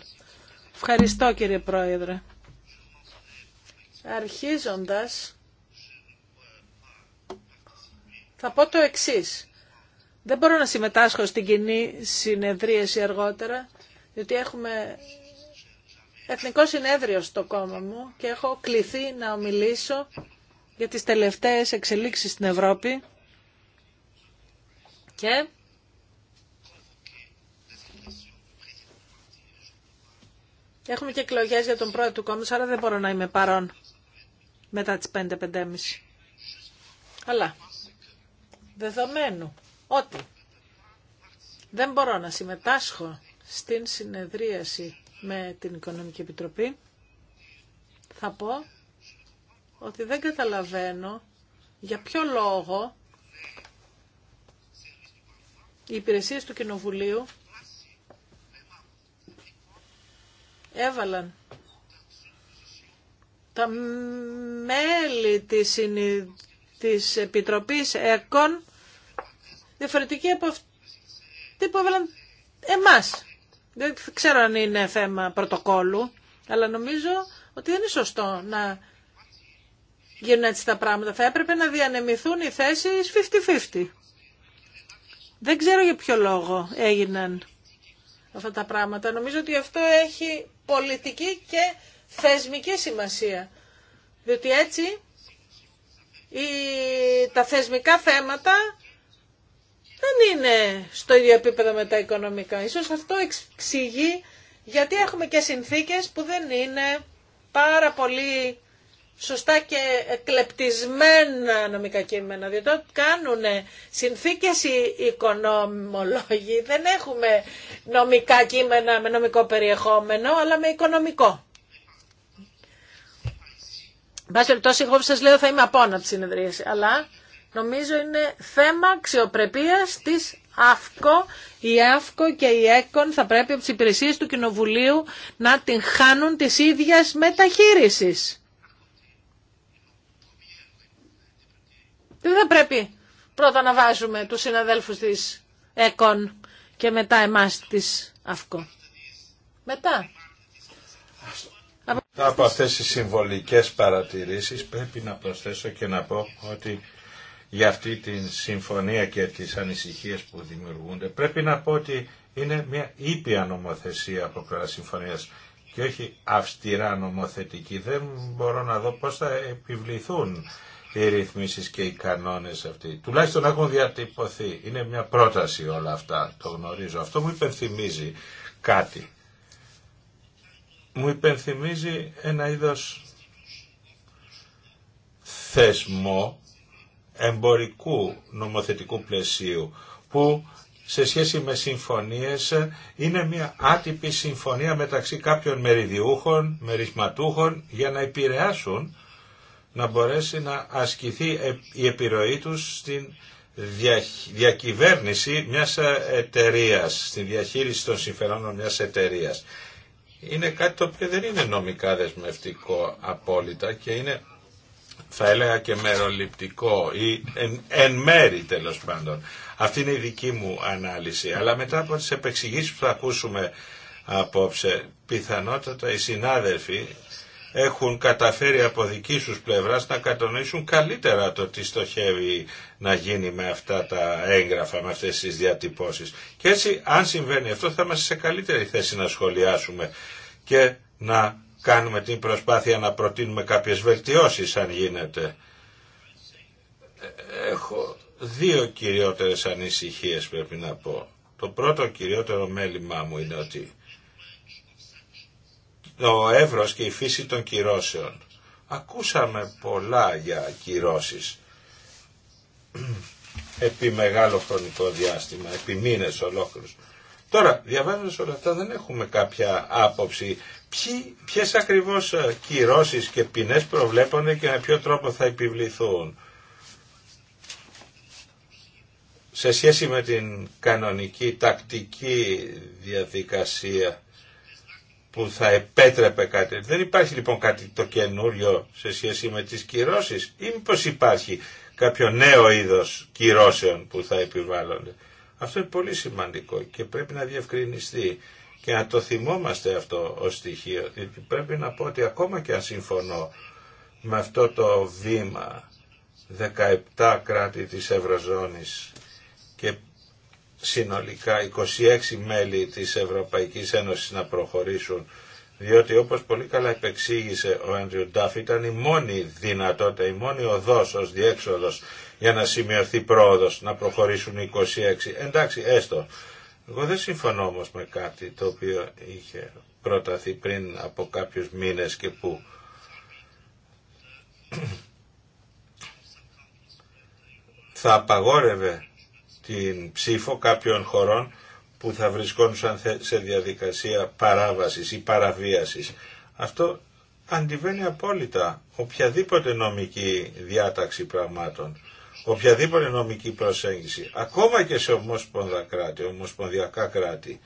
Ευχαριστώ κύριε Πρόεδρε. Αρχίζοντας, θα πω το εξής. Δεν μπορώ να συμμετάσχω στην κοινή συνεδρίαση αργότερα, διότι έχουμε εθνικό συνέδριο στο κόμμα μου και έχω κληθεί να ομιλήσω για τις τελευταίες εξελίξεις στην Ευρώπη και έχουμε και εκλογέ για τον πρόεδρο του κόμματος, άρα δεν μπορώ να είμαι παρόν μετά τις 5-5.30. Αλλά δεδομένου ότι δεν μπορώ να συμμετάσχω στην συνεδρίαση με την Οικονομική Επιτροπή, θα πω ότι δεν καταλαβαίνω για ποιο λόγο οι υπηρεσίες του Κοινοβουλίου έβαλαν τα μέλη της, της Επιτροπής ΕΚΟΝ διαφορετική από αυτή που έβαλαν εμάς. Δεν ξέρω αν είναι θέμα πρωτοκόλλου αλλά νομίζω ότι δεν είναι σωστό να γίνουν έτσι τα πράγματα. Θα έπρεπε να διανεμηθούν οι θέσεις 50-50. Δεν ξέρω για ποιο λόγο έγιναν αυτά τα πράγματα. Νομίζω ότι αυτό έχει πολιτική και θεσμική σημασία. Διότι έτσι η, τα θεσμικά θέματα δεν είναι στο ίδιο επίπεδο με τα οικονομικά. Ίσως αυτό εξηγεί γιατί έχουμε και συνθήκες που δεν είναι πάρα πολύ σωστά και εκλεπτισμένα νομικά κείμενα, διότι κάνουν συνθήκες οι οικονομολόγοι. Δεν έχουμε νομικά κείμενα με νομικό περιεχόμενο, αλλά με οικονομικό. Μπας περιπτώσει, εγώ σας λέω θα είμαι απόνα τη συνεδρίαση, αλλά νομίζω είναι θέμα αξιοπρεπίας της ΑΦΚΟ. Η ΑΦΚΟ και η ΕΚΟΝ θα πρέπει από τις του Κοινοβουλίου να την χάνουν της ίδιας μεταχείρισης. Δεν πρέπει πρώτα να βάζουμε τους συναδέλφους της ΕΚΟΝ και μετά εμάς της ΑΦΚΟ. Μετά. από αυτές τις συμβολικές παρατηρήσεις πρέπει να προσθέσω και να πω ότι για αυτή τη συμφωνία και τις ανησυχίες που δημιουργούνται πρέπει να πω ότι είναι μια ήπια νομοθεσία από πλευρά συμφωνίας και όχι αυστηρά νομοθετική. Δεν μπορώ να δω πώς θα επιβληθούν οι ρυθμίσεις και οι κανόνες αυτοί. Τουλάχιστον έχουν διατυπωθεί. Είναι μια πρόταση όλα αυτά, το γνωρίζω. Αυτό μου υπενθυμίζει κάτι. Μου υπενθυμίζει ένα είδος θεσμό εμπορικού νομοθετικού πλαισίου που σε σχέση με συμφωνίες είναι μια άτυπη συμφωνία μεταξύ κάποιων μεριδιούχων, μερισματούχων για να επηρεάσουν να μπορέσει να ασκηθεί η επιρροή τους στην διακυβέρνηση μιας εταιρείας, στη διαχείριση των συμφερόντων μιας εταιρείας. Είναι κάτι το οποίο δεν είναι νομικά δεσμευτικό απόλυτα και είναι θα έλεγα και μεροληπτικό ή εν, εν μέρη τέλος πάντων. Αυτή είναι η δική μου ανάλυση. Αλλά μετά από τις επεξηγήσεις που θα ακούσουμε απόψε, πιθανότατα οι συνάδελφοι έχουν καταφέρει από δική τους πλευράς να κατανοήσουν καλύτερα το τι στοχεύει να γίνει με αυτά τα έγγραφα, με αυτές τις διατυπώσεις. Και έτσι αν συμβαίνει αυτό θα είμαστε σε καλύτερη θέση να σχολιάσουμε και να κάνουμε την προσπάθεια να προτείνουμε κάποιες βελτιώσεις αν γίνεται. Έχω δύο κυριότερες ανησυχίες πρέπει να πω. Το πρώτο κυριότερο μέλημά μου είναι ότι το εύρος και η φύση των κυρώσεων. Ακούσαμε πολλά για κυρώσεις επί μεγάλο χρονικό διάστημα, επί μήνες ολόκληρους. Τώρα, διαβάζοντας όλα αυτά δεν έχουμε κάποια άποψη Ποιε ποιες ακριβώς ε, κυρώσεις και ποινές προβλέπονται και με ποιο τρόπο θα επιβληθούν σε σχέση με την κανονική τακτική διαδικασία που θα επέτρεπε κάτι. Δεν υπάρχει λοιπόν κάτι το καινούριο σε σχέση με τις κυρώσεις ή μήπως υπάρχει κάποιο νέο είδος κυρώσεων που θα επιβάλλονται. Αυτό είναι πολύ σημαντικό και πρέπει να διευκρινιστεί και να το θυμόμαστε αυτό ως στοιχείο. Διότι πρέπει να πω ότι ακόμα και αν συμφωνώ με αυτό το βήμα 17 κράτη της Ευρωζώνης και συνολικά 26 μέλη της Ευρωπαϊκής Ένωσης να προχωρήσουν διότι όπως πολύ καλά επεξήγησε ο Έντριου Ντάφ ήταν η μόνη δυνατότητα, η μόνη οδός ως διέξοδος για να σημειωθεί πρόοδος, να προχωρήσουν 26. Εντάξει, έστω. Εγώ δεν συμφωνώ όμως με κάτι το οποίο είχε πρόταθει πριν από κάποιους μήνες και που θα απαγόρευε την ψήφο κάποιων χωρών που θα βρισκόντουσαν σε διαδικασία παράβασης ή παραβίασης. Αυτό αντιβαίνει απόλυτα οποιαδήποτε νομική διάταξη πραγμάτων, οποιαδήποτε νομική προσέγγιση, ακόμα και σε ομοσπονδα κράτη, ομοσπονδιακά κράτη.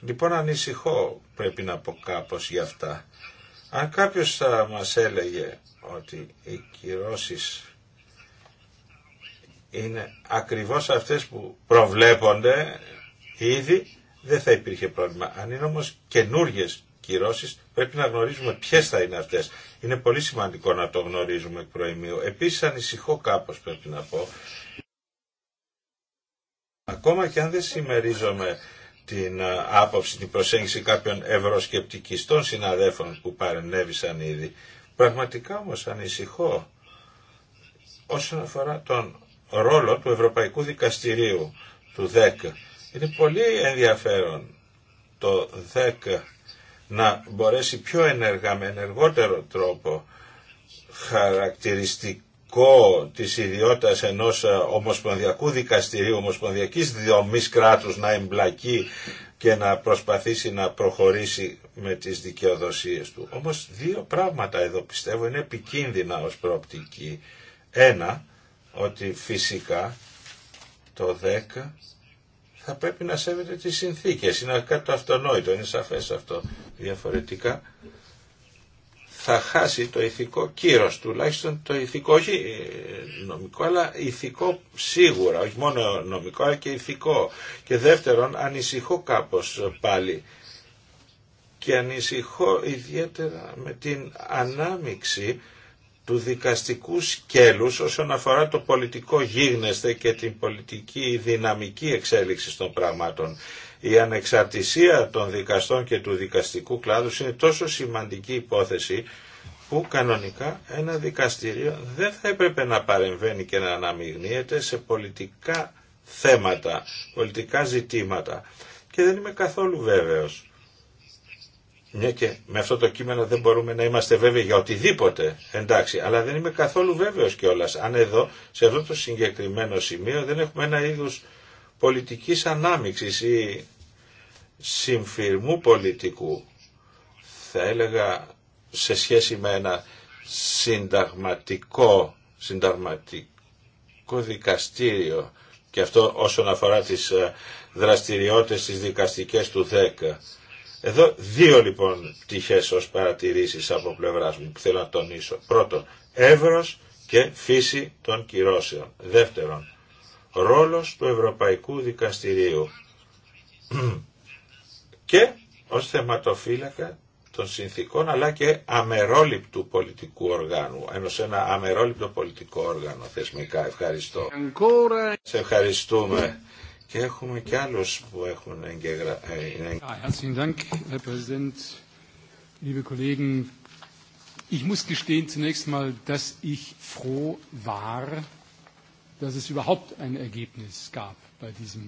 Λοιπόν ανησυχώ πρέπει να πω κάπως για αυτά. Αν κάποιος θα μας έλεγε ότι οι κυρώσεις είναι ακριβώς αυτές που προβλέπονται ήδη, δεν θα υπήρχε πρόβλημα. Αν είναι όμως καινούργιες κυρώσεις, πρέπει να γνωρίζουμε ποιες θα είναι αυτές. Είναι πολύ σημαντικό να το γνωρίζουμε εκ προημίου. Επίσης ανησυχώ κάπως πρέπει να πω. Ακόμα και αν δεν συμμερίζομαι την ε, άποψη, την προσέγγιση κάποιων ευρωσκεπτικιστών συναδέφων που παρενέβησαν ήδη. Πραγματικά όμως ανησυχώ όσον αφορά τον ρόλο του Ευρωπαϊκού Δικαστηρίου, του ΔΕΚ. Είναι πολύ ενδιαφέρον το ΔΕΚ να μπορέσει πιο ενεργά, με ενεργότερο τρόπο, χαρακτηριστικό της ιδιότητας ενός ομοσπονδιακού δικαστηρίου, ομοσπονδιακής δομής κράτους να εμπλακεί και να προσπαθήσει να προχωρήσει με τις δικαιοδοσίες του. Όμως δύο πράγματα εδώ πιστεύω είναι επικίνδυνα ως προοπτική. Ένα, ότι φυσικά το 10 θα πρέπει να σέβεται τις συνθήκες. Είναι κάτι το αυτονόητο, είναι σαφές αυτό. Διαφορετικά θα χάσει το ηθικό κύρος, τουλάχιστον το ηθικό, όχι ε, νομικό, αλλά ηθικό σίγουρα, όχι μόνο νομικό, αλλά και ηθικό. Και δεύτερον, ανησυχώ κάπως πάλι και ανησυχώ ιδιαίτερα με την ανάμιξη του δικαστικού σκέλους όσον αφορά το πολιτικό γίγνεσθε και την πολιτική δυναμική εξέλιξη των πραγμάτων. Η ανεξαρτησία των δικαστών και του δικαστικού κλάδου είναι τόσο σημαντική υπόθεση που κανονικά ένα δικαστήριο δεν θα έπρεπε να παρεμβαίνει και να αναμειγνύεται σε πολιτικά θέματα, πολιτικά ζητήματα. Και δεν είμαι καθόλου βέβαιος μια ναι, και με αυτό το κείμενο δεν μπορούμε να είμαστε βέβαιοι για οτιδήποτε, εντάξει, αλλά δεν είμαι καθόλου βέβαιος κιόλα. αν εδώ, σε αυτό το συγκεκριμένο σημείο, δεν έχουμε ένα είδους πολιτικής ανάμειξης ή συμφυρμού πολιτικού, θα έλεγα σε σχέση με ένα συνταγματικό, συνταγματικό δικαστήριο και αυτό όσον αφορά τις ε, δραστηριότητες τις δικαστικές του 10 εδώ δύο λοιπόν πτυχές ως παρατηρήσεις από πλευράς μου που θέλω να τονίσω. Πρώτον, εύρος και φύση των κυρώσεων. Δεύτερον, ρόλος του Ευρωπαϊκού Δικαστηρίου και ως θεματοφύλακα των συνθήκων αλλά και αμερόληπτου πολιτικού οργάνου, ενός ένα αμερόληπτο πολιτικό όργανο θεσμικά. Ευχαριστώ. Σε ευχαριστούμε. Και έχουμε και άλλους που έχουν Ich muss gestehen zunächst mal, dass ich froh war, dass es überhaupt ein Ergebnis gab bei diesem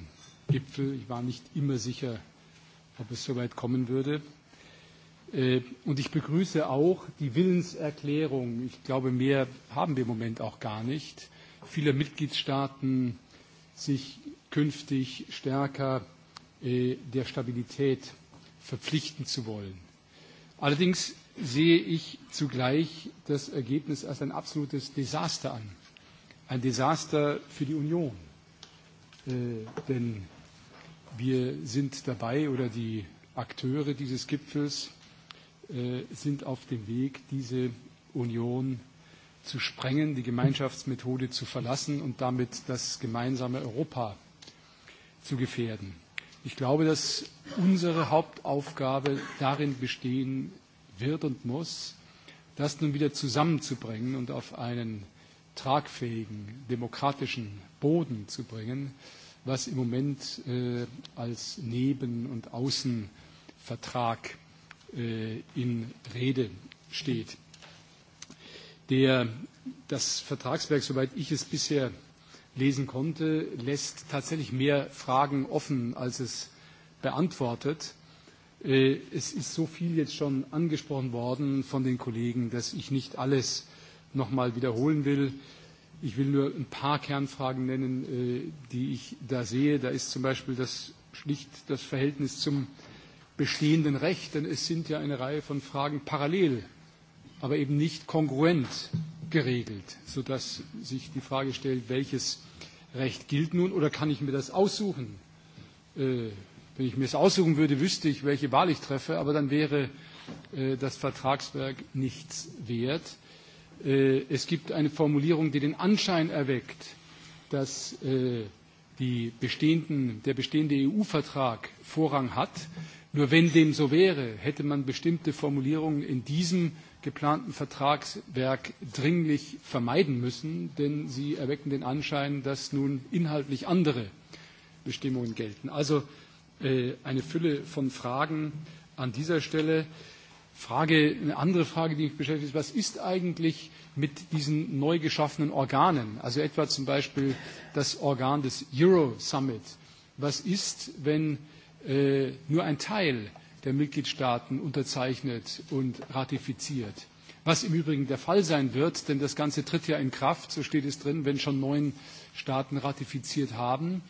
Gipfel. Ich war nicht immer sicher, ob es so weit kommen würde. Und ich begrüße auch die Willenserklärung. Ich glaube, mehr haben wir im Moment auch gar nicht. Viele Mitgliedstaaten sich künftig stärker der Stabilität verpflichten zu wollen. Allerdings sehe ich zugleich das Ergebnis als ein absolutes Desaster an. Ein Desaster für die Union. Denn wir sind dabei oder die Akteure dieses Gipfels sind auf dem Weg, diese Union zu sprengen, die Gemeinschaftsmethode zu verlassen und damit das gemeinsame Europa zu gefährden. Ich glaube, dass unsere Hauptaufgabe darin bestehen wird und muss, das nun wieder zusammenzubringen und auf einen tragfähigen, demokratischen Boden zu bringen, was im Moment als Neben- und Außenvertrag in Rede steht. Das Vertragswerk, soweit ich es bisher lesen konnte, lässt tatsächlich mehr Fragen offen, als es beantwortet. Es ist so viel jetzt schon angesprochen worden von den Kollegen, dass ich nicht alles noch mal wiederholen will. Ich will nur ein paar Kernfragen nennen, die ich da sehe. Da ist zum Beispiel das schlicht das Verhältnis zum bestehenden Recht, denn es sind ja eine Reihe von Fragen parallel, aber eben nicht kongruent geregelt, sodass sich die Frage stellt, welches Recht gilt nun oder kann ich mir das aussuchen? Wenn ich mir es aussuchen würde, wüsste ich, welche Wahl ich treffe, aber dann wäre das Vertragswerk nichts wert. Es gibt eine Formulierung, die den Anschein erweckt, dass die bestehenden, der bestehende EU-Vertrag Vorrang hat. Nur wenn dem so wäre, hätte man bestimmte Formulierungen in diesem geplanten Vertragswerk dringlich vermeiden müssen, denn sie erwecken den Anschein, dass nun inhaltlich andere Bestimmungen gelten. Also eine Fülle von Fragen an dieser Stelle. Frage, eine andere Frage, die mich beschäftigt, was ist eigentlich mit diesen neu geschaffenen Organen? Also etwa zum Beispiel das Organ des Euro Summit. Was ist, wenn nur ein Teil der Mitgliedstaaten unterzeichnet und ratifiziert. Was im Übrigen der Fall sein wird, denn das Ganze tritt ja in Kraft, so steht es drin, wenn schon neun Staaten ratifiziert haben.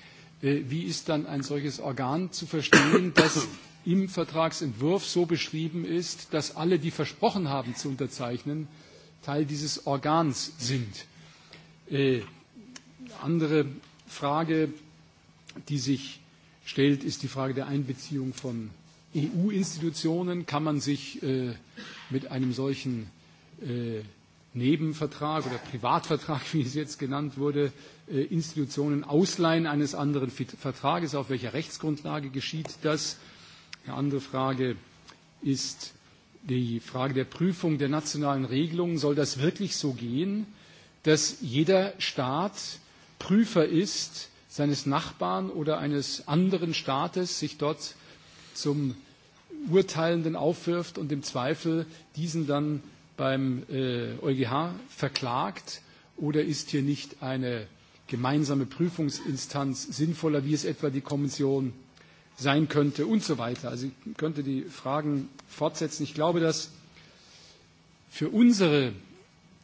Wie ist dann ein solches Organ zu verstehen, das im Vertragsentwurf so beschrieben ist, dass alle, die versprochen haben zu unterzeichnen, Teil dieses Organs sind? Eine Andere Frage, die sich stellt, ist die Frage der Einbeziehung von EU-Institutionen kann man sich mit einem solchen Nebenvertrag oder Privatvertrag, wie es jetzt genannt wurde, Institutionen ausleihen eines anderen Vertrages. Auf welcher Rechtsgrundlage geschieht das? Eine andere Frage ist die Frage der Prüfung der nationalen Regelungen. Soll das wirklich so gehen, dass jeder Staat Prüfer ist seines Nachbarn oder eines anderen Staates, sich dort zum Urteilenden aufwirft und im Zweifel diesen dann beim EuGH verklagt? Oder ist hier nicht eine gemeinsame Prüfungsinstanz sinnvoller, wie es etwa die Kommission sein könnte und so weiter? Also ich könnte die Fragen fortsetzen. Ich glaube, dass für unsere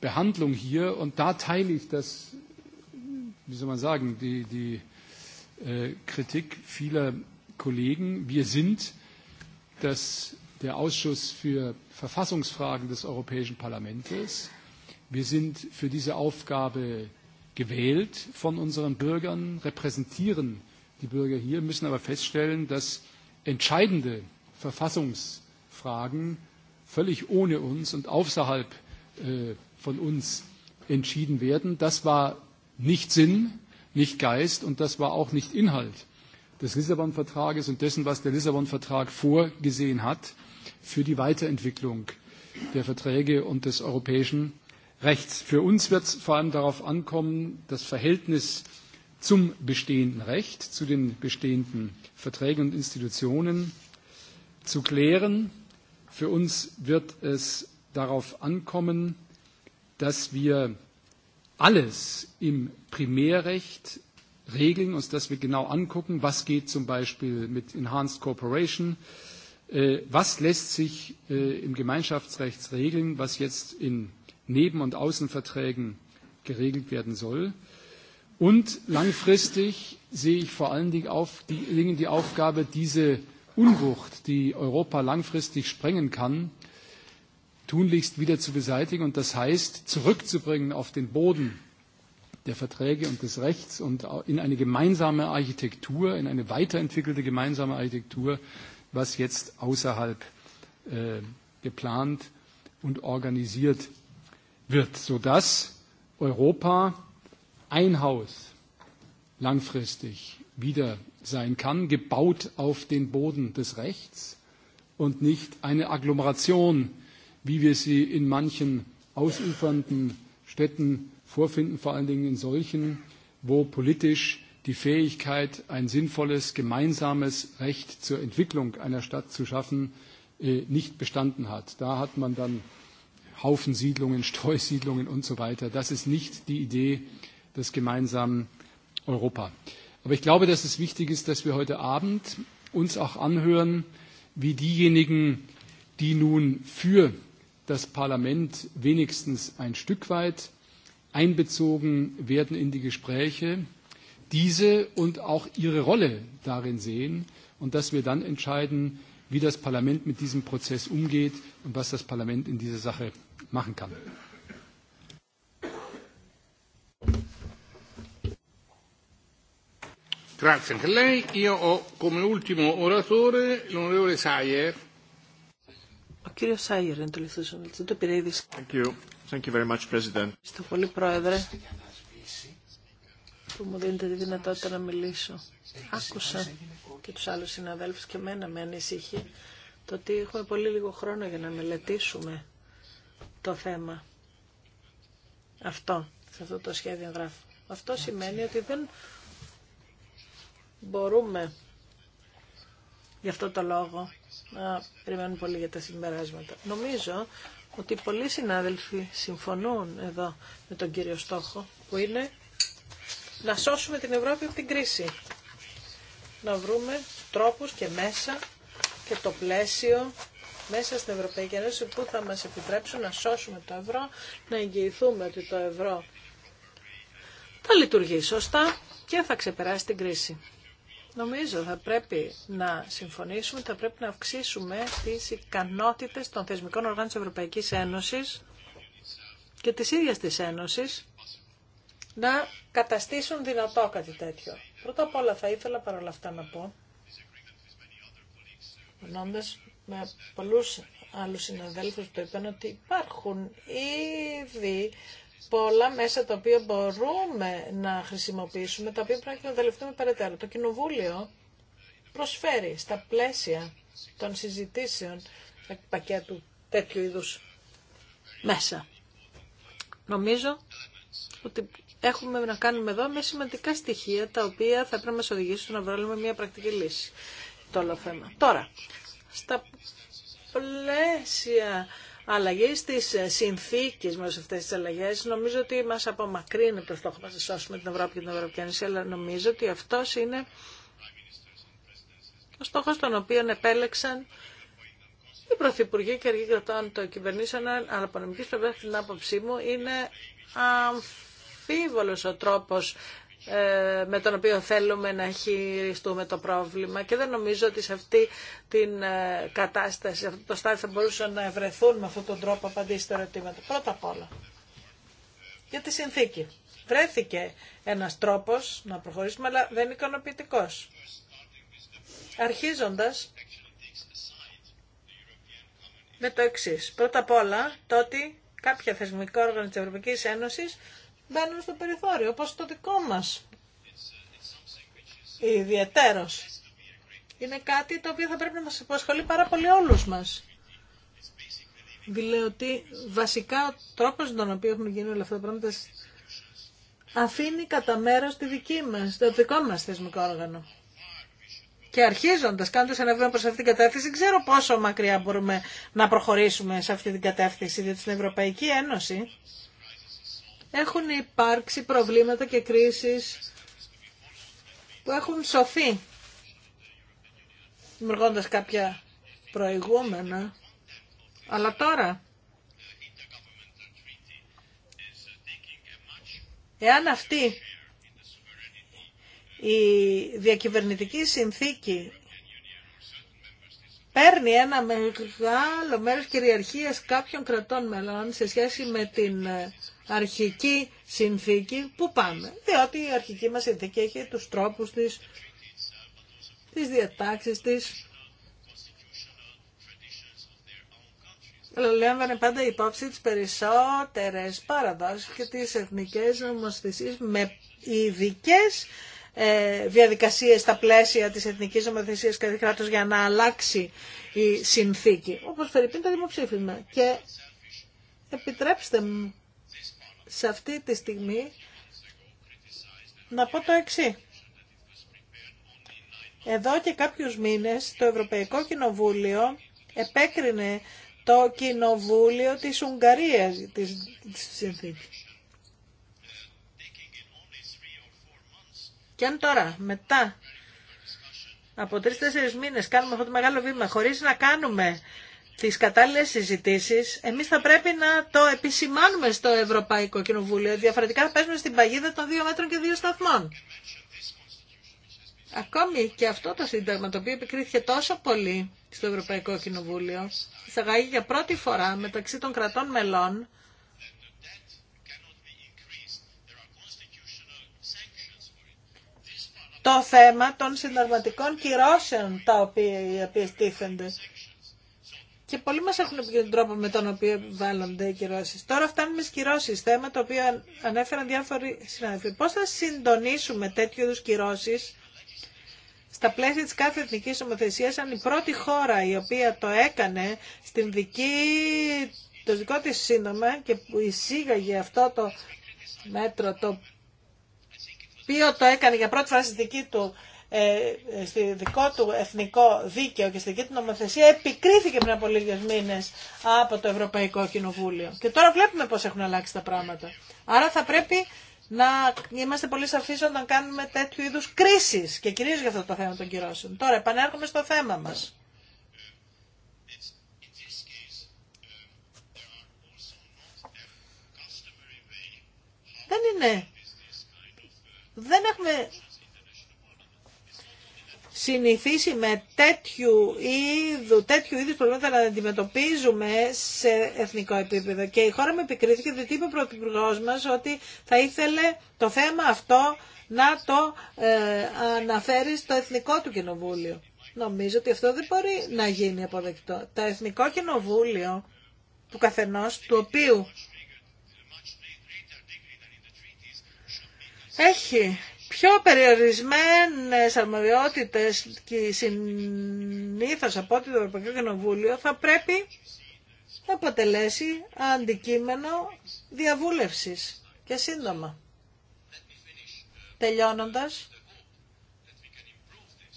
Behandlung hier, und da teile ich das, wie soll man sagen, die Kritik vieler Kollegen, wir sind dass der Ausschuss für Verfassungsfragen des Europäischen Parlaments, wir sind für diese Aufgabe gewählt von unseren Bürgern, repräsentieren die Bürger hier, müssen aber feststellen, dass entscheidende Verfassungsfragen völlig ohne uns und außerhalb von uns entschieden werden. Das war nicht Sinn, nicht Geist und das war auch nicht Inhalt des Lissabon-Vertrages und dessen, was der Lissabon-Vertrag vorgesehen hat, für die Weiterentwicklung der Verträge und des europäischen Rechts. Für uns wird es vor allem darauf ankommen, das Verhältnis zum bestehenden Recht, zu den bestehenden Verträgen und Institutionen zu klären. Für uns wird es darauf ankommen, dass wir alles im Primärrecht regeln, uns das wir genau angucken, was geht zum Beispiel mit Enhanced Cooperation, was lässt sich im Gemeinschaftsrecht regeln, was jetzt in Neben- und Außenverträgen geregelt werden soll. Und langfristig sehe ich vor allen Dingen die Aufgabe, diese Unwucht, die Europa langfristig sprengen kann, tunlichst wieder zu beseitigen und das heißt, zurückzubringen auf den Boden der Verträge und des Rechts und in eine gemeinsame Architektur, in eine weiterentwickelte gemeinsame Architektur, was jetzt außerhalb geplant und organisiert wird, sodass Europa ein Haus langfristig wieder sein kann, gebaut auf den Boden des Rechts und nicht eine Agglomeration, wie wir sie in manchen ausufernden Städten vorfinden, vor allen Dingen in solchen, wo politisch die Fähigkeit, ein sinnvolles gemeinsames Recht zur Entwicklung einer Stadt zu schaffen, nicht bestanden hat. Da hat man dann Haufensiedlungen, Streusiedlungen und so weiter. Das ist nicht die Idee des gemeinsamen Europa. Aber ich glaube, dass es wichtig ist, dass wir heute Abend auch anhören, wie diejenigen, die nun für das Parlament wenigstens ein Stück weit einbezogen werden in die Gespräche, diese und auch ihre Rolle darin sehen und dass wir dann entscheiden, wie das Parlament mit diesem Prozess umgeht und was das Parlament in dieser Sache machen kann. Thank you very much, President. πολύ, Πρόεδρε, που μου δίνετε τη δυνατότητα να μιλήσω. Άκουσα και τους άλλους συναδέλφους και μένα με ανησυχεί το ότι έχουμε πολύ λίγο χρόνο για να μελετήσουμε το θέμα αυτό, σε αυτό το σχέδιο γράφω. Αυτό σημαίνει ότι δεν μπορούμε γι' αυτό το λόγο να περιμένουμε πολύ για τα συμπεράσματα. Νομίζω ότι πολλοί συνάδελφοι συμφωνούν εδώ με τον κύριο στόχο που είναι να σώσουμε την Ευρώπη από την κρίση. Να βρούμε τρόπους και μέσα και το πλαίσιο μέσα στην Ευρωπαϊκή Ένωση που θα μας επιτρέψουν να σώσουμε το ευρώ, να εγγυηθούμε ότι το ευρώ θα λειτουργεί σωστά και θα ξεπεράσει την κρίση. Νομίζω θα πρέπει να συμφωνήσουμε, θα πρέπει να αυξήσουμε τις ικανότητες των θεσμικών οργάνων της Ευρωπαϊκής Ένωσης και της ίδιας της Ένωσης να καταστήσουν δυνατό κάτι τέτοιο. Πρώτα απ' όλα θα ήθελα παρόλα αυτά να πω, με πολλούς άλλους συναδέλφους που είπαν ότι υπάρχουν ήδη πολλά μέσα τα οποία μπορούμε να χρησιμοποιήσουμε, τα οποία πρέπει να εκμεταλλευτούμε περαιτέρω. Το Κοινοβούλιο προσφέρει στα πλαίσια των συζητήσεων πακέτου τέτοιου είδους μέσα. Νομίζω ότι έχουμε να κάνουμε εδώ με σημαντικά στοιχεία τα οποία θα πρέπει να μας οδηγήσουν να βρούμε μια πρακτική λύση το όλο θέμα. Τώρα, στα πλαίσια Αλλαγή στις ε, συνθήκες με αυτέ αυτές τις αλλαγές νομίζω ότι μα απομακρύνει το στόχο μα να σώσουμε την Ευρώπη και την Ευρωπαϊκή Ένωση αλλά νομίζω ότι αυτό είναι ο στόχο τον οποίο επέλεξαν οι Πρωθυπουργοί και αργοί κρατών των κυβερνήσεων αλλά από νομική πλευρά, την άποψή μου είναι αμφίβολο ο τρόπο. Ε, με τον οποίο θέλουμε να χειριστούμε το πρόβλημα και δεν νομίζω ότι σε αυτή την ε, κατάσταση, σε αυτό το στάδιο θα μπορούσαν να ευρεθούν με αυτόν τον τρόπο απαντήσει τα ερωτήματα. Πρώτα απ' όλα, για τη συνθήκη. Βρέθηκε ένας τρόπος να προχωρήσουμε, αλλά δεν είναι ικανοποιητικός. Αρχίζοντας με το εξής. Πρώτα απ' όλα, το κάποια θεσμικό όργανο της Ευρωπαϊκής Ένωσης μπαίνουν στο περιθώριο, όπως το δικό μας. Ιδιαιτέρως. Είναι κάτι το οποίο θα πρέπει να μας υποσχολεί πάρα πολύ όλους μας. Δηλαδή βασικά ο τρόπος με τον οποίο έχουν γίνει όλα αυτά τα πράγματα αφήνει κατά μέρο τη δική μας, το δικό μας θεσμικό όργανο. Και αρχίζοντας, κάνοντας ένα βήμα προς αυτήν την κατεύθυνση, ξέρω πόσο μακριά μπορούμε να προχωρήσουμε σε αυτή την κατεύθυνση, διότι στην Ευρωπαϊκή Ένωση έχουν υπάρξει προβλήματα και κρίσεις που έχουν σωθεί δημιουργώντα κάποια προηγούμενα. Αλλά τώρα, εάν αυτή η διακυβερνητική συνθήκη παίρνει ένα μεγάλο μέρος κυριαρχίας κάποιων κρατών μελών σε σχέση με την ε, αρχική συνθήκη που πάμε. Διότι η αρχική μας συνθήκη έχει τους τρόπους της, τις διατάξεις της. Λέμβανε πάντα υπόψη τις περισσότερες παραδόσεις και τις εθνικές νομοθεσίες με ειδικέ ε, διαδικασίες στα πλαίσια της εθνικής νομοθεσίας και κράτος για να αλλάξει η συνθήκη. Όπως φερειπίνει το δημοψήφισμα. Και επιτρέψτε μου σε αυτή τη στιγμή να πω το εξή. Εδώ και κάποιους μήνες το Ευρωπαϊκό Κοινοβούλιο επέκρινε το Κοινοβούλιο της Ουγγαρίας της, της συνθήκης. Και αν τώρα, μετά από τρεις-τέσσερις μήνες κάνουμε αυτό το μεγάλο βήμα χωρίς να κάνουμε τις κατάλληλες συζητήσεις, εμείς θα πρέπει να το επισημάνουμε στο Ευρωπαϊκό Κοινοβούλιο, διαφορετικά θα παίζουμε στην παγίδα των δύο μέτρων και δύο σταθμών. Ακόμη και αυτό το σύνταγμα, το οποίο επικρίθηκε τόσο πολύ στο Ευρωπαϊκό Κοινοβούλιο, εισαγάγει για πρώτη φορά μεταξύ των κρατών μελών το θέμα των συνταγματικών κυρώσεων τα οποία, και πολλοί μας έχουν πει τον τρόπο με τον οποίο βάλλονται οι κυρώσεις. Τώρα φτάνουμε στις κυρώσεις, θέμα το οποίο ανέφεραν διάφοροι συνάδελφοι. Πώς θα συντονίσουμε τέτοιου είδους κυρώσεις στα πλαίσια της κάθε εθνικής ομοθεσίας, αν η πρώτη χώρα η οποία το έκανε στην δική, το δικό της σύνομα και που εισήγαγε αυτό το μέτρο το οποίο το έκανε για πρώτη φορά στη δική του ε, στη δικό του εθνικό δίκαιο και στη δική του νομοθεσία επικρίθηκε πριν από λίγες μήνες από το Ευρωπαϊκό Κοινοβούλιο. Και τώρα βλέπουμε πώς έχουν αλλάξει τα πράγματα. Άρα θα πρέπει να είμαστε πολύ σαφείς όταν κάνουμε τέτοιου είδους κρίσεις και κυρίως για αυτό το θέμα των κυρώσεων. Τώρα επανέρχομαι στο θέμα μας. Δεν είναι. Δεν έχουμε συνηθίσει με τέτοιου είδου, τέτοιου είδους προβλήματα να αντιμετωπίζουμε σε εθνικό επίπεδο. Και η χώρα με επικρίθηκε διότι είπε ο Πρωθυπουργό μα ότι θα ήθελε το θέμα αυτό να το ε, αναφέρει στο εθνικό του κοινοβούλιο. Νομίζω ότι αυτό δεν μπορεί να γίνει αποδεκτό. Το εθνικό κοινοβούλιο του καθενός, του οποίου έχει πιο περιορισμένες αρμοδιότητες και συνήθως από ό,τι το Ευρωπαϊκό Κοινοβούλιο θα πρέπει να αποτελέσει αντικείμενο διαβούλευσης και σύντομα. Τελειώνοντας,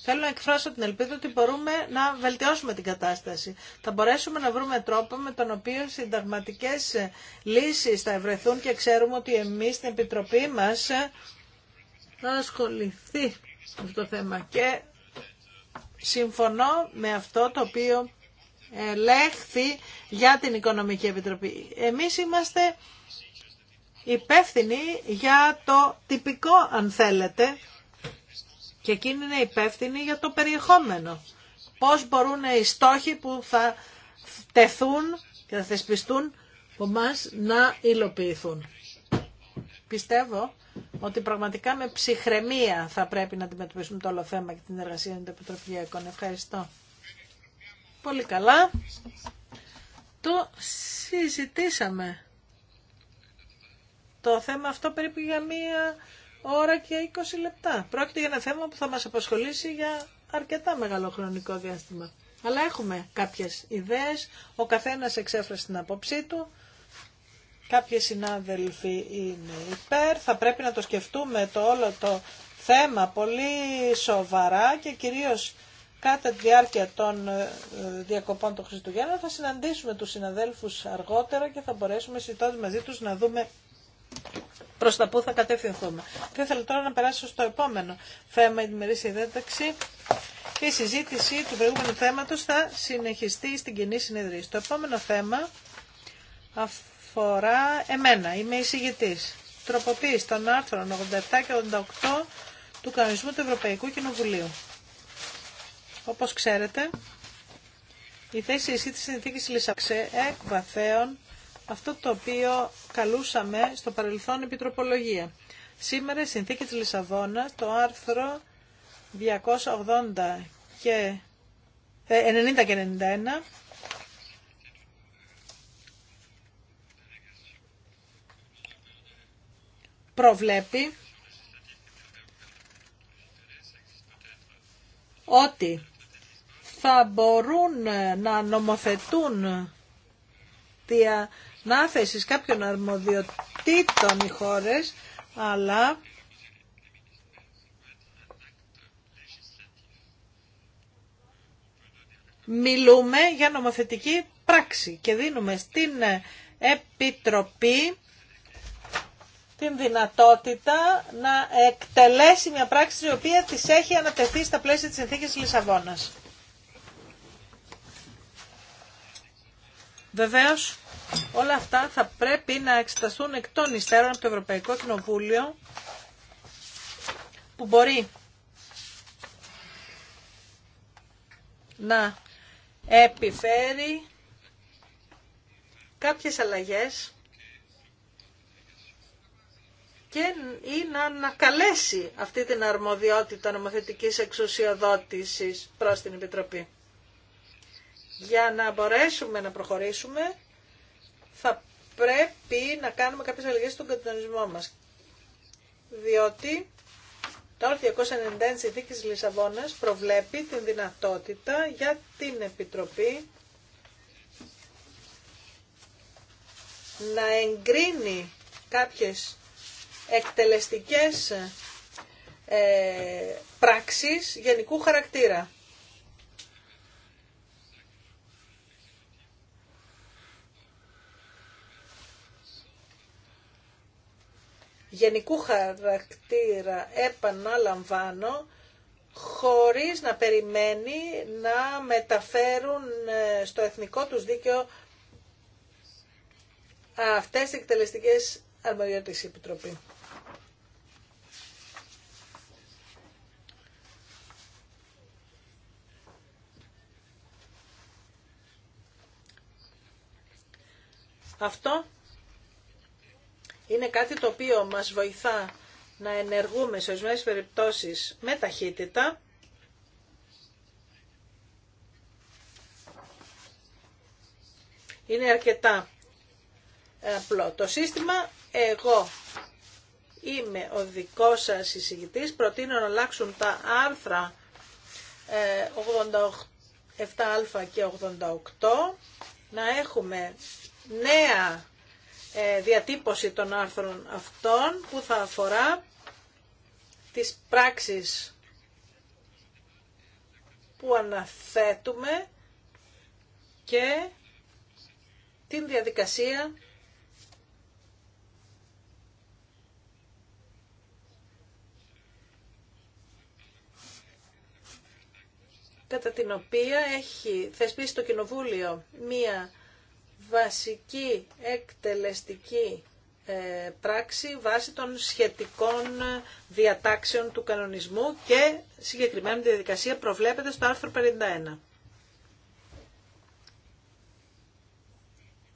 θέλω να εκφράσω την ελπίδα ότι μπορούμε να βελτιώσουμε την κατάσταση. Θα μπορέσουμε να βρούμε τρόπο με τον οποίο συνταγματικές λύσεις θα ευρεθούν και ξέρουμε ότι εμείς στην Επιτροπή μας να ασχοληθεί με αυτό το θέμα. Και συμφωνώ με αυτό το οποίο ελέγχθη για την Οικονομική Επιτροπή. Εμείς είμαστε υπεύθυνοι για το τυπικό, αν θέλετε, και εκείνοι είναι υπεύθυνοι για το περιεχόμενο. Πώς μπορούν οι στόχοι που θα τεθούν και θα θεσπιστούν από να υλοποιηθούν. Πιστεύω ότι πραγματικά με ψυχραιμία θα πρέπει να αντιμετωπίσουμε το όλο θέμα και την εργασία των επιτροπιακών. Ευχαριστώ. Πολύ καλά. Το συζητήσαμε. Το θέμα αυτό περίπου για μία ώρα και 20 λεπτά. Πρόκειται για ένα θέμα που θα μας απασχολήσει για αρκετά μεγάλο χρονικό διάστημα. Αλλά έχουμε κάποιες ιδέες, ο καθένας εξέφρασε την απόψή του. Κάποιοι συνάδελφοι είναι υπέρ. Θα πρέπει να το σκεφτούμε το όλο το θέμα πολύ σοβαρά και κυρίως κατά τη διάρκεια των ε, διακοπών των Χριστουγέννων θα συναντήσουμε τους συναδέλφους αργότερα και θα μπορέσουμε συζητώντας μαζί τους να δούμε προς τα πού θα κατευθυνθούμε. Θα ήθελα τώρα να περάσω στο επόμενο θέμα, η ημερήσια διάταξη. Η συζήτηση του προηγούμενου θέματος θα συνεχιστεί στην κοινή συνεδρία. Το επόμενο θέμα αφορά εμένα. Είμαι εισηγητής. Τροποποίηση των άρθρων 87 και 88 του κανονισμού του Ευρωπαϊκού Κοινοβουλίου. Όπως ξέρετε, η θέση ισχύ της συνθήκης Λισαξέ εκ βαθέων αυτό το οποίο καλούσαμε στο παρελθόν επιτροπολογία. Σήμερα η συνθήκη της Λισαβόνα, το άρθρο 280 και 90 ε, και 91 προβλέπει ότι θα μπορούν να νομοθετούν διανάθεσης κάποιων αρμοδιοτήτων οι χώρες, αλλά μιλούμε για νομοθετική πράξη και δίνουμε στην Επιτροπή την δυνατότητα να εκτελέσει μια πράξη η οποία της έχει ανατεθεί στα πλαίσια της συνθήκης Λισαβόνας. Βεβαίως, όλα αυτά θα πρέπει να εξεταστούν εκ των υστέρων από το Ευρωπαϊκό Κοινοβούλιο που μπορεί να επιφέρει κάποιες αλλαγές και ή να ανακαλέσει αυτή την αρμοδιότητα νομοθετικής εξουσιοδότησης προς την Επιτροπή. Για να μπορέσουμε να προχωρήσουμε θα πρέπει να κάνουμε κάποιες αλλαγές στον κατανοησμό μας. Διότι το άρθρο 291 της Λισαβόνας προβλέπει την δυνατότητα για την Επιτροπή να εγκρίνει κάποιες εκτελεστικές ε, ε, πράξεις γενικού χαρακτήρα. Γενικού χαρακτήρα επαναλαμβάνω χωρίς να περιμένει να μεταφέρουν ε, στο εθνικό τους δίκαιο αυτές οι εκτελεστικές αρμοδιότητες επιτροπή. Αυτό είναι κάτι το οποίο μας βοηθά να ενεργούμε σε ορισμένε περιπτώσεις με ταχύτητα είναι αρκετά ε, απλό. Το σύστημα εγώ είμαι ο δικός σας εισηγητής, προτείνω να αλλάξουν τα άρθρα 87α ε, και 88, να έχουμε νέα ε, διατύπωση των άρθρων αυτών που θα αφορά τις πράξεις που αναθέτουμε και την διαδικασία κατά την οποία έχει θεσπίσει το Κοινοβούλιο μία βασική εκτελεστική ε, πράξη βάσει των σχετικών ε, διατάξεων του κανονισμού και συγκεκριμένη διαδικασία προβλέπεται στο άρθρο 51.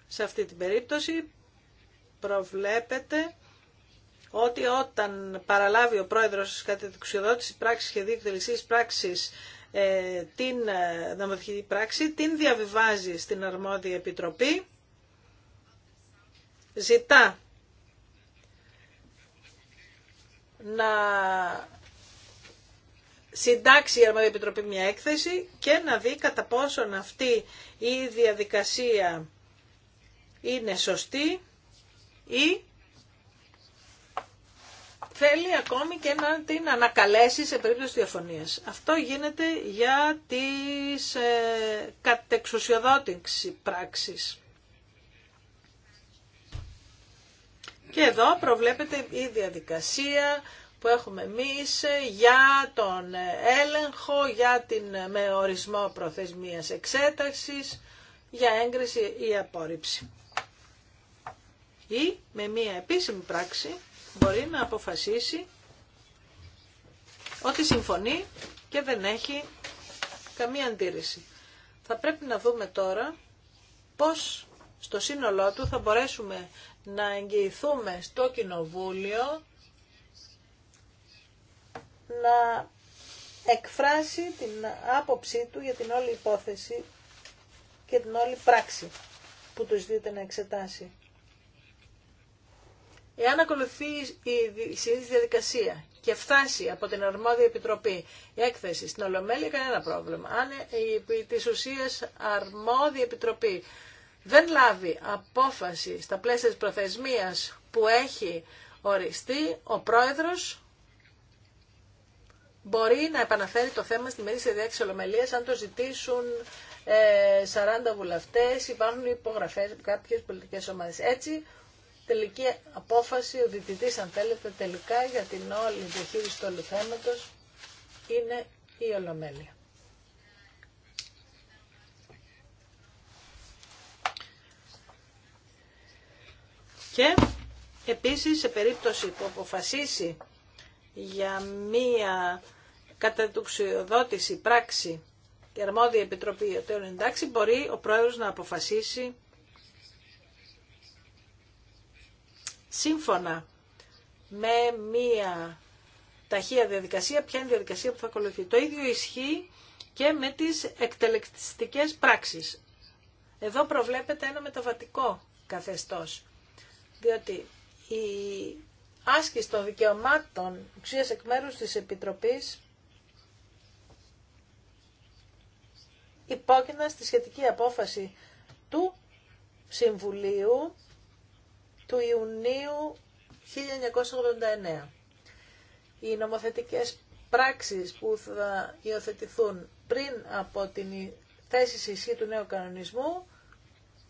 Σε αυτή την περίπτωση προβλέπεται ότι όταν παραλάβει ο πρόεδρος κατά τη πράξη και εκτελεσής πράξης ε, την ε, νομοθετική πράξη, την διαβιβάζει στην αρμόδια επιτροπή, ζητά να συντάξει η αρμόδια επιτροπή μια έκθεση και να δει κατά πόσον αυτή η διαδικασία είναι σωστή ή θέλει ακόμη και να την ανακαλέσει σε περίπτωση διαφωνίας. Αυτό γίνεται για τις ε, κατεξουσιοδότηση πράξεις. Και εδώ προβλέπεται η διαδικασία που έχουμε εμείς για τον έλεγχο, για την με ορισμό προθεσμίας εξέταξης, για έγκριση ή απόρριψη. Ή με μία επίσημη πράξη μπορεί να αποφασίσει ότι συμφωνεί και δεν έχει καμία αντίρρηση. Θα πρέπει να δούμε τώρα πώς στο σύνολό του θα μπορέσουμε να εγγυηθούμε στο Κοινοβούλιο να εκφράσει την άποψή του για την όλη υπόθεση και την όλη πράξη που του δείτε να εξετάσει. Εάν ακολουθεί η συνήθι διαδικασία και φτάσει από την αρμόδια επιτροπή η έκθεση στην Ολομέλεια, κανένα πρόβλημα. Αν η τη ουσία αρμόδια επιτροπή δεν λάβει απόφαση στα πλαίσια της προθεσμίας που έχει οριστεί, ο πρόεδρος μπορεί να επαναφέρει το θέμα στη μερίσια διάρκεια Ολομελίας αν το ζητήσουν 40 ε, βουλευτές, υπάρχουν υπογραφές από κάποιες πολιτικές ομάδες. Έτσι, τελική απόφαση, ο διτητής αν θέλετε τελικά για την όλη διαχείριση του όλου θέματος είναι η Ολομέλεια. Και επίσης σε περίπτωση που αποφασίσει για μία κατατουξιοδότηση πράξη και αρμόδια επιτροπή εταίων εντάξει μπορεί ο πρόεδρος να αποφασίσει σύμφωνα με μία ταχεία διαδικασία, ποια είναι η διαδικασία που θα ακολουθεί. Το ίδιο ισχύει και με τις εκτελεκτιστικές πράξεις. Εδώ προβλέπεται ένα μεταβατικό καθεστώς, διότι η άσκηση των δικαιωμάτων ουσίας εκ μέρους της Επιτροπής υπόκεινα στη σχετική απόφαση του Συμβουλίου του Ιουνίου 1989. Οι νομοθετικές πράξεις που θα υιοθετηθούν πριν από την θέση σε ισχύ του νέου κανονισμού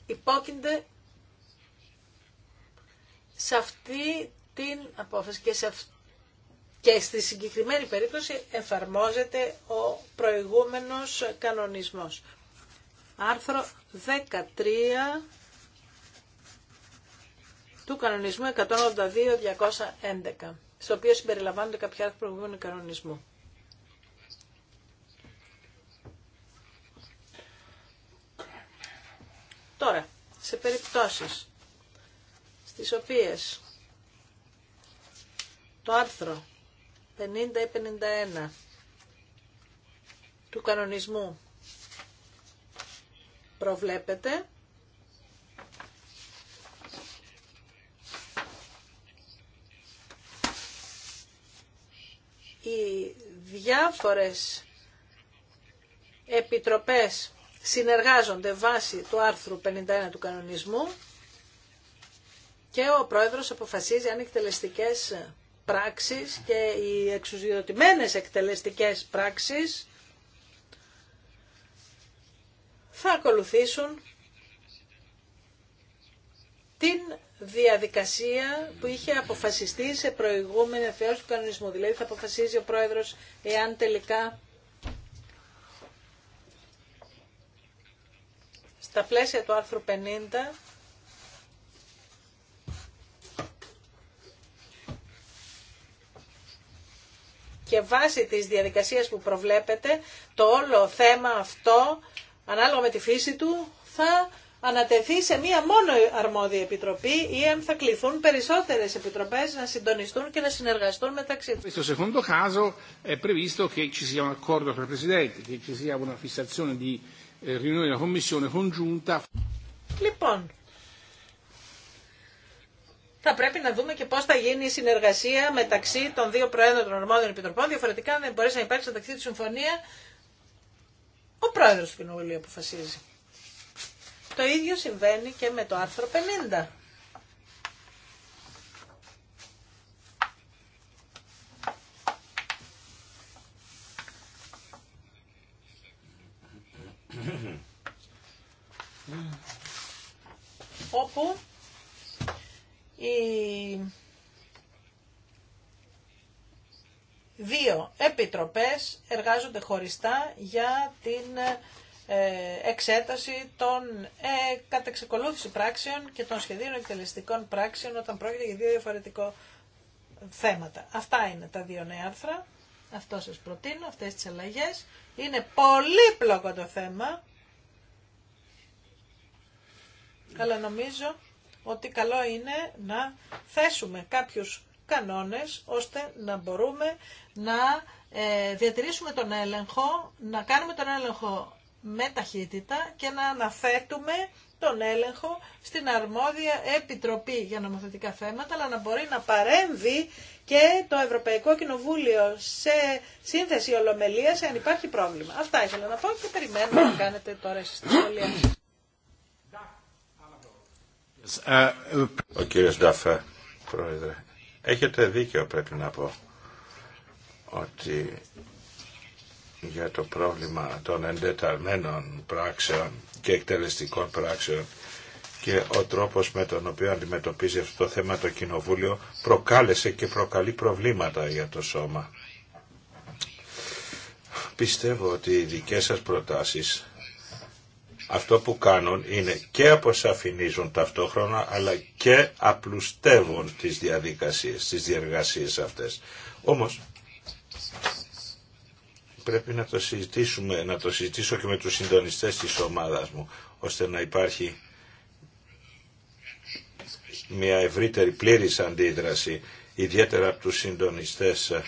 υπόκεινται σε αυτή την απόφαση και, σε και στη συγκεκριμένη περίπτωση εφαρμόζεται ο προηγούμενος κανονισμός. Άρθρο 13 του κανονισμού 182-211, στο οποίο συμπεριλαμβάνονται κάποια άρθρα προηγούμενου κανονισμού. Τώρα, σε περιπτώσεις στις οποίες το άρθρο 50 ή 51 του κανονισμού προβλέπεται οι διάφορες επιτροπές συνεργάζονται βάσει του άρθρου 51 του κανονισμού και ο πρόεδρος αποφασίζει αν οι εκτελεστικές πράξεις και οι εξουσιοδοτημένες εκτελεστικές πράξεις θα ακολουθήσουν την διαδικασία που είχε αποφασιστεί σε προηγούμενη θεώρηση του κανονισμού. Δηλαδή θα αποφασίζει ο πρόεδρος εάν τελικά στα πλαίσια του άρθρου 50 και βάσει της διαδικασίας που προβλέπεται το όλο θέμα αυτό ανάλογα με τη φύση του θα ανατεθεί σε μία μόνο αρμόδια επιτροπή ή αν θα κληθούν περισσότερε επιτροπέ να συντονιστούν και να συνεργαστούν μεταξύ του. Στο caso è previsto che ci sia un accordo tra i presidenti, che ci sia una fissazione di eh, riunione della commissione congiunta. Λοιπόν, θα πρέπει να δούμε και πώ θα γίνει η συνεργασία μεταξύ των δύο προέδρων των αρμόδιων επιτροπών. Διαφορετικά δεν μπορέσει να υπάρξει μεταξύ τη συμφωνία. Ο πρόεδρος του κοινοβουλίου αποφασίζει. Το ίδιο συμβαίνει και με το άρθρο 50. όπου οι δύο επιτροπές εργάζονται χωριστά για την ε, εξέταση των ε, κατεξεκολούθηση πράξεων και των σχεδίων εκτελεστικών πράξεων όταν πρόκειται για δύο διαφορετικό θέματα. Αυτά είναι τα δύο νέα άρθρα. Αυτό σας προτείνω, αυτές τις αλλαγές. Είναι πολύ πολύπλοκο το θέμα. Αλλά νομίζω ότι καλό είναι να θέσουμε κάποιους κανόνες ώστε να μπορούμε να ε, διατηρήσουμε τον έλεγχο, να κάνουμε τον έλεγχο με ταχύτητα και να αναθέτουμε τον έλεγχο στην αρμόδια Επιτροπή για νομοθετικά θέματα, αλλά να μπορεί να παρέμβει και το Ευρωπαϊκό Κοινοβούλιο σε σύνθεση ολομελίας αν υπάρχει πρόβλημα. Αυτά ήθελα να πω και περιμένω να κάνετε τώρα εσείς τη σχολεία. Ε, ο κύριος Ντάφε, Πρόεδρε, έχετε δίκιο πρέπει να πω ότι για το πρόβλημα των εντεταλμένων πράξεων και εκτελεστικών πράξεων και ο τρόπος με τον οποίο αντιμετωπίζει αυτό το θέμα το Κοινοβούλιο προκάλεσε και προκαλεί προβλήματα για το σώμα. Πιστεύω ότι οι δικές σας προτάσεις αυτό που κάνουν είναι και αποσαφηνίζουν ταυτόχρονα αλλά και απλουστεύουν τις διαδικασίες, τις διεργασίες αυτές. Όμως πρέπει να το συζητήσουμε, να το συζητήσω και με τους συντονιστές της ομάδας μου, ώστε να υπάρχει μια ευρύτερη πλήρης αντίδραση, ιδιαίτερα από τους συντονιστές ε,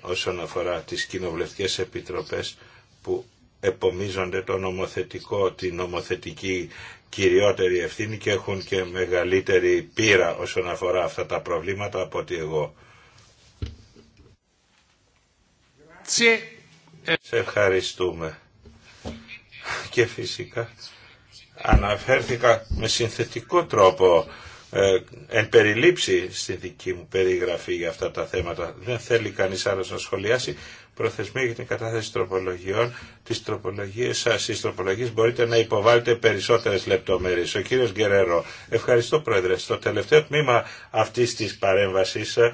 όσον αφορά τις κοινοβουλευτικέ επιτροπές που επομίζονται το νομοθετικό, την νομοθετική κυριότερη ευθύνη και έχουν και μεγαλύτερη πείρα όσον αφορά αυτά τα προβλήματα από ότι εγώ. Ε, Σε ευχαριστούμε. Και φυσικά αναφέρθηκα με συνθετικό τρόπο ε, εν περιλήψη στη δική μου περιγραφή για αυτά τα θέματα. Δεν θέλει κανείς άλλος να σχολιάσει. Προθεσμία για την κατάθεση τροπολογιών. Τις τροπολογίες σας, στις τροπολογίες μπορείτε να υποβάλλετε περισσότερες λεπτομέρειες. Ο κύριος Γκερέρο, ευχαριστώ πρόεδρε. Στο τελευταίο τμήμα αυτής της παρέμβασης ε,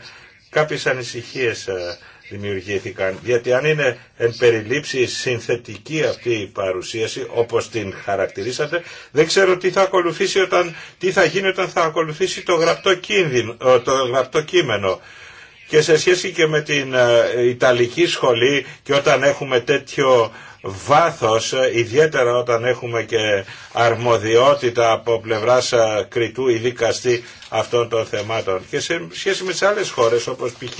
κάποιες ανησυχίες ε, δημιουργήθηκαν. Γιατί αν είναι εν περιλήψη συνθετική αυτή η παρουσίαση, όπως την χαρακτηρίσατε, δεν ξέρω τι θα ακολουθήσει όταν, τι θα γίνει όταν θα ακολουθήσει το γραπτό, ε, το γραπτό κείμενο. Και σε σχέση και με την ε, Ιταλική σχολή και όταν έχουμε τέτοιο βάθος, ιδιαίτερα όταν έχουμε και αρμοδιότητα από πλευράς κριτού ή δικαστή αυτών των θεμάτων. Και σε σχέση με τις άλλες χώρες, όπως π.χ.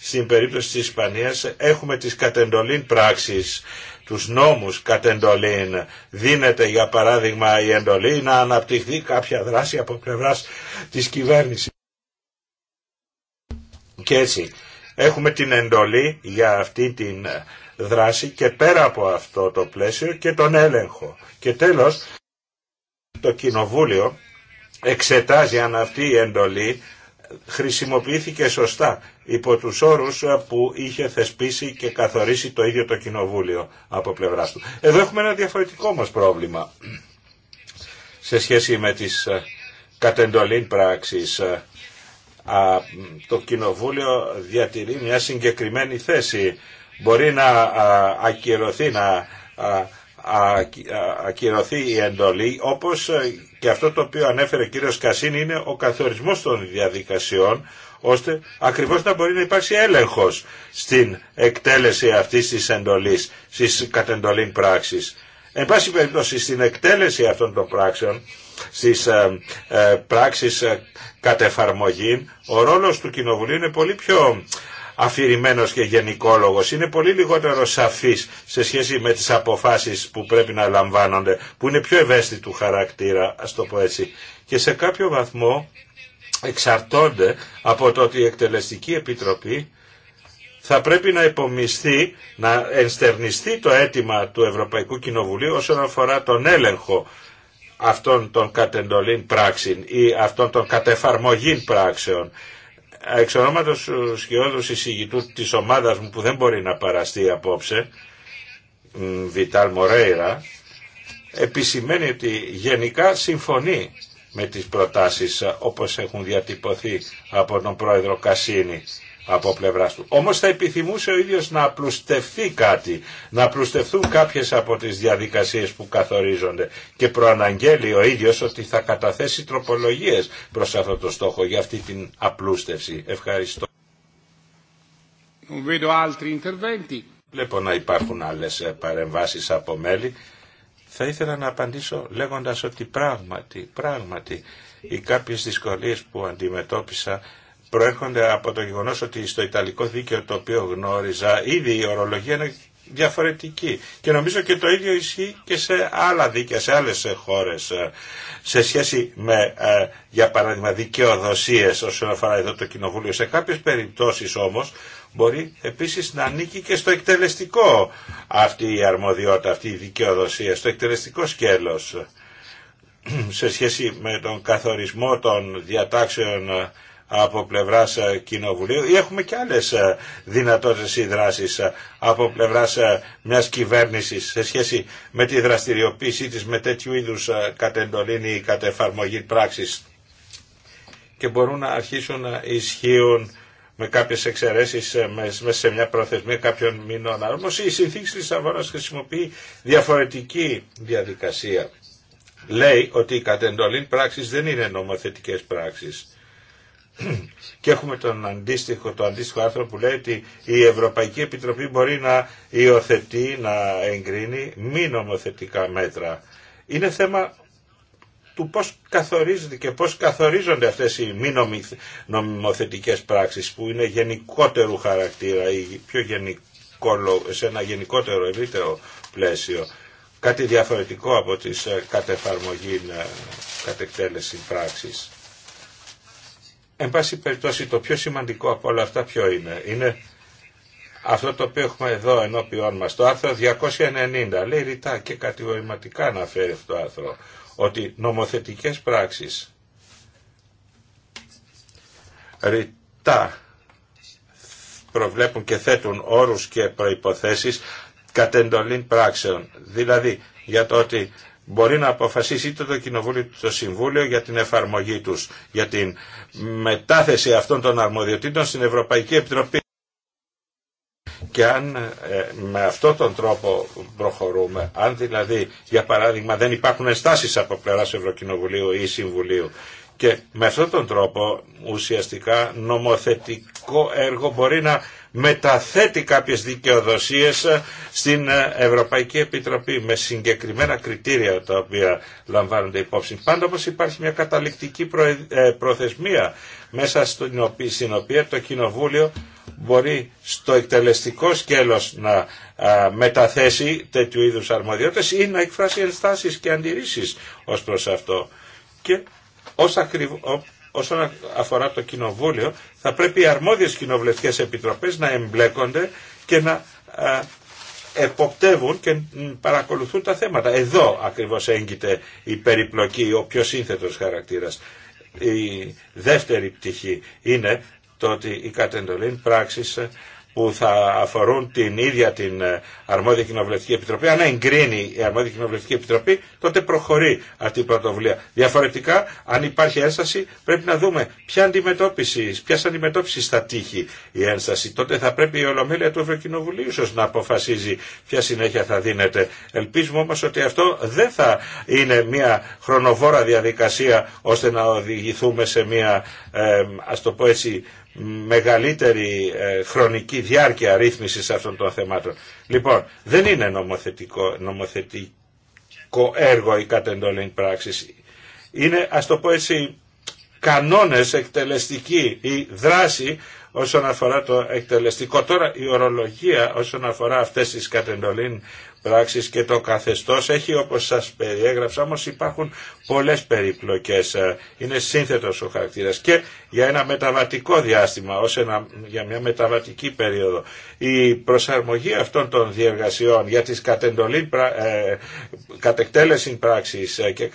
στην περίπτωση της Ισπανίας, έχουμε τις κατεντολήν πράξεις τους νόμους κατεντολήν Δίνεται για παράδειγμα η εντολή να αναπτυχθεί κάποια δράση από πλευράς της κυβέρνησης. Και έτσι έχουμε την εντολή για αυτή την δράση και πέρα από αυτό το πλαίσιο και τον έλεγχο. Και τέλος, το Κοινοβούλιο εξετάζει αν αυτή η εντολή χρησιμοποιήθηκε σωστά υπό τους όρους που είχε θεσπίσει και καθορίσει το ίδιο το Κοινοβούλιο από πλευράς του. Εδώ έχουμε ένα διαφορετικό μας πρόβλημα σε σχέση με τις ε, κατεντολήν πράξεις. Ε, το Κοινοβούλιο διατηρεί μια συγκεκριμένη θέση μπορεί να ακυρωθεί, να ακυρωθεί η εντολή όπως ε, και αυτό το οποίο ανέφερε ο κύριος Κασίνη είναι ο καθορισμός των διαδικασιών ώστε ακριβώς να μπορεί να υπάρξει έλεγχος στην εκτέλεση αυτής της εντολής, στις κατεντολήν πράξεις Εν πάση περιπτώσει στην εκτέλεση αυτών των πράξεων, στις ε, ε πράξεις ε, κατεφαρμογή, ο ρόλος του Κοινοβουλίου είναι πολύ πιο αφηρημένος και γενικόλογος. Είναι πολύ λιγότερο σαφής σε σχέση με τις αποφάσεις που πρέπει να λαμβάνονται, που είναι πιο ευαίσθητου χαρακτήρα, ας το πω έτσι. Και σε κάποιο βαθμό εξαρτώνται από το ότι η Εκτελεστική Επιτροπή θα πρέπει να υπομισθεί να ενστερνιστεί το αίτημα του Ευρωπαϊκού Κοινοβουλίου όσον αφορά τον έλεγχο αυτών των κατεντολήν πράξεων ή αυτών των κατεφαρμογήν πράξεων εξ ονόματος ε, σκιώδους εισηγητού της ομάδας μου που δεν μπορεί να παραστεί απόψε, Βιτάλ Μορέιρα, επισημαίνει ότι γενικά συμφωνεί με τις προτάσεις ε, όπως έχουν διατυπωθεί από τον πρόεδρο Κασίνη από πλευρά του. Όμω θα επιθυμούσε ο ίδιο να απλουστευτεί κάτι, να απλουστευτούν κάποιε από τι διαδικασίε που καθορίζονται και προαναγγέλει ο ίδιο ότι θα καταθέσει τροπολογίε προ αυτό το στόχο για αυτή την απλούστευση. Ευχαριστώ. Βλέπω να υπάρχουν άλλε παρεμβάσει από μέλη. Θα ήθελα να απαντήσω λέγοντας ότι πράγματι, πράγματι οι κάποιες δυσκολίες που αντιμετώπισα προέρχονται από το γεγονός ότι στο Ιταλικό δίκαιο το οποίο γνώριζα ήδη η ορολογία είναι διαφορετική. Και νομίζω και το ίδιο ισχύει και σε άλλα δίκαια, σε άλλες χώρες, ε, σε σχέση με, ε, για παράδειγμα, δικαιοδοσίες όσον αφορά εδώ το Κοινοβούλιο. Σε κάποιες περιπτώσεις όμως μπορεί επίσης να ανήκει και στο εκτελεστικό αυτή η αρμοδιότητα, αυτή η δικαιοδοσία, στο εκτελεστικό σκέλος σε σχέση με τον καθορισμό των διατάξεων από πλευράς ε, Κοινοβουλίου ή έχουμε και άλλες ε, δυνατότητες ή δράσεις ε, από πλευράς μιας κυβέρνησης σε σχέση με τη δραστηριοποίησή της με τέτοιου είδους κατεντολήν ή κατεφαρμογή πράξης και μπορούν να αρχίσουν να ισχύουν με κάποιε εξαιρέσει μέσα σε μια προθεσμία κάποιων μηνών. Όμως η συνθήκη τη Λισαβόνα χρησιμοποιεί διαφορετική διαδικασία. Λέει ότι οι κατεντολήν πράξεις δεν είναι νομοθετικές πράξεις. Και έχουμε τον αντίστοιχο, το αντίστοιχο άρθρο που λέει ότι η Ευρωπαϊκή Επιτροπή μπορεί να υιοθετεί, να εγκρίνει μη νομοθετικά μέτρα. Είναι θέμα του πώς καθορίζονται και πώς καθορίζονται αυτές οι μη νομοθετικές πράξεις που είναι γενικότερου χαρακτήρα ή πιο γενικό, σε ένα γενικότερο ευρύτερο πλαίσιο. Κάτι διαφορετικό από τις ε, κατεφαρμογή ε, κατεκτέλεση πράξης Εν πάση περιπτώσει το πιο σημαντικό από όλα αυτά ποιο είναι. Είναι αυτό το οποίο έχουμε εδώ ενώπιόν μας. Το άρθρο 290 λέει ρητά και κατηγορηματικά αναφέρει αυτό το άρθρο ότι νομοθετικές πράξεις ρητά προβλέπουν και θέτουν όρους και προϋποθέσεις κατ' εντολήν πράξεων. Δηλαδή για το ότι μπορεί να αποφασίσει είτε το Κοινοβούλιο είτε το Συμβούλιο για την εφαρμογή τους, για την μετάθεση αυτών των αρμοδιοτήτων στην Ευρωπαϊκή Επιτροπή. Και αν ε, με αυτόν τον τρόπο προχωρούμε, αν δηλαδή για παράδειγμα δεν υπάρχουν ενστάσεις από πλευράς Ευρωκοινοβουλίου ή Συμβουλίου και με αυτόν τον τρόπο ουσιαστικά νομοθετικό έργο μπορεί να μεταθέτει κάποιες δικαιοδοσίες ε, στην ε, Ευρωπαϊκή Επιτροπή με συγκεκριμένα κριτήρια τα οποία λαμβάνονται υπόψη. Πάντα υπάρχει μια καταληκτική ε, προθεσμία μέσα στην οποία το Κοινοβούλιο μπορεί στο εκτελεστικό σκέλος να μεταθέσει τέτοιου είδους αρμοδιότητες ή να εκφράσει ενστάσεις και αντιρρήσεις ως προς αυτό. Και ως όσον αφορά το Κοινοβούλιο, θα πρέπει οι αρμόδιες κοινοβουλευτικές επιτροπές να εμπλέκονται και να εποπτεύουν και να παρακολουθούν τα θέματα. Εδώ ακριβώς έγκυται η περιπλοκή, ο πιο σύνθετος χαρακτήρας. Η δεύτερη πτυχή είναι το ότι η κατεντολήν πράξεις που θα αφορούν την ίδια την ε, αρμόδια κοινοβουλευτική επιτροπή, αν εγκρίνει η αρμόδια κοινοβουλευτική επιτροπή, τότε προχωρεί αυτή η πρωτοβουλία. Διαφορετικά, αν υπάρχει ένσταση, πρέπει να δούμε ποια αντιμετώπιση, ποιας αντιμετώπιση θα τύχει η ένσταση. Τότε θα πρέπει η Ολομέλεια του Ευρωκοινοβουλίου ίσω να αποφασίζει ποια συνέχεια θα δίνεται. Ελπίζουμε όμως ότι αυτό δεν θα είναι μια χρονοβόρα διαδικασία ώστε να οδηγηθούμε σε μια, ε, το πω έτσι, μεγαλύτερη ε, χρονική διάρκεια ρύθμισης αυτών των θεμάτων. Λοιπόν, δεν είναι νομοθετικό, νομοθετικό έργο η κατεντολήν πράξη. Είναι, ας το πω έτσι, κανόνες εκτελεστική η δράση όσον αφορά το εκτελεστικό. Τώρα η ορολογία όσον αφορά αυτές τις κατεντολήν πράξεις και το καθεστώς έχει όπως σας περιέγραψα όμως υπάρχουν πολλές περιπλοκές ε, είναι σύνθετος ο χαρακτήρας και για ένα μεταβατικό διάστημα ως για μια μεταβατική περίοδο η προσαρμογή αυτών των διεργασιών για τις κατεντολή ε, κατεκτέλεση πράξης ε, και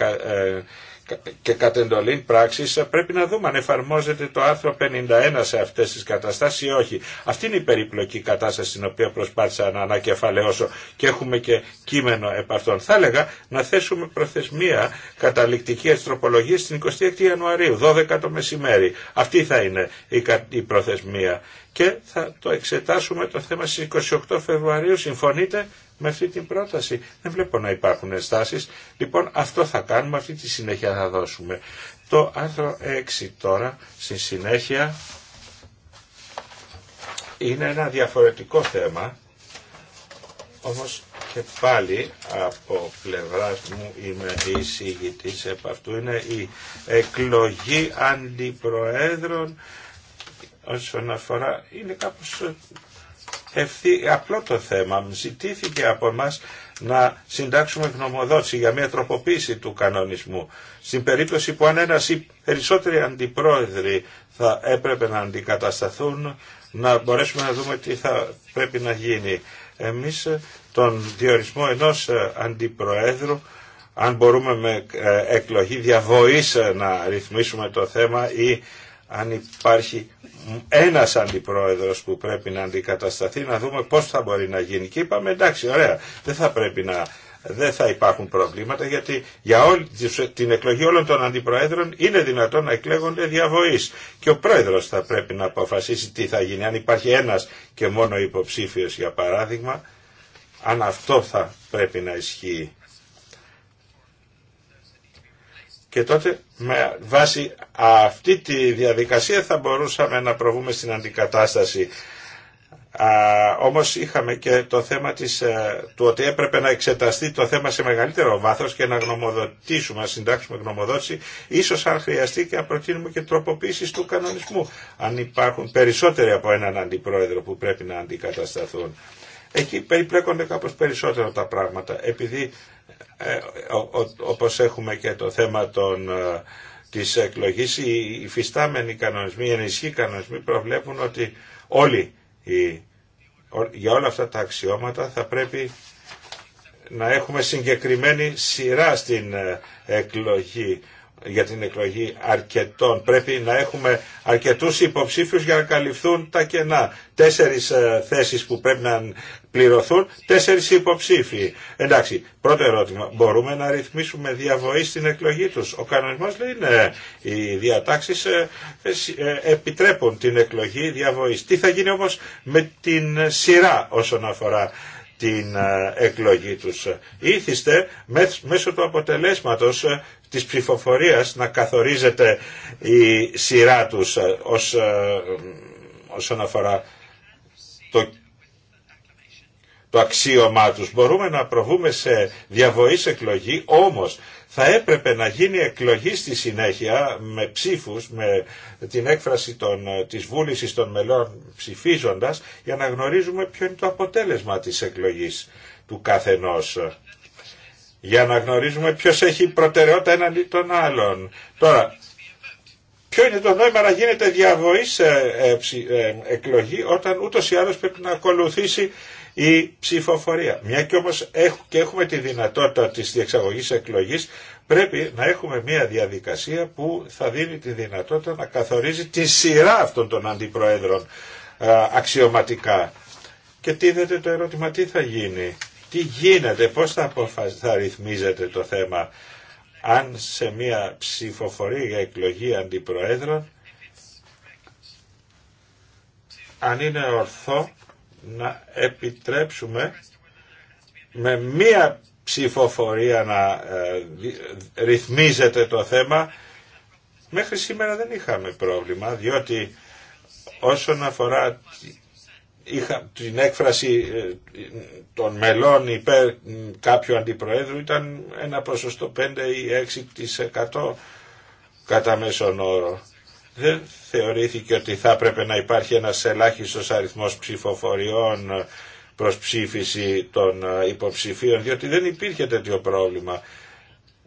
και κατ' εντολή πράξης πρέπει να δούμε αν εφαρμόζεται το άρθρο 51 σε αυτές τις καταστάσεις ή όχι. Αυτή είναι η περιπλοκή κατάσταση στην οποία προσπάθησα να ανακεφαλαιώσω και έχουμε και κείμενο επ' αυτών. Θα έλεγα να θέσουμε προθεσμία καταληκτική αστροπολογία στην 26 Ιανουαρίου, 12 το μεσημέρι. Αυτή θα είναι η προθεσμία. Και θα το εξετάσουμε το θέμα στι 28 Φεβρουαρίου. Συμφωνείτε? με αυτή την πρόταση. Δεν βλέπω να υπάρχουν ενστάσεις. Λοιπόν αυτό θα κάνουμε, αυτή τη συνέχεια θα δώσουμε. Το άρθρο 6 τώρα, στη συνέχεια, είναι ένα διαφορετικό θέμα, όμως και πάλι από πλευράς μου είμαι εισηγητής επ' αυτού, είναι η εκλογή αντιπροέδρων όσον αφορά, είναι κάπως ευθύ, απλό το θέμα. Ζητήθηκε από εμά να συντάξουμε γνωμοδότηση για μια τροποποίηση του κανονισμού. Στην περίπτωση που αν ένας ή περισσότεροι αντιπρόεδροι θα έπρεπε να αντικατασταθούν, να μπορέσουμε να δούμε τι θα πρέπει να γίνει. Εμείς τον διορισμό ενός αντιπροέδρου αν μπορούμε με ε, εκλογή διαβοής να ρυθμίσουμε το θέμα ή αν υπάρχει ένας αντιπρόεδρος που πρέπει να αντικατασταθεί, να δούμε πώς θα μπορεί να γίνει. Και είπαμε εντάξει, ωραία, δεν θα πρέπει να δεν θα υπάρχουν προβλήματα γιατί για όλη την εκλογή όλων των αντιπροέδρων είναι δυνατόν να εκλέγονται διαβοής και ο πρόεδρος θα πρέπει να αποφασίσει τι θα γίνει αν υπάρχει ένας και μόνο υποψήφιος για παράδειγμα αν αυτό θα πρέπει να ισχύει Και τότε με βάση αυτή τη διαδικασία θα μπορούσαμε να προβούμε στην αντικατάσταση. Α, όμως είχαμε και το θέμα της, ε, του ότι έπρεπε να εξεταστεί το θέμα σε μεγαλύτερο βάθος και να γνωμοδοτήσουμε, να συντάξουμε γνωμοδότηση, ίσως αν χρειαστεί και να προτείνουμε και τροποποίηση του κανονισμού, αν υπάρχουν περισσότεροι από έναν αντιπρόεδρο που πρέπει να αντικατασταθούν. Εκεί περιπλέκονται κάπως περισσότερο τα πράγματα, επειδή ε, όπως έχουμε και το θέμα των ε, της εκλογής, οι υφιστάμενοι κανονισμοί, οι ενισχύοι κανονισμοί προβλέπουν ότι όλοι για όλα αυτά τα αξιώματα θα πρέπει να έχουμε συγκεκριμένη σειρά στην ε, εκλογή για την εκλογή αρκετών. Πρέπει να έχουμε αρκετούς υποψήφιους για να καλυφθούν τα κενά. Τέσσερις θέσεις που πρέπει να πληρωθούν τέσσερι υποψήφοι. Εντάξει, πρώτο ερώτημα, μπορούμε να ρυθμίσουμε διαβοή στην εκλογή τους. Ο κανονισμό λέει ναι, οι διατάξεις ε, ε, ε, επιτρέπουν την εκλογή διαβοή. Τι θα γίνει όμως με την σειρά όσον αφορά την εκλογή τους. Ήθιστε μέσω του αποτελέσματος της ψηφοφορίας να καθορίζεται η σειρά τους όσον αφορά το το αξίωμά τους. Μπορούμε να προβούμε σε διαβοής εκλογή, όμως θα έπρεπε να γίνει εκλογή στη συνέχεια με ψήφους, με την έκφραση των, της βούλησης των μελών ψηφίζοντας, για να γνωρίζουμε ποιο είναι το αποτέλεσμα της εκλογής του καθενός. Για να γνωρίζουμε ποιος έχει προτεραιότητα έναντι των άλλων. Τώρα, Ποιο είναι το νόημα να γίνεται διαβοής ε, ε, ε, εκλογή όταν ούτως ή άλλως πρέπει να ακολουθήσει η ψηφοφορία. Μια και όμως έχουμε τη δυνατότητα της διεξαγωγής εκλογής, πρέπει να έχουμε μια διαδικασία που θα δίνει τη δυνατότητα να καθορίζει τη σειρά αυτών των αντιπροέδρων αξιωματικά. Και τι τίθεται το ερώτημα τι θα γίνει, τι γίνεται, πώς θα, θα ρυθμίζεται το θέμα αν σε μια ψηφοφορία για εκλογή αντιπροέδρων αν είναι ορθό να επιτρέψουμε με μία ψηφοφορία να ε, ρυθμίζεται το θέμα. Μέχρι σήμερα δεν είχαμε πρόβλημα, διότι όσον αφορά την έκφραση ε, των μελών υπέρ κάποιου αντιπροέδρου ήταν ένα ποσοστό 5 ή 6% κατά μέσον όρο δεν θεωρήθηκε ότι θα έπρεπε να υπάρχει ένας ελάχιστος αριθμός ψηφοφοριών προς ψήφιση των ε, υποψηφίων, διότι δεν υπήρχε τέτοιο πρόβλημα.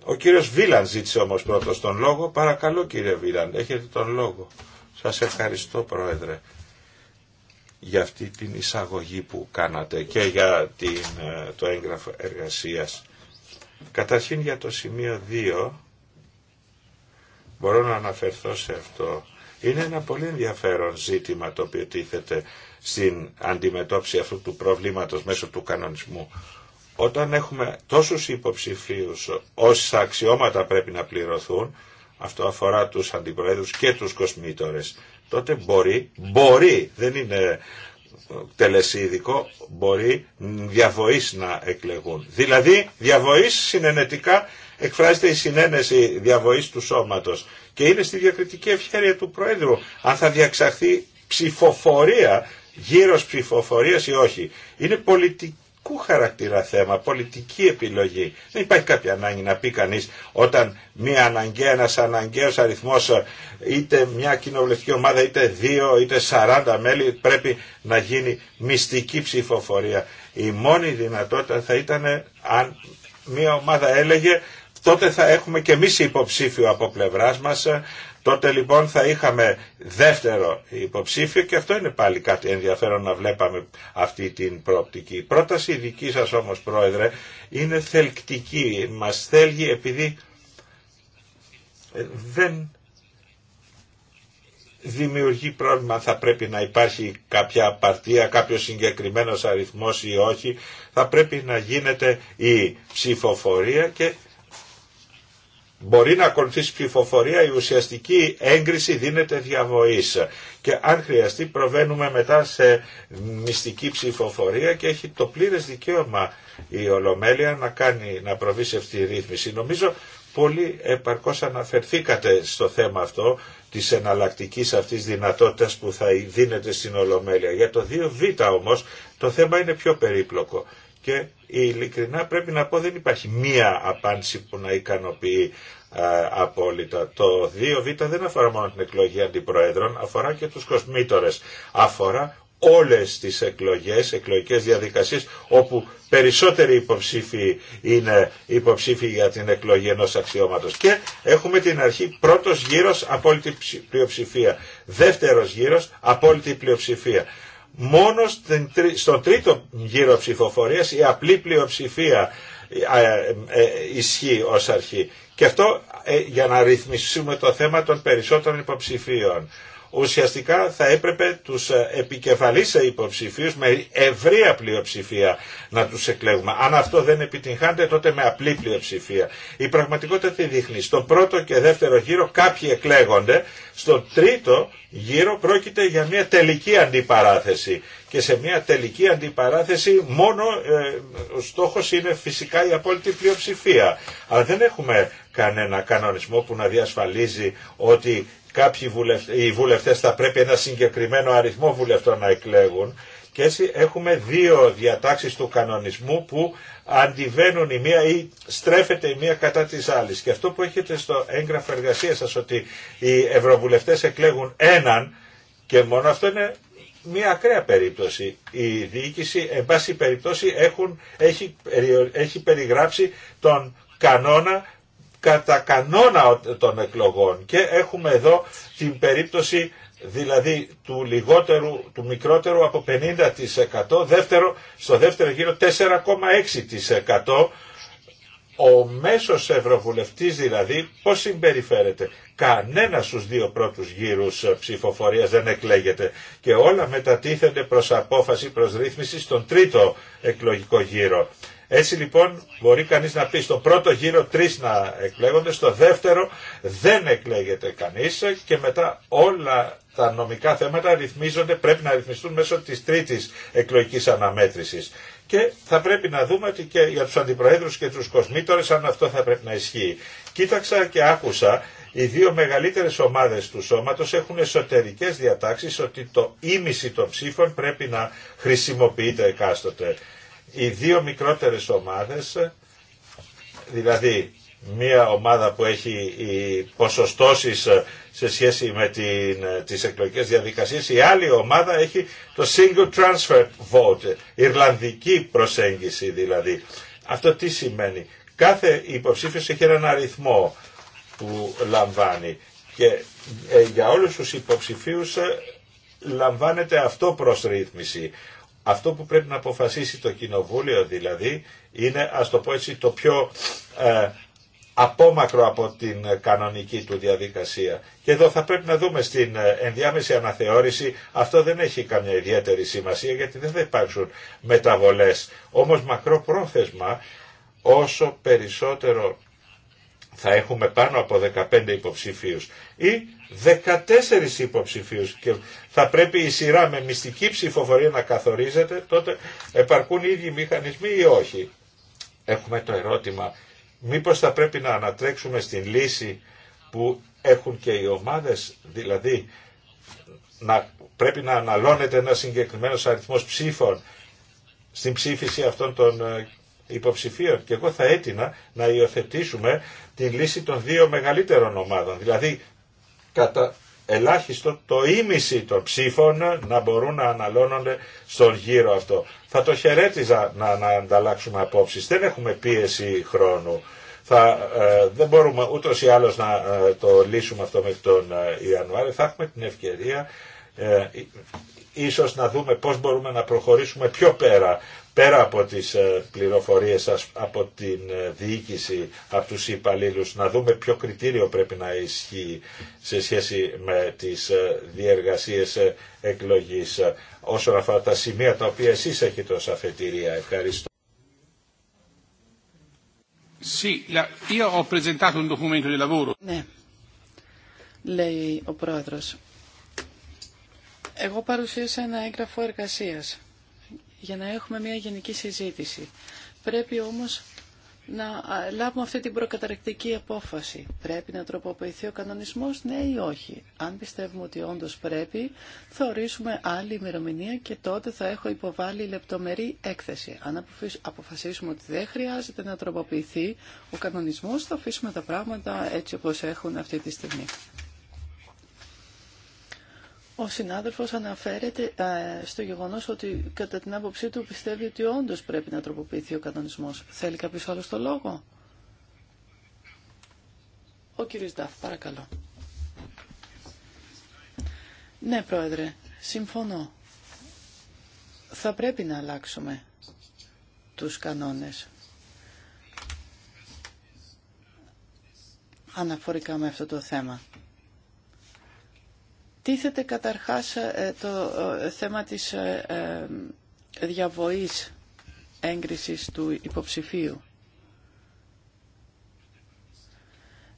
Ο κύριος Βίλαν ζήτησε όμως πρώτος τον λόγο. Παρακαλώ κύριε Βίλαν, έχετε τον λόγο. Σας ευχαριστώ πρόεδρε για αυτή την εισαγωγή που κάνατε και για την, ε, το έγγραφο εργασίας. Καταρχήν για το σημείο 2 μπορώ να αναφερθώ σε αυτό. Είναι ένα πολύ ενδιαφέρον ζήτημα το οποίο τίθεται στην αντιμετώπιση αυτού του προβλήματος μέσω του κανονισμού. Όταν έχουμε τόσους υποψηφίους όσα αξιώματα πρέπει να πληρωθούν, αυτό αφορά τους αντιπροέδρους και τους κοσμήτορες, τότε μπορεί, μπορεί, δεν είναι τελεσίδικο, μπορεί διαβοής να εκλεγούν. Δηλαδή διαβοής συνενετικά εκφράζεται η συνένεση διαβοής του σώματος και είναι στη διακριτική ευχέρεια του Προέδρου αν θα διαξαχθεί ψηφοφορία, γύρω ψηφοφορίας ή όχι. Είναι πολιτικού χαρακτήρα θέμα, πολιτική επιλογή. Δεν υπάρχει κάποια ανάγκη να πει κανεί όταν μία αναγκαία, ένα αναγκαίο αριθμό, είτε μια κοινοβουλευτική ομάδα, είτε δύο, είτε 40 μέλη, πρέπει να γίνει μυστική ψηφοφορία. Η μόνη δυνατότητα θα ήταν αν μία ομάδα έλεγε τότε θα έχουμε και εμείς υποψήφιο από πλευράς μας Τότε λοιπόν θα είχαμε δεύτερο υποψήφιο και αυτό είναι πάλι κάτι ενδιαφέρον να βλέπαμε αυτή την προοπτική. Η πρόταση δική σας όμως πρόεδρε είναι θελκτική, μας θέλει επειδή ε, δεν δημιουργεί πρόβλημα θα πρέπει να υπάρχει κάποια απαρτία, κάποιος συγκεκριμένος αριθμός ή όχι. Θα πρέπει να γίνεται η ψηφοφορία και μπορεί να ακολουθήσει ψηφοφορία, η ουσιαστική έγκριση δίνεται διαβοής. Και αν χρειαστεί προβαίνουμε μετά σε μυστική ψηφοφορία και έχει το πλήρες δικαίωμα η Ολομέλεια να, κάνει, να προβεί σε αυτή τη ρύθμιση. Νομίζω πολύ επαρκώς αναφερθήκατε στο θέμα αυτό της εναλλακτικής αυτής δυνατότητας που θα δίνεται στην Ολομέλεια. Για το 2Β όμως το θέμα είναι πιο περίπλοκο. Και ειλικρινά πρέπει να πω δεν υπάρχει μία απάντηση που να ικανοποιεί απόλυτα. Το 2Β δεν αφορά μόνο την εκλογή αντιπροέδρων, αφορά και τους κοσμήτορες. Αφορά όλες τις εκλογές, εκλογικές διαδικασίες, όπου περισσότεροι υποψήφοι είναι υποψήφοι για την εκλογή ενός αξιώματος. Και έχουμε την αρχή πρώτος γύρος απόλυτη πλειοψηφία, δεύτερος γύρος απόλυτη πλειοψηφία μόνο στον τρίτο γύρο ψηφοφορίας η απλή πλειοψηφία ε, ε, ε, ισχύει ως αρχή. Και αυτό για να ρυθμίσουμε το θέμα των περισσότερων υποψηφίων ουσιαστικά θα έπρεπε τους ε, επικεφαλείς ε, υποψηφίους με ευρεία πλειοψηφία να τους εκλέγουμε. Αν αυτό δεν επιτυγχάνεται τότε με απλή πλειοψηφία. Η πραγματικότητα τι δείχνει. Στον πρώτο και δεύτερο γύρο κάποιοι εκλέγονται. Στον τρίτο γύρο πρόκειται για μια τελική αντιπαράθεση. Και σε μια τελική αντιπαράθεση μόνο ε, ο στόχος είναι φυσικά η απόλυτη πλειοψηφία. Αλλά δεν έχουμε κανένα κανονισμό που να διασφαλίζει ότι κάποιοι βουλευτές, οι βουλευτές θα πρέπει ένα συγκεκριμένο αριθμό βουλευτών να εκλέγουν και έτσι έχουμε δύο διατάξεις του κανονισμού που αντιβαίνουν η μία ή στρέφεται η μία κατά της άλλης. Και αυτό που έχετε στο έγγραφο εργασία σας ότι οι ευρωβουλευτές εκλέγουν έναν και μόνο αυτό είναι μια ακραία περίπτωση. Η διοίκηση, εν πάση περιπτώσει, έχουν, έχει, έχει περιγράψει τον κανόνα κατά κανόνα των εκλογών. Και έχουμε εδώ την περίπτωση δηλαδή του λιγότερου, του μικρότερου από 50%, δεύτερο, στο δεύτερο γύρο 4,6%. Ο μέσος ευρωβουλευτής δηλαδή πώς συμπεριφέρεται. Κανένα στους δύο πρώτους γύρους ψηφοφορίας δεν εκλέγεται και όλα μετατίθενται προς απόφαση, προς ρύθμιση στον τρίτο εκλογικό γύρο. Έτσι λοιπόν μπορεί κανείς να πει στον πρώτο γύρο τρεις να εκλέγονται, στο δεύτερο δεν εκλέγεται κανείς και μετά όλα τα νομικά θέματα ρυθμίζονται, πρέπει να ρυθμιστούν μέσω της τρίτης εκλογικής αναμέτρησης. Και θα πρέπει να δούμε ότι και για τους αντιπροέδρους και τους κοσμήτωρες αν αυτό θα πρέπει να ισχύει. Κοίταξα και άκουσα οι δύο μεγαλύτερες ομάδες του σώματος έχουν εσωτερικές διατάξεις ότι το ίμιση των ψήφων πρέπει να χρησιμοποιείται εκάστοτε οι δύο μικρότερες ομάδες, δηλαδή μια ομάδα που έχει οι ποσοστώσεις σε σχέση με την, τις εκλογικές διαδικασίες, η άλλη ομάδα έχει το single transfer vote, Ιρλανδική προσέγγιση δηλαδή. Αυτό τι σημαίνει. Κάθε υποψήφιος έχει έναν αριθμό που λαμβάνει και ε, για όλους τους υποψηφίους ε, λαμβάνεται αυτό προς ρύθμιση. Αυτό που πρέπει να αποφασίσει το κοινοβούλιο δηλαδή είναι, ας το πω έτσι, το πιο ε, απόμακρο από την κανονική του διαδικασία. Και εδώ θα πρέπει να δούμε στην ε, ενδιάμεση αναθεώρηση, αυτό δεν έχει καμιά ιδιαίτερη σημασία γιατί δεν θα υπάρξουν μεταβολές. Όμως μακρό πρόθεσμα, όσο περισσότερο θα έχουμε πάνω από 15 υποψηφίους ή 14 υποψηφίους και θα πρέπει η σειρά με μυστική ψηφοφορία να καθορίζεται, τότε επαρκούν οι ίδιοι μηχανισμοί ή όχι. Έχουμε το ερώτημα, μήπως θα πρέπει να ανατρέξουμε στην λύση που έχουν και οι ομάδες, δηλαδή να, πρέπει να αναλώνεται ένα συγκεκριμένος αριθμός ψήφων στην ψήφιση αυτών των ε, υποψηφίων και εγώ θα έτεινα να υιοθετήσουμε την λύση των δύο μεγαλύτερων ομάδων. Δηλαδή κατά ελάχιστο το ίμιση των ψήφων να μπορούν να αναλώνονται στον γύρο αυτό. Θα το χαιρέτιζα να, να ανταλλάξουμε απόψεις. Δεν έχουμε πίεση χρόνου. Θα, ε, δεν μπορούμε ούτως ή άλλως να ε, το λύσουμε αυτό μέχρι τον ε, Ιανουάριο. Θα έχουμε την ευκαιρία ίσως να δούμε πώς μπορούμε να προχωρήσουμε πιο πέρα πέρα από τις ε, πληροφορίες σας από την ε, διοίκηση, από τους υπαλλήλους, να δούμε ποιο κριτήριο πρέπει να ισχύει σε σχέση με τις ε, διεργασίες εκλογής όσον αφορά τα σημεία τα οποία εσείς έχετε ως αφετηρία. Ευχαριστώ. Ναι, λέει ο πρόεδρος. Εγώ παρουσίασα ένα έγγραφο εργασίας για να έχουμε μια γενική συζήτηση. Πρέπει όμως να λάβουμε αυτή την προκαταρκτική απόφαση. Πρέπει να τροποποιηθεί ο κανονισμός, ναι ή όχι. Αν πιστεύουμε ότι όντως πρέπει, θα ορίσουμε άλλη ημερομηνία και τότε θα έχω υποβάλει λεπτομερή έκθεση. Αν αποφασίσουμε ότι δεν χρειάζεται να τροποποιηθεί ο κανονισμός, θα αφήσουμε τα πράγματα έτσι όπως έχουν αυτή τη στιγμή. Ο συνάδελφος αναφέρεται ε, στο γεγονός ότι κατά την άποψή του πιστεύει ότι όντως πρέπει να τροποποιηθεί ο κανονισμός. Θέλει κάποιος άλλος το λόγο. Ο κύριος Νταφ, παρακαλώ. Ναι, Πρόεδρε, συμφωνώ. Θα πρέπει να αλλάξουμε τους κανόνες αναφορικά με αυτό το θέμα. Τίθεται καταρχάς ε, το ε, θέμα της ε, διαβοής έγκρισης του υποψηφίου.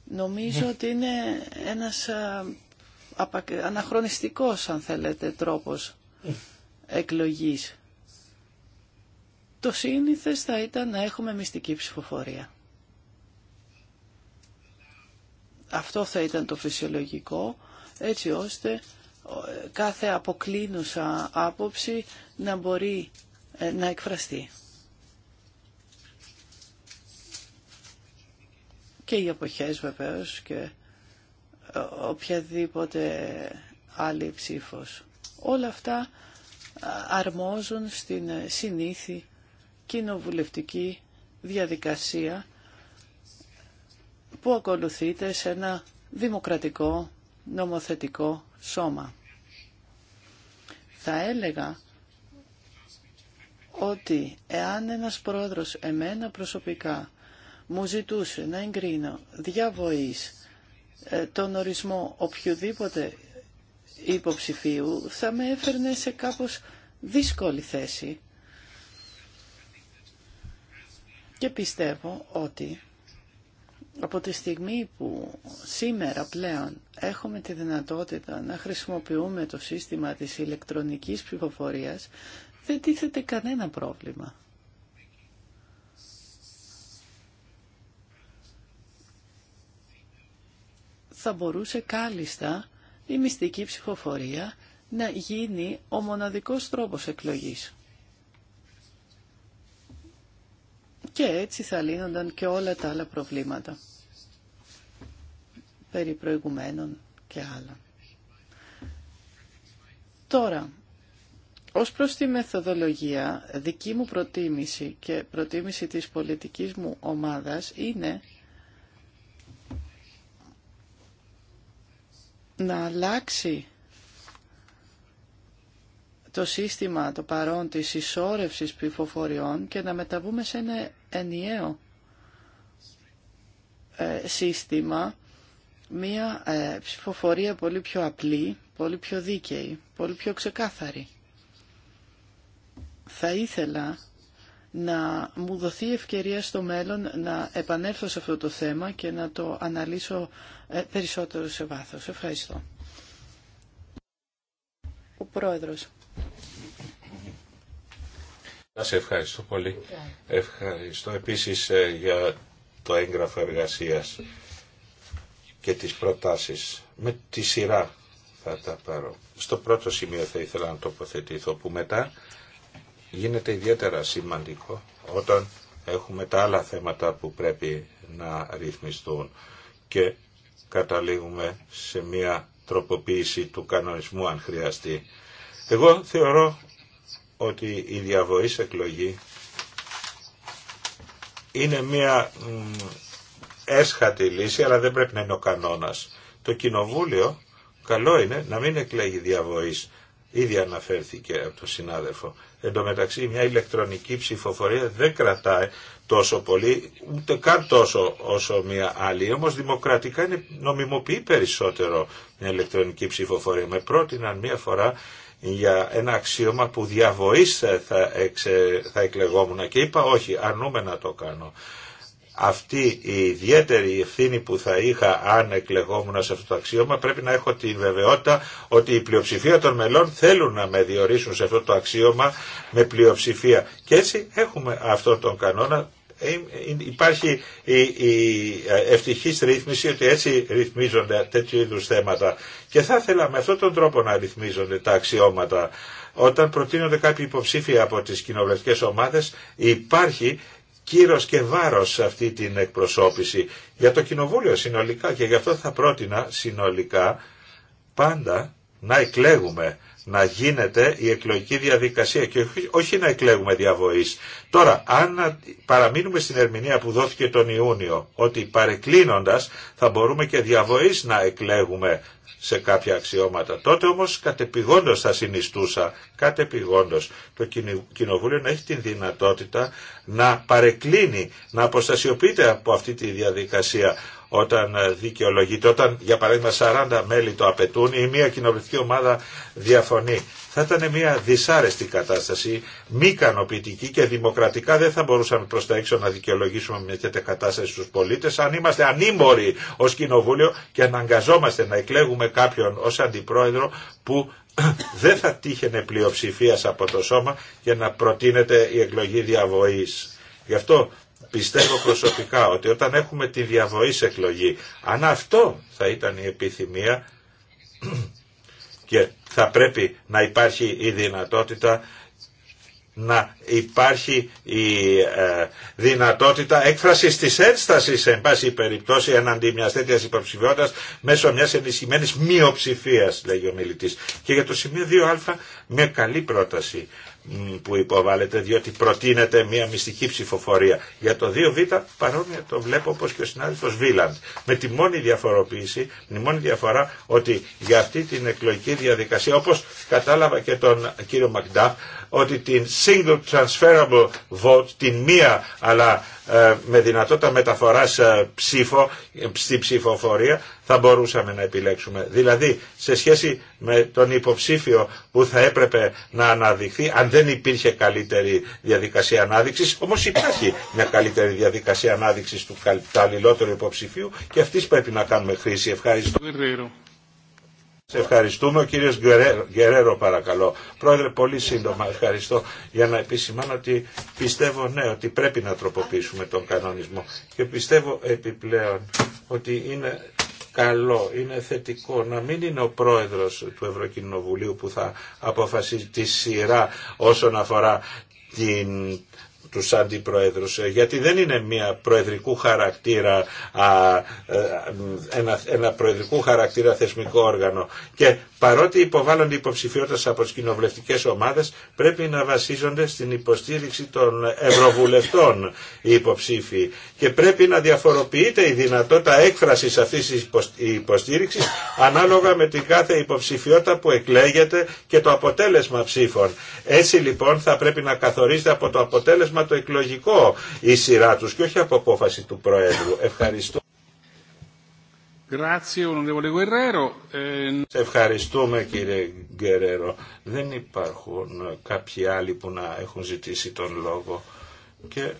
Νομίζω ναι. ότι είναι ένας αναχρονιστικός, αν θέλετε, τρόπος ναι. εκλογής. Το σύνηθες θα ήταν να έχουμε μυστική ψηφοφορία. Αυτό θα ήταν το φυσιολογικό έτσι ώστε ε, κάθε αποκλίνουσα άποψη να μπορεί ε, να εκφραστεί. Και οι εποχές βεβαίως και ε, οποιαδήποτε άλλη ψήφος. Όλα αυτά αρμόζουν στην συνήθη κοινοβουλευτική διαδικασία που ακολουθείται σε ένα δημοκρατικό νομοθετικό σώμα. Θα έλεγα ότι εάν ένας πρόεδρος εμένα προσωπικά μου ζητούσε να εγκρίνω διαβοής ε, τον ορισμό οποιοδήποτε υποψηφίου θα με έφερνε σε κάπως δύσκολη θέση και πιστεύω ότι από τη στιγμή που σήμερα πλέον έχουμε τη δυνατότητα να χρησιμοποιούμε το σύστημα της ηλεκτρονικής ψηφοφορίας, δεν τίθεται κανένα πρόβλημα. Θα μπορούσε κάλλιστα η μυστική ψηφοφορία να γίνει ο μοναδικός τρόπος εκλογής. και έτσι θα λύνονταν και όλα τα άλλα προβλήματα περί προηγουμένων και άλλα. Τώρα, ως προς τη μεθοδολογία, δική μου προτίμηση και προτίμηση της πολιτικής μου ομάδας είναι να αλλάξει το σύστημα το παρόν της ισόρευσης ψηφοφοριών και να μεταβούμε σε ένα ενιαίο ε, σύστημα, μία ε, ψηφοφορία πολύ πιο απλή, πολύ πιο δίκαιη, πολύ πιο ξεκάθαρη. Θα ήθελα να μου δοθεί ευκαιρία στο μέλλον να επανέλθω σε αυτό το θέμα και να το αναλύσω ε, περισσότερο σε βάθος. Ευχαριστώ. Ο Πρόεδρος. Σε ευχαριστώ πολύ. Ευχαριστώ επίσης ε, για το έγγραφο εργασίας και τις προτάσεις. Με τη σειρά θα τα πάρω. Στο πρώτο σημείο θα ήθελα να τοποθετηθώ που μετά γίνεται ιδιαίτερα σημαντικό όταν έχουμε τα άλλα θέματα που πρέπει να ρυθμιστούν και καταλήγουμε σε μια τροποποίηση του κανονισμού αν χρειαστεί. Εγώ θεωρώ ότι η διαβοής εκλογή είναι μια έσχατη λύση, αλλά δεν πρέπει να είναι ο κανόνας. Το κοινοβούλιο, καλό είναι να μην εκλέγει διαβοής. Ήδη αναφέρθηκε από τον συνάδελφο. Εν τω μεταξύ μια ηλεκτρονική ψηφοφορία δεν κρατάει τόσο πολύ, ούτε καν τόσο όσο μια άλλη. Όμως δημοκρατικά είναι, νομιμοποιεί περισσότερο μια ηλεκτρονική ψηφοφορία. Με πρότειναν μια φορά για ένα αξίωμα που διαβοής θα, εξε, θα εκλεγόμουν και είπα όχι, αρνούμε να το κάνω. Αυτή η ιδιαίτερη ευθύνη που θα είχα αν εκλεγόμουν σε αυτό το αξίωμα πρέπει να έχω τη βεβαιότητα ότι η πλειοψηφία των μελών θέλουν να με διορίσουν σε αυτό το αξίωμα με πλειοψηφία. Και έτσι έχουμε αυτό τον κανόνα ε, ε, ε, υπάρχει η, η ευτυχής ρύθμιση ότι έτσι ρυθμίζονται τέτοιου είδους θέματα και θα ήθελα με αυτόν τον τρόπο να ρυθμίζονται τα αξιώματα. Όταν προτείνονται κάποιοι υποψήφοι από τις κοινοβουλευτικέ ομάδες υπάρχει κύρος και βάρος σε αυτή την εκπροσώπηση για το κοινοβούλιο συνολικά και γι' αυτό θα πρότεινα συνολικά πάντα να εκλέγουμε να γίνεται η εκλογική διαδικασία και όχι να εκλέγουμε διαβοής. Τώρα, αν παραμείνουμε στην ερμηνεία που δόθηκε τον Ιούνιο, ότι παρεκκλίνοντας θα μπορούμε και διαβοής να εκλέγουμε σε κάποια αξιώματα. Τότε όμως κατεπηγόντως θα συνιστούσα, κατεπηγόντως το Κοινοβούλιο να έχει την δυνατότητα να παρεκκλίνει, να αποστασιοποιείται από αυτή τη διαδικασία όταν ε, δικαιολογείται, όταν για παράδειγμα 40 μέλη το απαιτούν ή μια κοινοβουλευτική ομάδα διαφωνεί. Θα ήταν μια δυσάρεστη κατάσταση, μη ικανοποιητική και δημοκρατικά δεν θα μπορούσαμε προ τα έξω να δικαιολογήσουμε μια τέτοια κατάσταση στου πολίτε αν είμαστε ανήμποροι ω κοινοβούλιο και αναγκαζόμαστε να εκλέγουμε κάποιον ω αντιπρόεδρο που δεν θα τύχαινε πλειοψηφία από το σώμα για να προτείνεται η εκλογή διαβοή. Γι' αυτό πιστεύω προσωπικά ότι όταν έχουμε τη διαβοή σε εκλογή, αν αυτό θα ήταν η επιθυμία και θα πρέπει να υπάρχει η δυνατότητα να υπάρχει η ε, δυνατότητα έκφραση τη ένσταση, εν πάση περιπτώσει, εναντί μια τέτοια υποψηφιότητα μέσω μια ενισχυμένη μειοψηφία, λέγει ο μιλητή. Και για το σημείο 2α, μια καλή πρόταση που υποβάλλεται, διότι προτείνεται μια μυστική ψηφοφορία. Για το 2Β παρόμοια το βλέπω όπως και ο συνάδελφος Βίλαντ. Με τη μόνη διαφοροποίηση, τη μόνη διαφορά ότι για αυτή την εκλογική διαδικασία, όπως κατάλαβα και τον κύριο Μακντάφ, ότι την single transferable vote, την μία αλλά ε, με δυνατότητα μεταφοράς ε, ψήφο, στη ψηφοφορία θα μπορούσαμε να επιλέξουμε. Δηλαδή σε σχέση με τον υποψήφιο που θα έπρεπε να αναδειχθεί αν δεν υπήρχε καλύτερη διαδικασία ανάδειξης, όμως υπάρχει μια καλύτερη διαδικασία ανάδειξης του αλληλότερου υποψηφίου και αυτής πρέπει να κάνουμε χρήση. Ευχαριστώ. Σε ευχαριστούμε. Ο κύριος Γκερέρο παρακαλώ. Πρόεδρε, πολύ σύντομα ευχαριστώ για να επισημάνω ότι πιστεύω ναι ότι πρέπει να τροποποιήσουμε τον κανονισμό και πιστεύω επιπλέον ότι είναι καλό, είναι θετικό να μην είναι ο πρόεδρος του Ευρωκοινοβουλίου που θα αποφασίσει τη σειρά όσον αφορά την τους αντιπροέδρους ε, γιατί δεν είναι μια προεδρικού χαρακτήρα ε, ένα, ένα προεδρικού χαρακτήρα θεσμικό όργανο και παρότι υποβάλλονται υποψηφιότητες από τις κοινοβουλευτικές ομάδες πρέπει να βασίζονται στην υποστήριξη των ευρωβουλευτών οι υποψήφοι και πρέπει να διαφοροποιείται η δυνατότητα έκφρασης αυτής της υποστήριξης ανάλογα με την κάθε υποψηφιότητα που εκλέγεται και το αποτέλεσμα ψήφων. Έτσι λοιπόν θα πρέπει να καθορίζεται από το αποτέλεσμα το εκλογικό η σειρά τους και όχι από απόφαση του Προέδρου. Ευχαριστώ. Ε, ευχαριστούμε κύριε Γκερέρο. Δεν υπάρχουν κάποιοι άλλοι που να έχουν ζητήσει τον λόγο. Και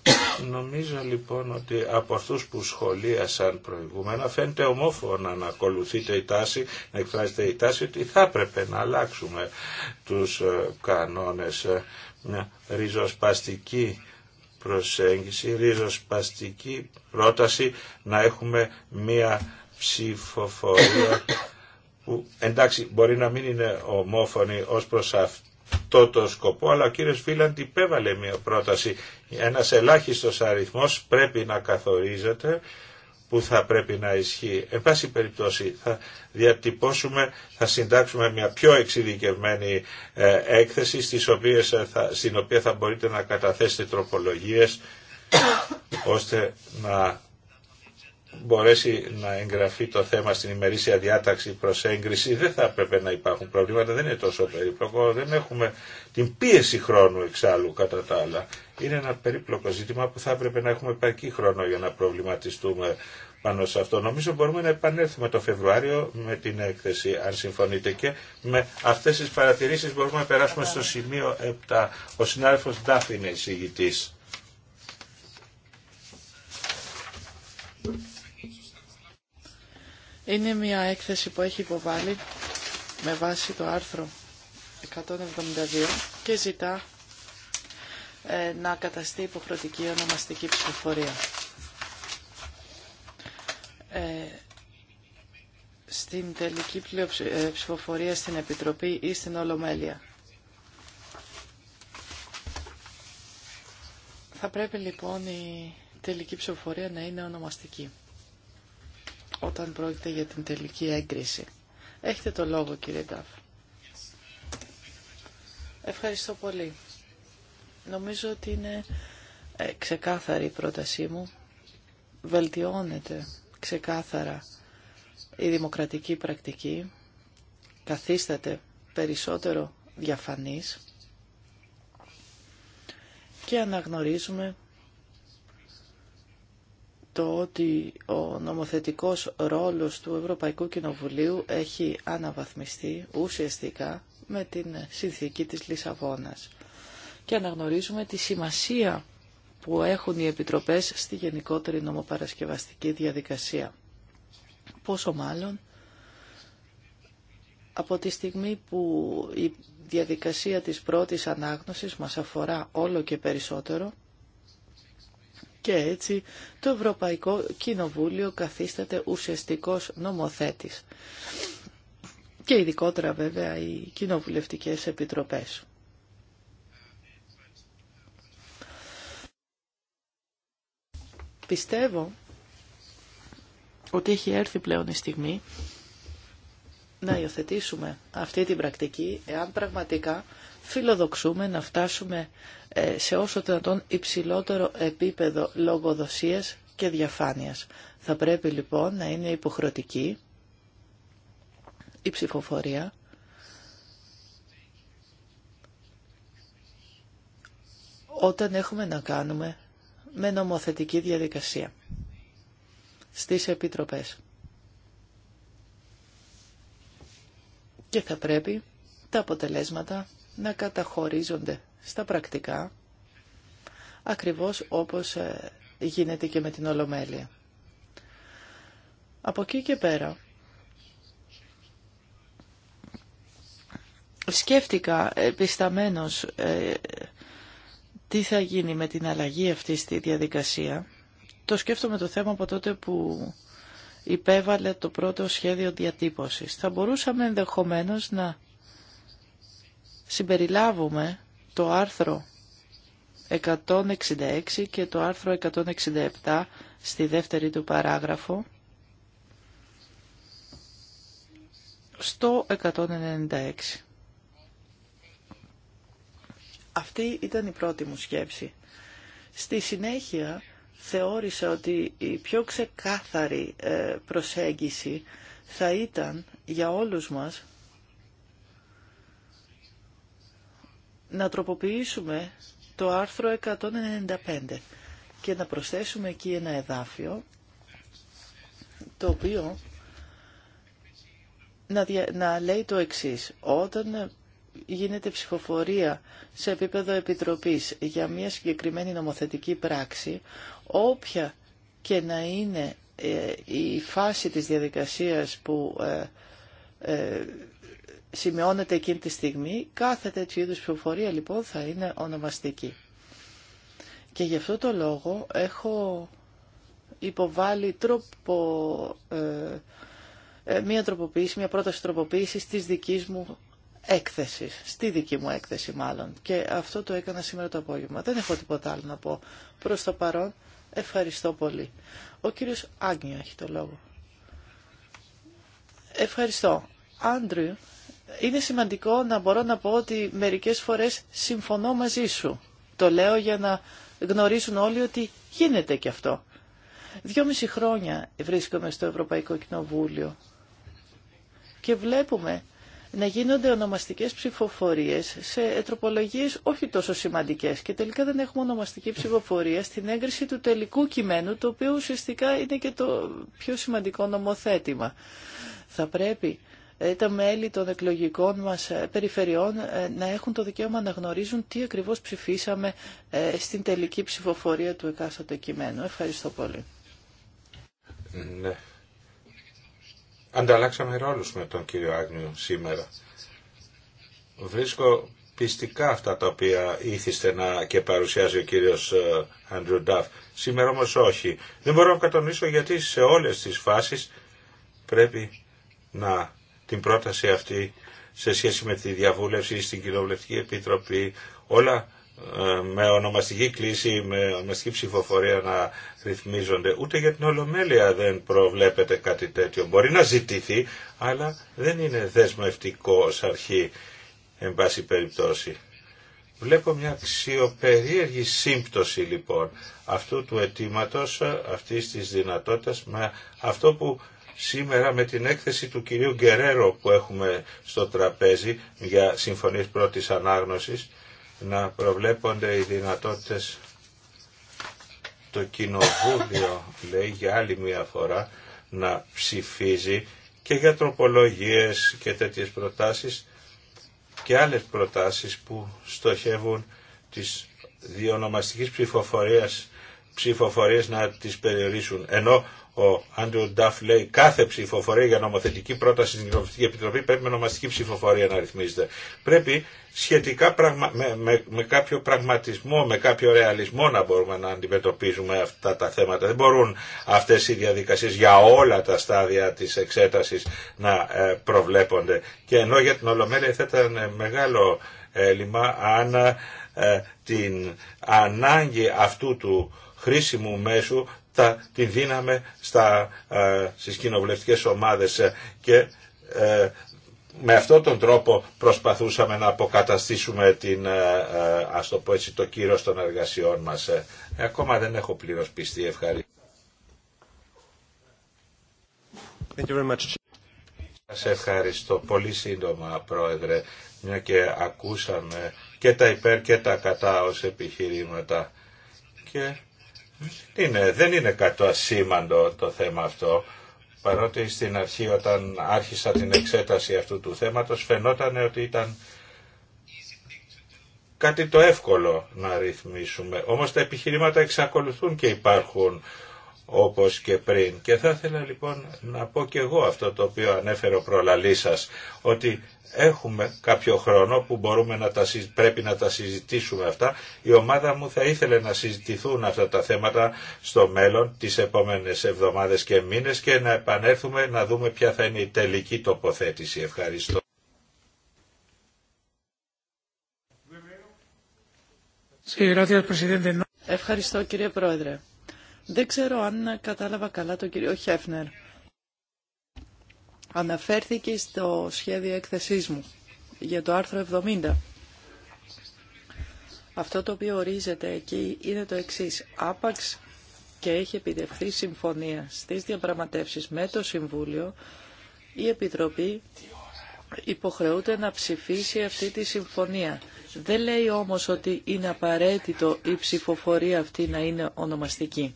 νομίζω λοιπόν ότι από αυτούς που σχολίασαν προηγούμενα φαίνεται ομόφωνα να ακολουθείτε η τάση, να εκφράζετε η τάση ότι θα έπρεπε να αλλάξουμε τους ε, κανόνες. Ε, μια ριζοσπαστική προσέγγιση, παστική πρόταση να έχουμε μία ψηφοφορία που εντάξει μπορεί να μην είναι ομόφωνη ως προς αυτό το σκοπό αλλά ο κύριος Φίλαντ υπέβαλε μία πρόταση. Ένας ελάχιστος αριθμός πρέπει να καθορίζεται που θα πρέπει να ισχύει. Εν πάση περιπτώσει θα διατυπώσουμε, θα συντάξουμε μια πιο εξειδικευμένη ε, έκθεση στις οποίες ε, θα, στην οποία θα μπορείτε να καταθέσετε τροπολογίες ώστε να μπορέσει να εγγραφεί το θέμα στην ημερήσια διάταξη προς έγκριση δεν θα έπρεπε να υπάρχουν προβλήματα, δεν είναι τόσο περίπλοκο, δεν έχουμε την πίεση χρόνου εξάλλου κατά τα άλλα είναι ένα περίπλοκο ζήτημα που θα έπρεπε να έχουμε επαρκή χρόνο για να προβληματιστούμε πάνω σε αυτό. Νομίζω μπορούμε να επανέλθουμε το Φεβρουάριο με την έκθεση, αν συμφωνείτε. Και με αυτέ τι παρατηρήσει μπορούμε να περάσουμε στο σημείο 7. Ο συνάδελφο Ντάφ είναι εισηγητή. Είναι μια έκθεση που έχει υποβάλει με βάση το άρθρο 172 και ζητά ε, να καταστεί υποχρεωτική ονομαστική ψηφοφορία. Ε, στην τελική ε, ψηφοφορία στην Επιτροπή ή στην Ολομέλεια. Θα πρέπει λοιπόν η τελική ψηφοφορία να είναι ονομαστική όταν πρόκειται για την τελική έγκριση. Έχετε το λόγο κύριε Ντάφ. Ευχαριστώ πολύ. Νομίζω ότι είναι ε, ξεκάθαρη η πρότασή μου. Βελτιώνεται ξεκάθαρα η δημοκρατική πρακτική. Καθίσταται περισσότερο διαφανής και αναγνωρίζουμε το ότι ο νομοθετικός ρόλος του Ευρωπαϊκού Κοινοβουλίου έχει αναβαθμιστεί ουσιαστικά με την συνθήκη της Λισαβόνας και αναγνωρίζουμε τη σημασία που έχουν οι επιτροπές στη γενικότερη νομοπαρασκευαστική διαδικασία. Πόσο μάλλον από τη στιγμή που η διαδικασία της πρώτης ανάγνωσης μας αφορά όλο και περισσότερο και έτσι το Ευρωπαϊκό Κοινοβούλιο καθίσταται ουσιαστικός νομοθέτης και ειδικότερα βέβαια οι κοινοβουλευτικές επιτροπές. Πιστεύω ότι έχει έρθει πλέον η στιγμή να υιοθετήσουμε αυτή την πρακτική εάν πραγματικά φιλοδοξούμε να φτάσουμε ε, σε όσο δυνατόν υψηλότερο επίπεδο λογοδοσίας και διαφάνειας. Θα πρέπει λοιπόν να είναι υποχρεωτική η ψηφοφορία όταν έχουμε να κάνουμε με νομοθετική διαδικασία στις επιτροπές. Και θα πρέπει τα αποτελέσματα να καταχωρίζονται στα πρακτικά, ακριβώς όπως ε, γίνεται και με την Ολομέλεια. Από εκεί και πέρα, σκέφτηκα επισταμένος ε, τι θα γίνει με την αλλαγή αυτή στη διαδικασία. Το σκέφτομαι το θέμα από τότε που υπέβαλε το πρώτο σχέδιο διατύπωσης. Θα μπορούσαμε ενδεχομένως να συμπεριλάβουμε το άρθρο 166 και το άρθρο 167 στη δεύτερη του παράγραφο στο 196. Αυτή ήταν η πρώτη μου σκέψη. Στη συνέχεια θεώρησα ότι η πιο ξεκάθαρη ε, προσέγγιση θα ήταν για όλους μας να τροποποιήσουμε το άρθρο 195 και να προσθέσουμε εκεί ένα εδάφιο το οποίο να, να λέει το εξής. Όταν γίνεται ψηφοφορία σε επίπεδο επιτροπής για μια συγκεκριμένη νομοθετική πράξη, όποια και να είναι ε, η φάση της διαδικασίας που ε, ε, σημειώνεται εκείνη τη στιγμή, κάθε τέτοιου είδους ψηφοφορία λοιπόν θα είναι ονομαστική. Και γι' αυτό το λόγο έχω υποβάλει τρόπο, μία τροποποίηση, μία πρόταση τροποποίησης της δικής μου Έκθεση. στη δική μου έκθεση μάλλον. Και αυτό το έκανα σήμερα το απόγευμα. Δεν έχω τίποτα άλλο να πω. Προς το παρόν, ευχαριστώ πολύ. Ο κύριος Άγνιο έχει το λόγο. Ευχαριστώ. Άντριου, είναι σημαντικό να μπορώ να πω ότι μερικές φορές συμφωνώ μαζί σου. Το λέω για να γνωρίζουν όλοι ότι γίνεται και αυτό. Δυόμιση χρόνια βρίσκομαι στο Ευρωπαϊκό Κοινοβούλιο και βλέπουμε να γίνονται ονομαστικές ψηφοφορίες σε τροπολογίες όχι τόσο σημαντικές και τελικά δεν έχουμε ονομαστική ψηφοφορία στην έγκριση του τελικού κειμένου το οποίο ουσιαστικά είναι και το πιο σημαντικό νομοθέτημα. Θα πρέπει ε, τα μέλη των εκλογικών μας ε, περιφερειών ε, να έχουν το δικαίωμα να γνωρίζουν τι ακριβώς ψηφίσαμε στην τελική ψηφοφορία του εκάστοτε κειμένου. Ευχαριστώ πολύ. Ναι, Ανταλλάξαμε ρόλους με τον κύριο Άγνιου σήμερα. Βρίσκω πιστικά αυτά τα οποία ήθιστε να και παρουσιάζει ο κύριος Αντριού ε, Νταφ. Σήμερα όμως όχι. Δεν μπορώ να κατονίσω γιατί σε όλες τις φάσεις πρέπει να την πρόταση αυτή σε σχέση με τη διαβούλευση στην Κοινοβουλευτική Επιτροπή όλα ε, με ονομαστική κλίση, με ονομαστική ψηφοφορία να ρυθμίζονται. Ούτε για την Ολομέλεια δεν προβλέπεται κάτι τέτοιο. Μπορεί να ζητηθεί, αλλά δεν είναι δεσμευτικό ως αρχή, εν πάση περιπτώσει. Βλέπω μια αξιοπερίεργη σύμπτωση λοιπόν αυτού του αιτήματο, αυτής της δυνατότητας με αυτό που σήμερα με την έκθεση του κυρίου Γκερέρο που έχουμε στο τραπέζι για συμφωνίες πρώτης ανάγνωσης να προβλέπονται οι δυνατότητες το κοινοβούλιο λέει για άλλη μια φορά να ψηφίζει και για τροπολογίες και τέτοιες προτάσεις και άλλες προτάσεις που στοχεύουν τις διονομαστικής ψηφοφορίας ψηφοφορίες να τις περιορίσουν. Ενώ ο Άντρου Νταφ λέει κάθε ψηφοφορία για νομοθετική πρόταση στην Κοινοβουλευτική Επιτροπή πρέπει με νομαστική ψηφοφορία να ρυθμίζεται. Πρέπει σχετικά με, με, με, κάποιο πραγματισμό, με κάποιο ρεαλισμό να μπορούμε να αντιμετωπίζουμε αυτά τα θέματα. Δεν μπορούν αυτές οι διαδικασίες για όλα τα στάδια της εξέτασης να ε, προβλέπονται. Και ενώ για την Ολομέλεια θα ήταν ε, μεγάλο ε, έλλειμμα αν την ανάγκη αυτού του χρήσιμου μέσου την δίναμε στα, ε, στις κοινοβουλευτικές ομάδες ε, και ε, με αυτόν τον τρόπο προσπαθούσαμε να αποκαταστήσουμε την, ε, ας το πω έτσι, το κύρος των εργασιών μας. Ακόμα δεν έχω πλήρως πιστεί. Ευχαριστώ. Thank Σας ευχαριστώ. Πολύ σύντομα, Πρόεδρε, μια και ακούσαμε και τα υπέρ και τα κατά ως επιχειρήματα. Και είναι, δεν είναι κάτι ασήμαντο το θέμα αυτό, παρότι στην αρχή όταν άρχισα την εξέταση αυτού του θέματος φαινόταν ότι ήταν κάτι το εύκολο να ρυθμίσουμε. Όμως τα επιχειρήματα εξακολουθούν και υπάρχουν όπως και πριν. Και θα ήθελα λοιπόν να πω και εγώ αυτό το οποίο ανέφερε ο προλαλή ότι έχουμε κάποιο χρόνο που μπορούμε να τα, πρέπει να τα συζητήσουμε αυτά. Η ομάδα μου θα ήθελε να συζητηθούν αυτά τα θέματα στο μέλλον τις επόμενες εβδομάδες και μήνες και να επανέλθουμε να δούμε ποια θα είναι η τελική τοποθέτηση. Ευχαριστώ. Ευχαριστώ κύριε Πρόεδρε. Δεν ξέρω αν κατάλαβα καλά τον κύριο Χέφνερ αναφέρθηκε στο σχέδιο έκθεσής μου για το άρθρο 70. Αυτό το οποίο ορίζεται εκεί είναι το εξής. Άπαξ και έχει επιτευχθεί συμφωνία στις διαπραγματεύσεις με το Συμβούλιο, η Επιτροπή υποχρεούται να ψηφίσει αυτή τη συμφωνία. Δεν λέει όμως ότι είναι απαραίτητο η ψηφοφορία αυτή να είναι ονομαστική.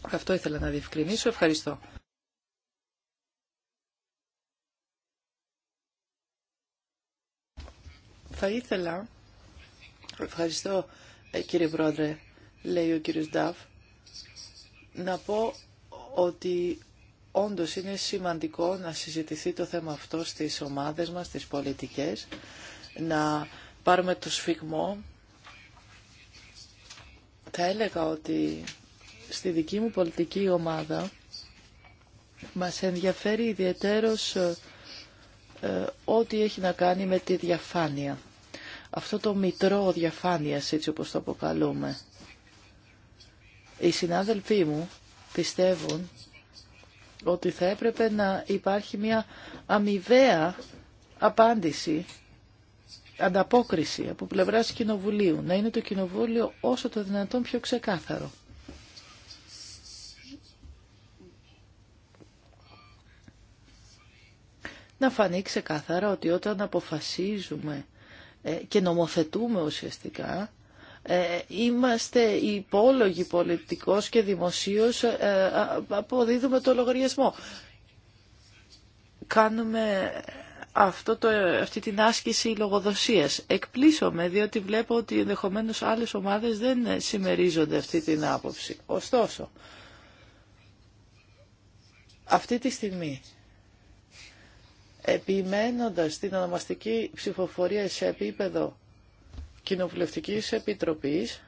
Αυτό ήθελα να διευκρινίσω. Ευχαριστώ. Θα ήθελα, ευχαριστώ ε, κύριε Πρόεδρε, λέει ο κύριος Νταφ, να πω ότι όντως είναι σημαντικό να συζητηθεί το θέμα αυτό στις ομάδες μας, στις πολιτικές, να πάρουμε το σφιγμό. Θα έλεγα ότι στη δική μου πολιτική ομάδα μας ενδιαφέρει ιδιαίτερος ε, ε, ό,τι έχει να κάνει με τη διαφάνεια αυτό το μητρό διαφάνειας, έτσι όπως το αποκαλούμε. Οι συνάδελφοί μου πιστεύουν ότι θα έπρεπε να υπάρχει μια αμοιβαία απάντηση, ανταπόκριση από πλευράς Κοινοβουλίου, να είναι το Κοινοβούλιο όσο το δυνατόν πιο ξεκάθαρο. Να φανεί ξεκάθαρα ότι όταν αποφασίζουμε ε, και νομοθετούμε ουσιαστικά, ε, είμαστε υπόλογοι πολιτικός και δημοσίως ε, αποδίδουμε το λογαριασμό. Κάνουμε αυτό το, αυτή την άσκηση λογοδοσίας. Εκπλήσωμαι διότι βλέπω ότι ενδεχομένως άλλες ομάδες δεν συμμερίζονται αυτή την άποψη. Ωστόσο, αυτή τη στιγμή επιμένοντας την ονομαστική ψηφοφορία σε επίπεδο Κοινοβουλευτικής Επιτροπής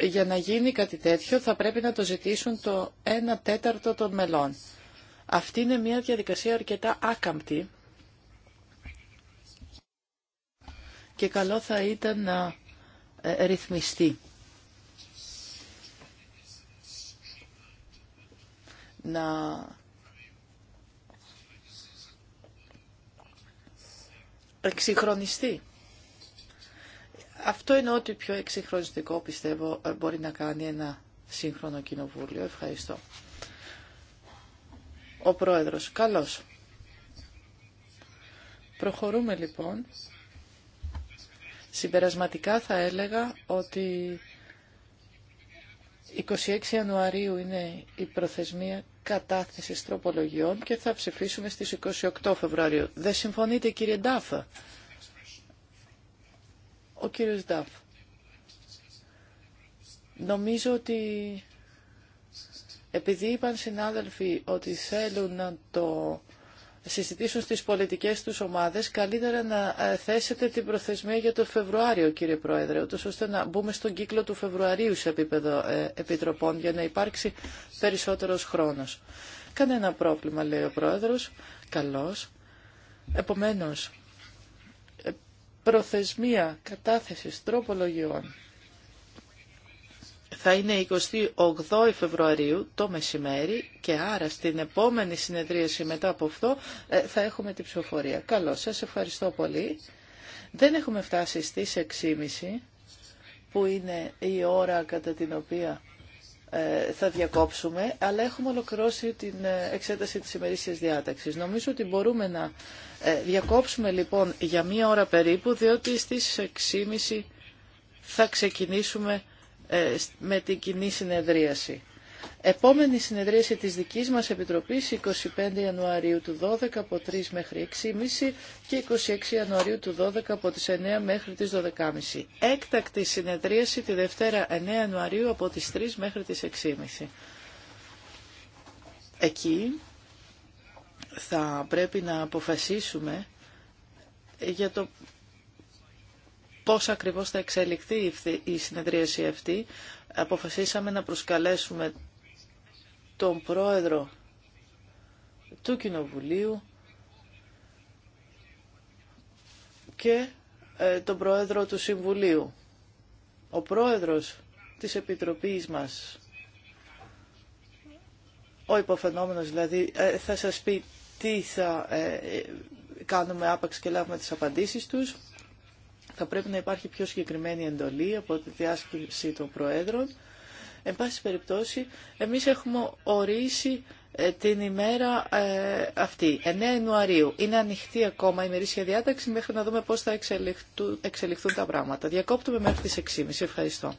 για να γίνει κάτι τέτοιο θα πρέπει να το ζητήσουν το 1 τέταρτο των μελών. Αυτή είναι μια διαδικασία αρκετά άκαμπτη και καλό θα ήταν να ε, ρυθμιστεί. να εξυγχρονιστεί. Αυτό είναι ό,τι πιο εξυγχρονιστικό πιστεύω μπορεί να κάνει ένα σύγχρονο κοινοβούλιο. Ευχαριστώ. Ο Πρόεδρος. Καλώς. Προχωρούμε λοιπόν. Συμπερασματικά θα έλεγα ότι 26 Ιανουαρίου είναι η προθεσμία κατάθεσης τροπολογιών και θα ψηφίσουμε στις 28 Φεβρουαρίου. Δεν συμφωνείτε κύριε Ντάφα. Ο κύριος Ντάφ. Νομίζω ότι επειδή είπαν συνάδελφοι ότι θέλουν να το συζητήσουν στις πολιτικές τους ομάδες, καλύτερα να ε, θέσετε την προθεσμία για το Φεβρουάριο, κύριε Πρόεδρε, ούτως ώστε να μπούμε στον κύκλο του Φεβρουαρίου σε επίπεδο ε, επιτροπών για να υπάρξει περισσότερος χρόνος. Κανένα πρόβλημα, λέει ο Πρόεδρος. Καλώς. Επομένως, ε, προθεσμία κατάθεσης τροπολογιών θα είναι 28 Φεβρουαρίου το μεσημέρι και άρα στην επόμενη συνεδρίαση μετά από αυτό ε, θα έχουμε την ψηφοφορία. Καλώς, σας ευχαριστώ πολύ. Δεν έχουμε φτάσει στις 6.30 που είναι η ώρα κατά την οποία ε, θα διακόψουμε, αλλά έχουμε ολοκληρώσει την ε, εξέταση της ημερήσιας διάταξης. Νομίζω ότι μπορούμε να διακόψουμε λοιπόν για μία ώρα περίπου, διότι στις 6.30 θα ξεκινήσουμε ε, με την κοινή συνεδρίαση. Επόμενη συνεδρίαση της δικής μας Επιτροπής 25 Ιανουαρίου του 12 από 3 μέχρι 6.30 και 26 Ιανουαρίου του 12 από τις 9 μέχρι τις 12.30. Έκτακτη συνεδρίαση τη Δευτέρα 9 Ιανουαρίου από τις 3 μέχρι τις 6.30. Εκεί θα πρέπει να αποφασίσουμε για το πώς ακριβώς θα εξελιχθεί η συνεδρίαση αυτή, αποφασίσαμε να προσκαλέσουμε τον πρόεδρο του Κοινοβουλίου και ε, τον πρόεδρο του Συμβουλίου. Ο πρόεδρος της Επιτροπής μας, ο υποφαινόμενος δηλαδή, ε, θα σας πει τι θα ε, κάνουμε άπαξ και λάβουμε τις απαντήσεις τους. Θα πρέπει να υπάρχει πιο συγκεκριμένη εντολή από τη διάσκεψη των Προέδρων. Εν πάση περιπτώσει, εμείς έχουμε ορίσει ε, την ημέρα ε, αυτή, 9 Ιανουαρίου. Είναι ανοιχτή ακόμα η μερίσια διάταξη μέχρι να δούμε πώς θα εξελιχθούν τα πράγματα. Διακόπτουμε μέχρι τις 6.30. Ευχαριστώ.